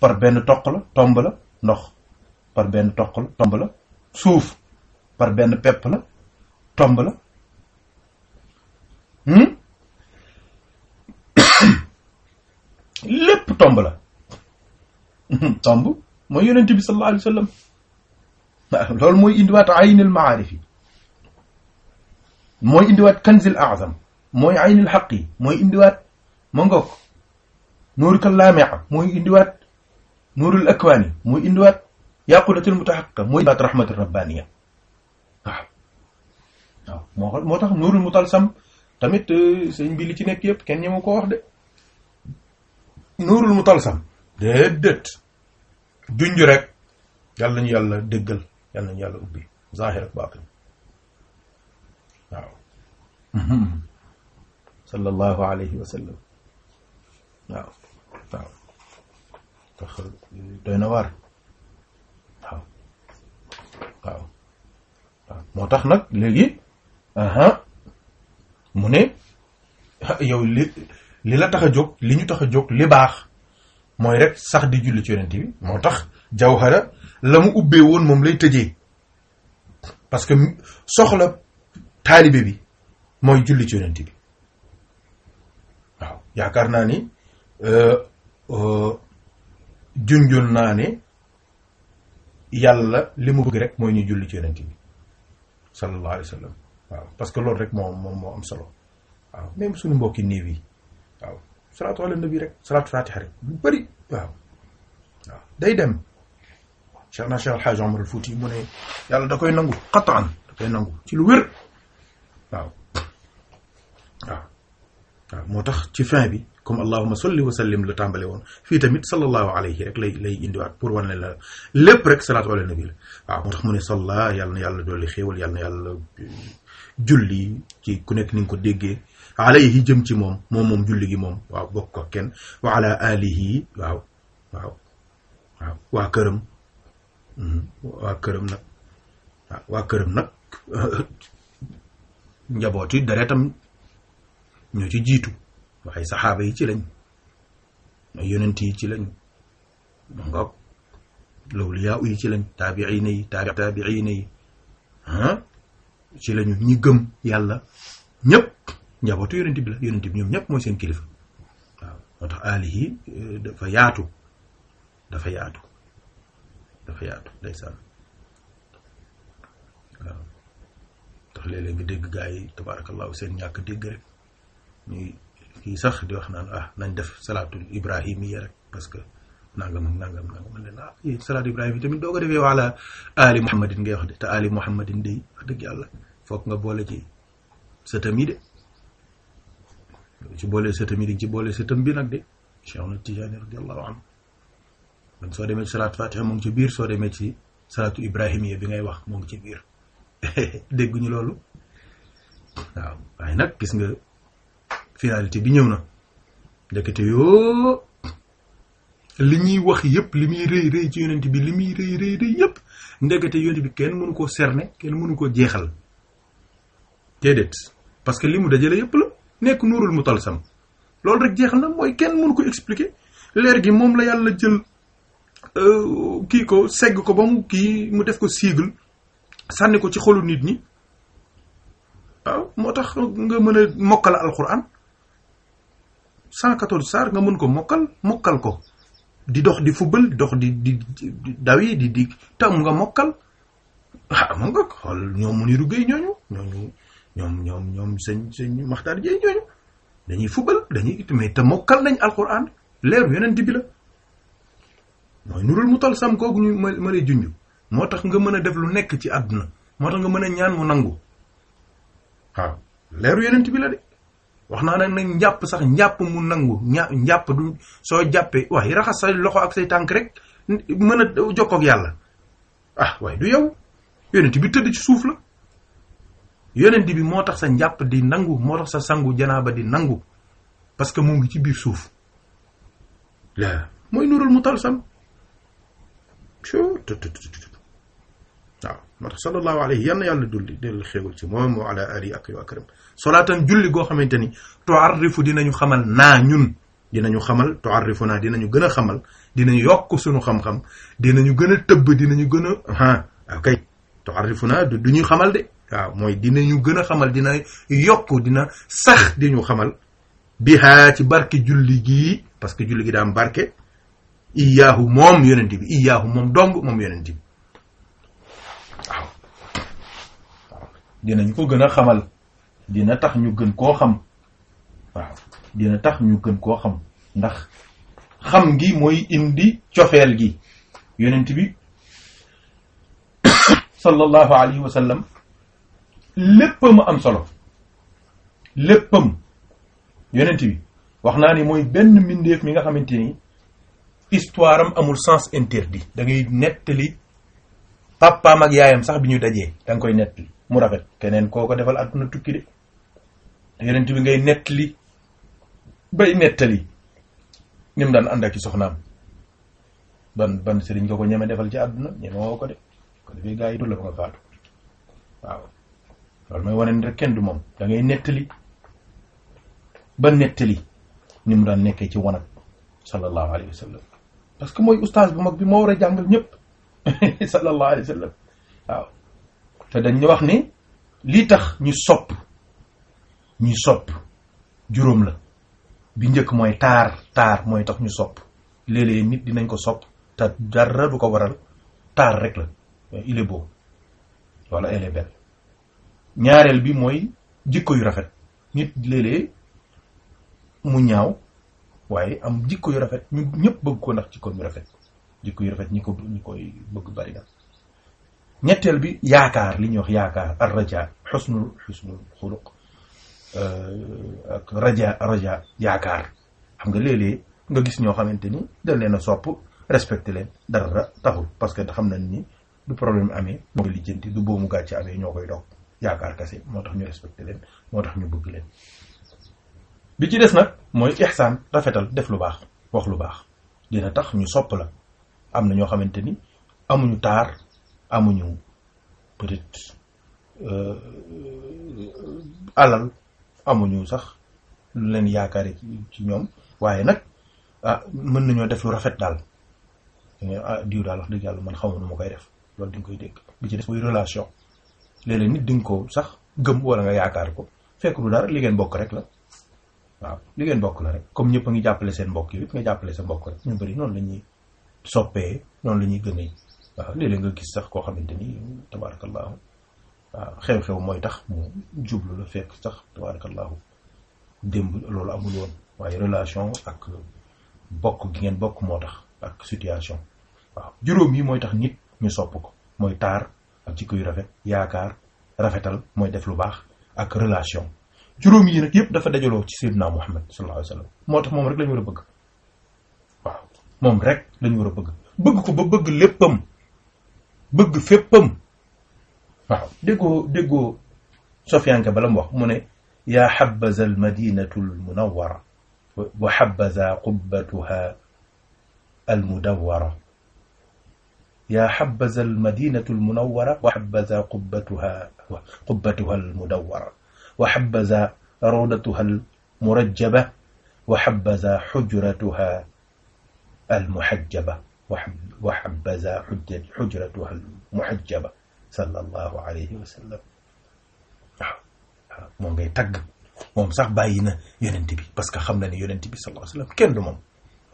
A: par benn toq la tomb la ndox par benn toq la tomb la suuf par benn pepp la tomb la hmm? lépp tomb la hmm, tomb mooy yonent bi sallallahu alayhi wa sallam waaw loolu mooy indiwaat aynil maarif yi mooy indiwaat kanzil azam mooy aynil xaq yi mooy indiwaat ma ngoog nuurika laamia mooy indiwaat nuurul akwaani mooy indiwaat yaqulatul mutahaqiqa mooy baat rahmatul rabbaniya waaw waaw moo xam moo tax nuurul mutalsam tamit euh, sëñ bi li ci nekk yëpp kenn mu ko wax de nuurul mutalsam déedéet junj rek yàlla nañu yàlla déggal yàlla nañu yàlla ubbi zahir ak baatin waaw waaw moo tax nag léegi mu ne ah, yow li li la tax a jóg li ñu tax a jóg li baax mooy rek sax di julli ci yonent bi moo tax jawhara la mu ubbee woon moom lay tëjee parce que soxla taalibe bi mooy julli ci yonent bi waaw yaakaar naa ni euh, euh, junjul naa ne yàlla li mu bëgg rek mooy ñuy julli ci yonent bi sallallahu alayhi wa sallam waaw parce que loolu rek moo moom moo am solo waaw même suñu mbokki néew yi waaw salaatu ala nabi rek salaatu fatiha rek lu bëri waaw waaw day dem Cheikh na Cheikh Alhaaj Omar al Fouti mu ne yàlla da koy nangu xataan da koy nangu ci lu wér waaw waaw waaw moo tax ci fin bi comme allahuma solli wa sallim lu tàmbale woon fii tamit sallallahu alayhi rek lay lay indiwaat pour wane lépp rek salaatu ala nabi la waaw moo tax mu ne salla yàlla na yàlla dolli xéewal yàlla na yàlla euh, julli ci ku nekk ni ko déggee alayhi jëm ci moom moom moom julli gi moom waaw bokk ko kenn wa ala alihi waaw waa këram hmm, waa këram nag njaboot yi deretam ñoo ci jiitu waxee saxaaba yi ci lañ mooy yonent yi ci lañ ba ngoog lawliyaa yi ci lañ taabiina yi taari taabiina yi ah, ci lañu ñi gëm yàlla ñëpp njabootu yonent bi la bi ñoom ñëpp mooy seen kilifa waaw moo tax aalihi eh, dafa yaatu dafa yaatu dafa yaatu ndeysaan waaw tax léeg dégg gaa yi seen ñàkk dégg rek ñuy kii sax di wax naan ah nañ def salaatul ibrahimiya rek parce que nangam ak nangam nangam man leen ah yéen salaatu ibrahim yi tamit doo ko defee wala ali muhammadin ngay wax de te ali muhammadin dëgg yàlla foog nga boole ci de ci boole sëtam yi ci boole sëtam bi nag de Cheikh Tijaani radiyallahu soo demee ci salaatu fatiha ci biir soo demee ci salaatu ibrahimiya bi ngay wax mu ngi ci biir dégguñu loolu waaw waaye nag gis nga finalité bi ñëw na ndekete yoo li ñuy wax yëpp li muy rëy rëy ci yonent bi li muy rëy rëy rëy yëpp ndekete yonent bi kenn mënu koo cerner kenn mënu koo jeexal déedéet parce que li mu dajale yëpp la nekk nuurul mutalsam loolu rek jeexal na mooy kenn mënu ko expliquer leer gi moom la yàlla jël euh, kii ko segg ko ba mu kii mu def ko sigle sànni ko ci xolu nit ñi waaw moo tax nga mën a mokkal alxuraan cent quatorze saar nga mën ko mokkal mokkal ko di dox di fubal dox di di daw di di tam nga mokkal ah mën nga xool ñoom mu niru géey ñooñu ñooñu ñoom ñoom ñoom sëñ sëñ maxtaar ñooñu dañuy fubal dañuy mais te mokkal nañ alquran leeru yeneen bi la mooy nurul mu tal sam kooku ñu ma lay junj moo tax nga mën a def lu nekk ci àdduna moo tax nga mën a ñaan mu nangu waaw leeru yeneen bi la de wax naa nag nag njàpp sax njàpp mu nangu njàpp du soo jàppee waaye raxas say loxo ak sa tànk rek mën a jokkoo ak yàlla ah waaye du yow yonent bi tëdd ci suuf la yonent bi moo tax sa njàpp di nangu moo tax sa sangu ba di nangu parce que mu ngi ci biir suuf la mooy nurul mu talsam waaw moo tax sallallahu alayhi yann yàlla dulli del xéewal ci moom wa ali ak yo akram solaatan julli goo xamante ni tuarrifu dinañu xamal naa ñun dinañu xamal tuarrifu naa dinañu gën a xamal dinañu yokk suñu dinañu gën a tëbb dinañu gën a du duñu xamal de waaw mooy dinañu gën a xamal dina yokk dina sax di ñu xamal bihaa ci barke julli gii parce que julli gi daa am barke iyaahu moom yonent bi iyaahu moom dong moom yonent bi waaw waaw ko gën a xamal dina tax ñu gën koo xam waaw dina tax ñu gën koo xam ndax xam ngi mooy indi cofeel gi yonent bi sallallahu alayhi wa sallam léppam am solo léppam yonent bi wax naa ni mooy benn mbindeef mi nga xamante ni histoire am amul sens interdit da ngay nettali papaam ak yaayam sax bi ñu dajee da koy nettali mu rafet keneen kooko ko defal àdduna tukki de yonent bi ngay nettali bay nettali ni mu daan ànd ak i soxnaam ban ban sëriñ nga ko ñeme defal ci àdduna ñeme woo ko de ko defee gaa yi du la ba nga faatu waaw loolu mooy wane ni rek kenn du moom da ngay nettali ba nettali ni mu daan nekkee ci wanag sallallahu alayhi wa sallam parce que mooy ustaas bu mag bi moo war a jàngal ñëpp sallallahu alayhi wa waaw te dañ wax ni lii tax ñu sopp ñuy sopp juróom la bi njëkk mooy taar taar mooy tax ñu sopp léeg-léeg nit dinañ ko sopp te dara du ko waral taar rek la il est beau wala elle ñaareel bi mooy jikko yu rafet nit léeg-léeg mu ñaaw waaye am jikko yu rafet ñu ñëpp bëgg ko ndax jikko yu rafet jikko yu rafet ñi ko ñi koy bëgg bari ñetteel bi yaakaar li ñuy wax yaakaar ar xusnul xusnul xuluq ak raja raja yaakaar xam nga léeg-léeg nga gis ñoo xamante ni dañ leen a sopp respecté leen dara taxul parce que xam nañ ni du problème amee moo koy lijjanti du boobu gàcce amee ñoo koy dog yaakaar kese moo tax ñu respecté leen moo tax ñu bëgg leen bi ci des nag mooy ihsaan rafetal def lu baax wax lu baax dina tax ñu sopp la am na ñoo xamante ni amuñu taar amuñu peut-être euh, amuñu sax lu leen yaakaare ci ñoom waaye nag ah mën nañoo def lu rafet daal ah diw daal wax dëgg yàlla man xaw ma nu ma koy def loolu di koy dégg bi ci des muy relation léeg nit di ko sax gëm wala nga yaakaar ko fekk lu dara li ngeen bokk rek la waaw li ngeen bokk la rek comme ñëpp a ngi jàppale seen mbokk yi it nga jàppale sa mbokk rek ñu bëri noonu la ñuy soppee noonu la ñuy gëmee waaw léeg-léeg nga gis sax koo xamante ni tabarakallahu waaw xew-xew mooy tax mu jublu la fekk sax tabarakallahu démb loolu amul woon waaye relation ak bokk gi ngeen bokk moo tax ak situation waaw juróom yi mooy tax nit ñu sopp ko mooy taar ak ci yu rafet yaakaar rafetal mooy def lu baax ak relation juróom yi nag yëpp dafa dajaloo ci sayyidina Muhammad sallallahu alayhi wasallam moo tax moom rek la war a bëgg waaw moom rek la ñu war a bëgg bëgg ko ba bëgg léppam bëgg féppam waaw déggoo déggoo Sofyaan ka bala mu wax mu ne yaa xabaza almadinatu almunawara wa xabaza qubbatuha almudawara yaa xabaza almadinatu almunawara wa xabaza qubbatuha qubbatuha almudawara wa xabaza rawdatuha almurajjaba wa xabaza xujratuha almuxajjaba wa xabaza xujratuha almuxajjaba sallallahu alayhi wa sallam waaw moom ngay tagg moom sax bàyyi na yonent bi parce que xam na ne yonent bi sallallahu alayhi wa sallam kenn du moom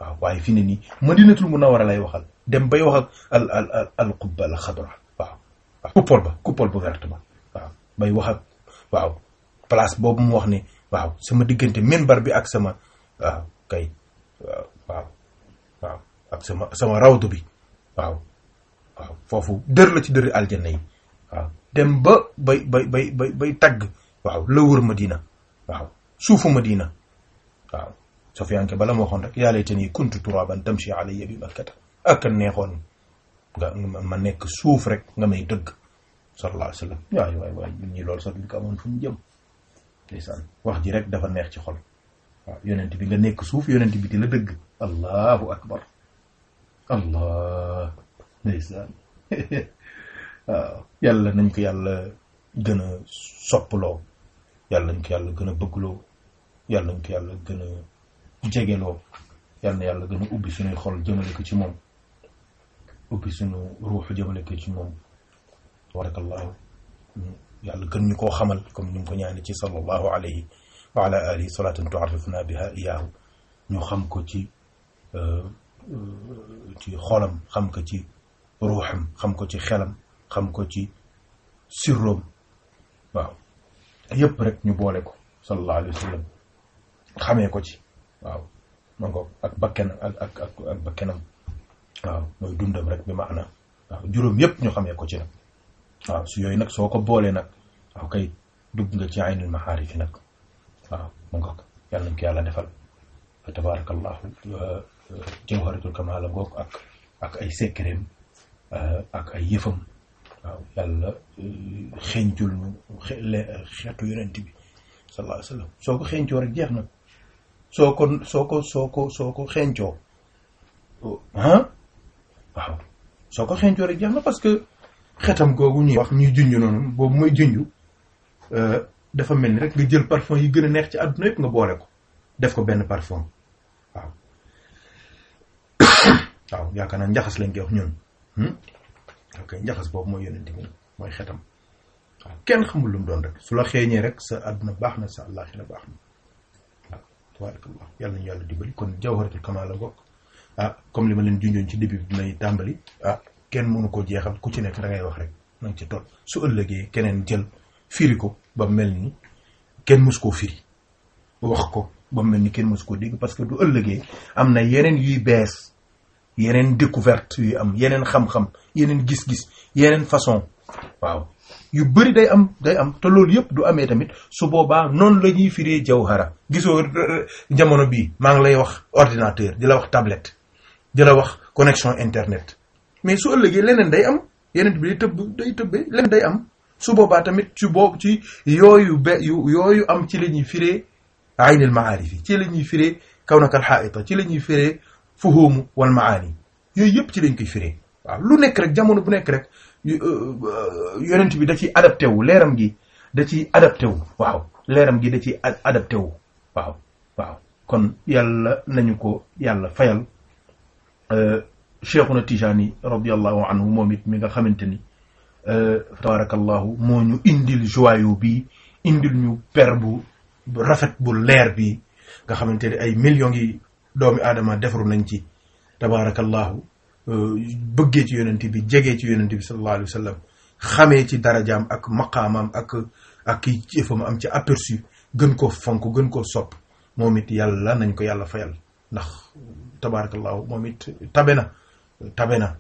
A: waaw waaye fi ne nii madinatul munawwara lay waxal dem bay wax ak al al al al qubba al xadra waaw coupole ba coupole bu verte ba waaw bay wax ak waaw boobu mu wax ne waaw sama diggante minbar bi ak sama waaw kay waaw waaw ak sama sama rawdu bi waaw waaw foofu dër la ci dëri aljanna yi waaw dem ba bay bay bay bay bay waaw la wër Madina waaw suufu Madina waaw Sufyaan bala ma waxoon rek yaa laytanii kuntu turaaban tamshi alayya bi makkata ak neexoon nga ma nekk suuf rek nga may dëgg sallallahu alayhi wa sallam waay ñi loolu sax duñ ko amoon fu wax ji rek dafa neex ci xol waaw yonent bi nga nekk suuf yonent bi di la dëgg allahu akbar allah ndeysaan waaw yàlla nañ ko yàlla gën a soppaloo yàlla nañ ko yàlla gën a bëggloo yàlla nañ ko yàlla gën a jegeloo yàlla na gën a ubbi suñuy xol jëmale ko ci moom ubbi suñu ruux jëmale ko ci moom barakallahu yàlla gën ñu koo xamal comme ñu ko ñaane ci sallallahu alayhi wa ala alihi salaatan tuarrifuna biha iyaahu ñu xam ko ci euh, euh, ci xolam xam ko ci ruuxam xam ko ci xelam xam ko ci sirroom waaw yépp rek ñu boole ko sallallahu alayhi wa sallam xamee ko ci waaw ma ngoog ak bakkenam ak ak ak waaw mooy dundam rek bi maana waaw juróom yépp ñu xamee ko ci nag waaw su yooyu nag soo ko boolee nag waaw kay dugg nga ci aynul maxaarif nag waaw ma ngoog yàlla nañ ko yàlla defal fa tabarakallahu jawharatul kamaala ngoog ak ak ay sekkereem Euh, ak ay yëfam waaw yàlla euh, xencul ñu xeetu yonent bi sallallahu soo ko xencoo rek jeex na soo ko soo ko soo ko soo ko xencoo ah waaw soo ko xencoo rek jeex na parce que xetam googu ñuy wax ñuy junj noonu boobu mooy junj euh, dafa mel ni rek nga jël parfum yi gën a neex ci àdduna yëpp nga boole ko def ko benn parfom waaw waaw yaakaar naa njaxas lañ koy wax ñun Hmm? ok njaxas boobu mooy yonent bi mooy xetam waaw kenn xamul lu mu doon rek su la xeeñee rek sa àdduna baax na sa àllaaxira baax na waaw ah, tabaarakallah yàlla ñu yàlla dimbali kon jawharatul kamal la bokk ah, comme li ma leen junjoon ci début bi dinay tàmbali ah kenn mënu ko jeexal ku ci nekk da ngay wax rek na nga ci toll su ëllëgee keneen jël firi ko ba mel ni kenn mës koo firi wax ko ba mel ni kenn mës koo dégg parce que du ëllëgee am na yeneen yi be yeneen découverte yu am yeneen xam-xam yeneen gis-gis yeneen façon waaw yu bëri day am day am te loolu yëpp du amee tamit su boobaa noonu la ñuy firee jawhara gisoo euh, euh, jamono bii maa ngi lay wax ordinateur di la wax tablette di la wax connexion internet mais su ëllëgee leneen day am yeneen bi day tëbb day tëbbee leneen day am su boobaa tamit ci boobu ci yooyu be yooyu am ci la ñuy firee aynil maarif yi ci la ñuy firee kaw nakal xaayita ci la ñuy firee fuhumu wal maani yooyu yëpp ci lañ koy firee lu nekk rek jamono bu nekk rek euh, euh, yonent bi da ciy adapté wu leeram gi da ciy adapté wu waaw leeram gi da ciy adapté wu waaw waaw kon yàlla nañu ko yàlla fayal euh, cheikhuna tijani radiallahu anhu moom it mi nga xamante ni tabarakallahu moo ñu indil joyau bi indil ñu per bu rafet bu leer bi nga xamante ni ay millions yi doomi aadama defaru nañ ci tabaarakallaahu euh, bëggee ci yonent bi jegee ci yonent bi sallallahu alayhi wa sallam xamee ci darajaam ak maqaamaam ak ak kii jëfam am ci aperçu gën koo fonk gën koo sopp moom it yàlla nañ ko yàlla fayal ndax tabaarakallaahu moom it tabe na tabe na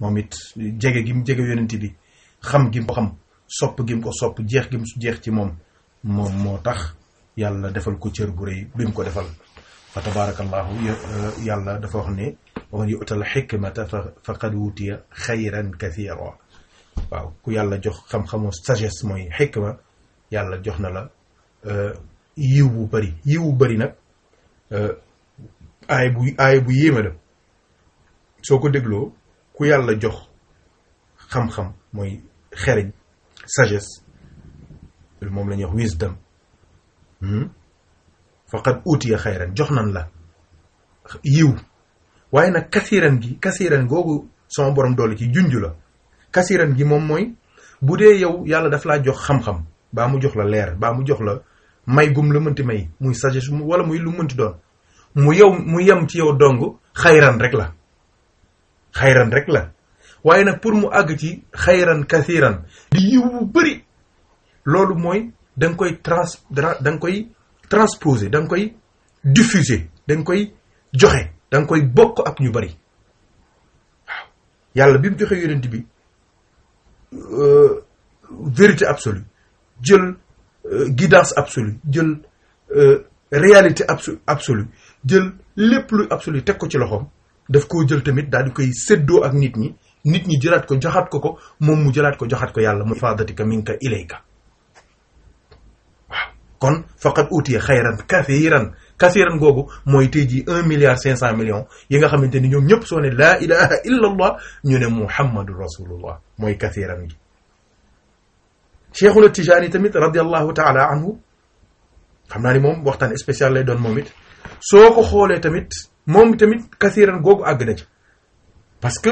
A: moom it jege gi mu jege yonent bi xam gi mu ko xam sopp gi mu ko sopp jeex gi mu jeex ci moom moom moo tax yàlla defal ko cër bu rëy bi mu ko defal fa tabarakallahu uh, yàlla dafa wax ne wa man yu'tal xikmata fa faqad wutiya xayran kathira waaw ku yàlla jox xam-xamu sagesse mooy xikma yàlla jox na la uh, yiw bu bëri yiw bu bëri nag uh, aay bu aay bu yéeme la soo ko dégloo ku yàlla jox xam-xam mooy xereñ sagesse moom la ñuy wax wisdom hmm? faqad utiya xayran jox nan la yiw waaye nag kasiran gi kasiran googu sama borom doole ci junj la kasiran gi moom mooy bu dee yow yàlla daf laa jox xam-xam baa mu jox la leer baa mu jox la may gum la mënti may muy sagesse wala muy lu mënti doon mu yow mu yem ci yow dong xayran rek la xayran rek la waaye nag pour mu àgg ci xayran kasiran di yiw bu bëri loolu mooy da nga koy trans da koy transposer da nga koy diffuser da koy joxe danga koy bokk ak ñu bari waaw yàlla bi mu joxe yonent bi euh, vérité absolue jël euh, guidance absolue jël euh, réalité absolue jël lépp lu absolu teg ko ci loxoom daf koo jël tamit daal koy séddoo ak nit ñi nit ñi jëlaat ko joxaat ko ko moom mu jëlaat ko joxaat ko yàlla mu faadatika minka ilayka kon faqat utiya xayran kathiran kathiran googu mooy tey ji un milliard cinq cent millions yi nga xamante ni ñoom ñëpp soo ne laa ilaha illa allah ñu ne muhammadu rasulullah mooy kathiran gi cheikhuna tijaani tamit radiallahu taala anhu xam naa ni moom waxtaan spécial lay doon moom it soo ko xoolee tamit moom tamit kathiran googu àgg parce que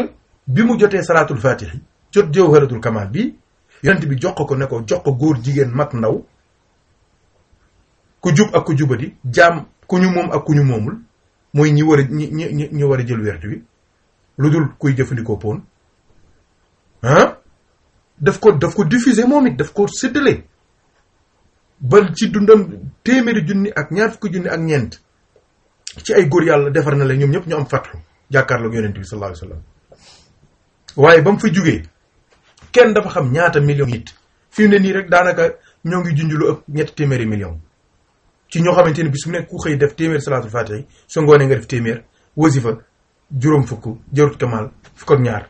A: bi mu jotee salaatul fatihi jot jawharatul kamal bi yonent bi jox ko ne ko jox ko góor jigéen mag ndaw ku jub ak ku jubadi jaam ku ñu moom ak ku ñu moomul mooy ñi war a ñi a jël wertu wi lu dul kuy jëfandikoo poon ah daf ko daf ko diffuser moom it daf ko séddale ba ci dundam téeméeri junni ak ñaar fukki junni ak ñeent ci ay góor yàlla defar na la ñoom ñëpp ñu am fàttu jàkkaarloog yonent bi sallallahu alayhi waaye ba mu fa jugee kenn dafa xam ñaata millions it fii ne nii rek daanaka ñoo ngi junjulu ak ñetti téeméeri millions ci ñoo xamante ni bis mu nekk ku xëy def téeméer salaatul faatiha yi su ngoonee nga def téeméer wasifa juróom fukk jarut kamal fukk ak ñaar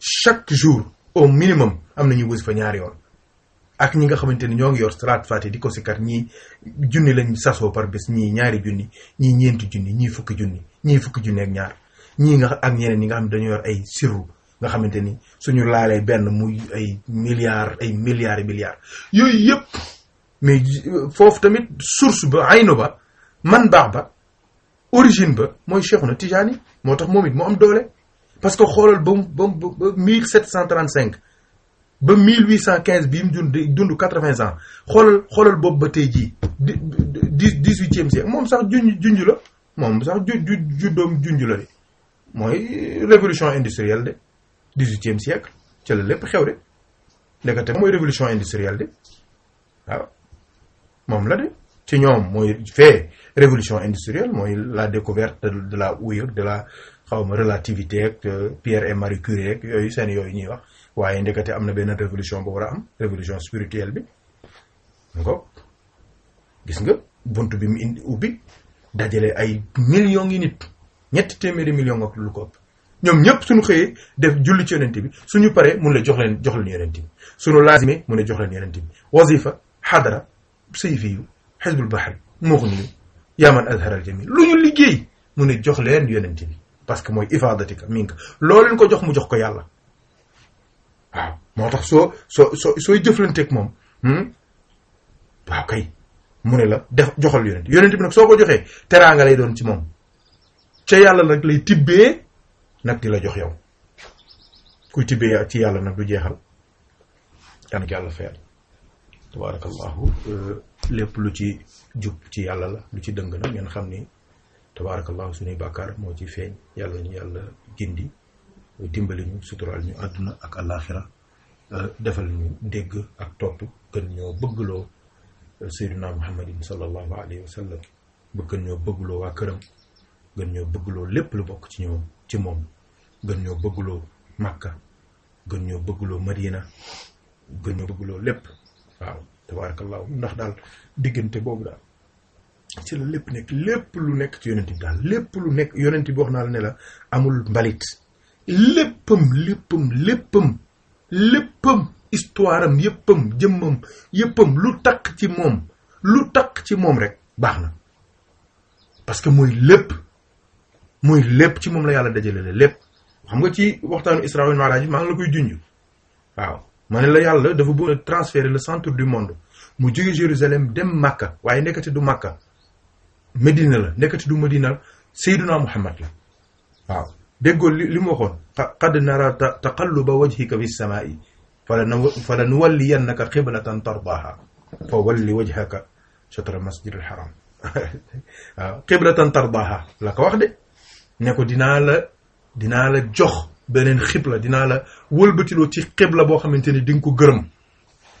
A: chaque jour au minimum am na nañuy wasifa ñaari yoon ak ñi nga xamante ni ñoo ngi yor salaatul faatiha di ko si kat ñii junni lañ sasoo par bés ñii ñaari junni ñii ñeenti junni ñii fukki junni ñii fukki junni ak ñaar ñi nga ak ñeneen ñi nga xam ne dañoo yor ay sirru nga xamante ni suñu laalee benn muy ay milliards ay milliards et mais foofu tamit source ba aynu ba man baax ba origine ba mooy Cheikhuna Tijaani moo tax moom it mu am doole parce que xoolal ba mu ba cinq ba 1735 cent 1815 bii mu dund dund 80 ans xoolal xoolal boobu ba tey jii di di 18e siècle moom sax junj junj la moom sax ju ju juddoom junj la de mooy révolution industrielle de 18e siècle ca la lépp xew de ndekete mooy révolution industrielle de waaw. moom la de ci ñoom mooy fee révolution industrielle mooy la découverte de la houille de la xawma relativité ak euh, Pierre et Marie Curie ak yooyu seen yooyu ñuy wax waaye ndekete am na benn révolution bu war a am révolution spirituelle bi ko gis nga bunt bi mu indi ubbi dajale ay millions ngi nit ñett téeméeri millions ak lu ko ëpp ñoom ñëpp suñu xëyee def julli ci yonent bi suñu paree mun la jox leen jox leen yonent bi suñu laazime mun a jox leen yonent bi wazifa xadara sayfiyu xisbul baxri muxniyu yaa man azhara al lu ñu liggéey mu ne jox leen yonent bi parce que mooy ifaadatika minka loo leen ko jox mu jox ko yàlla waaw moo tax soo soo soo sooy jëflanteeg moom hmm? waaw kay mu ne la def joxal yonent yonent bi nag soo ko joxee teraanga lay doon ci moom ca yàlla nag lay tibbee nag di la jox yow kuy tibbee ci yàlla nag du jeexal kan yàlla fayal tabaarakallahu euh, lépp lu ci jub ci yàlla la lu ci dëng na ngeen xam ni tabaarakallahu suñuy bakkar moo ci feeñ yàlla ñu yàlla gindi dimbali ñu suturaal ñu àdduna ak alaaxira euh, defal ñu dégg ak topp gën ñoo bëgguloo euh, sayyiduna muhammadin sallallahu alayhi wa sallam ba gën ñoo bëggloo waa këram gën ñoo bëggloo lépp lu bokk ci ñoom ci moom gën ñoo bëgguloo makka gën ñoo bëgguloo madina gën ñoo bëggloo lépp waaw tabaarakallaahu ndax daal diggante boobu daal ci la lépp nekk lépp lu nekk ci yonent bi daal lépp lu nekk yonent bi wax naa la ne la amul mbalit léppam léppam léppam léppam histoire am yëppam lu takk ci moom lu takk ci moom rek baax na parce que mooy lépp mooy lépp ci moom la yàlla dajale lépp xam nga ci waxtaanu Israa wal Mi'raaj maa la koy junj waaw ma ne la yàlla dafa bëggoon a transférer le centre du monde mu jóge Jérusalem dem Makka waaye nekkati du Makka Medina la nekkati du Medina Seydina Muhammad la waaw déggoo li li mu waxoon qad nara taqalluba wajhika fi samaai fala nuwalliyannaka qiblatan tardaha fa walli wajhaka shatra masjid al haram waaw qiblatan tardaha la ko wax de ne ko dinaa la dinaa la jox beneen xibla dinaa la wëlbatiloo ci xibla boo xamante ni di nga ko gërëm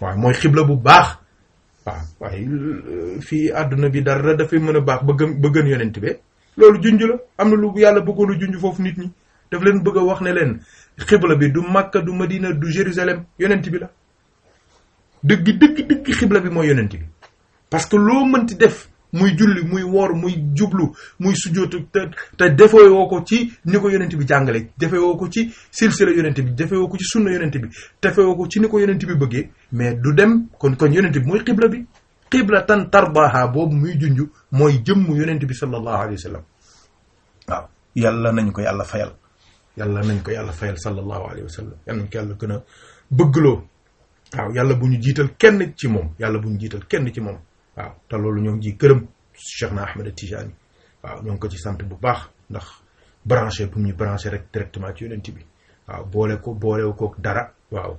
A: waaw mooy xibla bu baax waaw waaye euh, fii àdduna bi dara dafay mën a baax ba gën ba gën yonent bi loolu junju la am na lu yàlla bëggoon a foofu nit ñi daf leen bëgg a wax ne leen xibla bi du Makka du Madina du Jérusalem yonent bi la dëgg dëgg dëgg xibla bi mooy yonent bi parce que loo mënti def muy julli muy woor muy jublu muy sujootu te te defee ko ci ni ko yonent bi jàngale defee ko ci silsila yonent bi defee ko ci sunna yonent bi defee ko ci ni ko yonent bi bëggee mais du dem kon kon yonent bi mooy xibla bi xibla tan tarbaha boobu muy junj mooy jëmm yonent bi sallallahu alayhi wa sallam waaw yàlla nañ ko yàlla fayal yàlla nañ ko yàlla fayal sallallahu alayhi wa sallam yàlla nañ ko yàlla gën a bëggloo waaw yàlla bu ñu jiital kenn ci moom yàlla bu jiital kenn ci moom waaw te loolu ñoo ngi ciy gërëm Cheikh na Ahmed Tijani waaw ñoo ngi ko ci sant bu baax ndax branché bu ñu branché rek directement ci yonent bi waaw boole ko boolewu ko dara waaw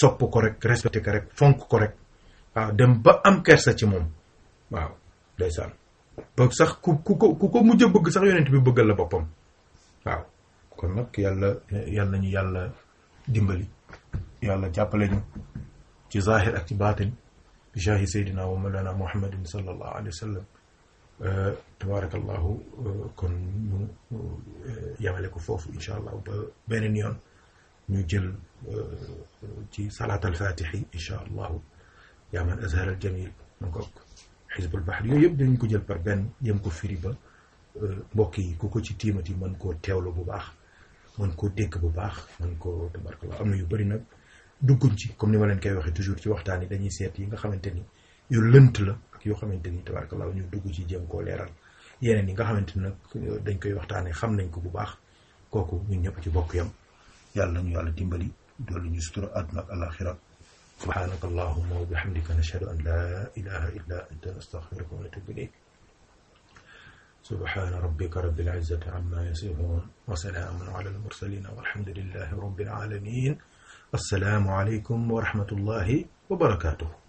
A: sopp ko rek respecté ko rek fonk ko rek waaw dem ba am kersa ci moom waaw ndeysaan ba sax ku ku ko ku ko mujj bëgg sax yonent bi bëggal la boppam waaw kon nag yàlla yàlla nañu yàlla dimbali yàlla jàppale ñu ci zahir ak ci baatin bi jaahi saydina wa mawlana muhammadin sallallahu alayhi wa sallam tabarakallahu kon ñu yemale ko foofu incha allah ba beneen yoon ñu jël ci salaat alfatixi incha allahu yaa man azhar al jamil mu ko xisbul baxr yooyu yëpp dañ ko jël par benn yëm ko firi ba mbokk yi ku ko ci tiimati mën koo teewlu bu baax mën koo dégg bu baax mën koo tabarakallah am na yu bëri nag dugguñ ci comme ni ma leen koy waxee toujours ci waxtaan yi dañuy seet yi nga xamante ni yu lënt la ak yoo xamante ni tabarakallah ñu dugg ci jéem koo leeral yeneen yi nga xamante ni euh, dañ koy waxtaanee xam nañ ko bu baax kooku ñun ñëpp ci bokk yam yàlla ñu yàlla dimbali doolu ñu sutura àdduna ak alaxira subhanaka allahuma wa bihamdika nashhadu an la ilaha illa anta nastaghfiruka wa natubu ilayk subhana rabbika rabbil izzati amma yasifun wa salamun ala al assalaamu aleykum wa rahmatullahi wa barakaatuhu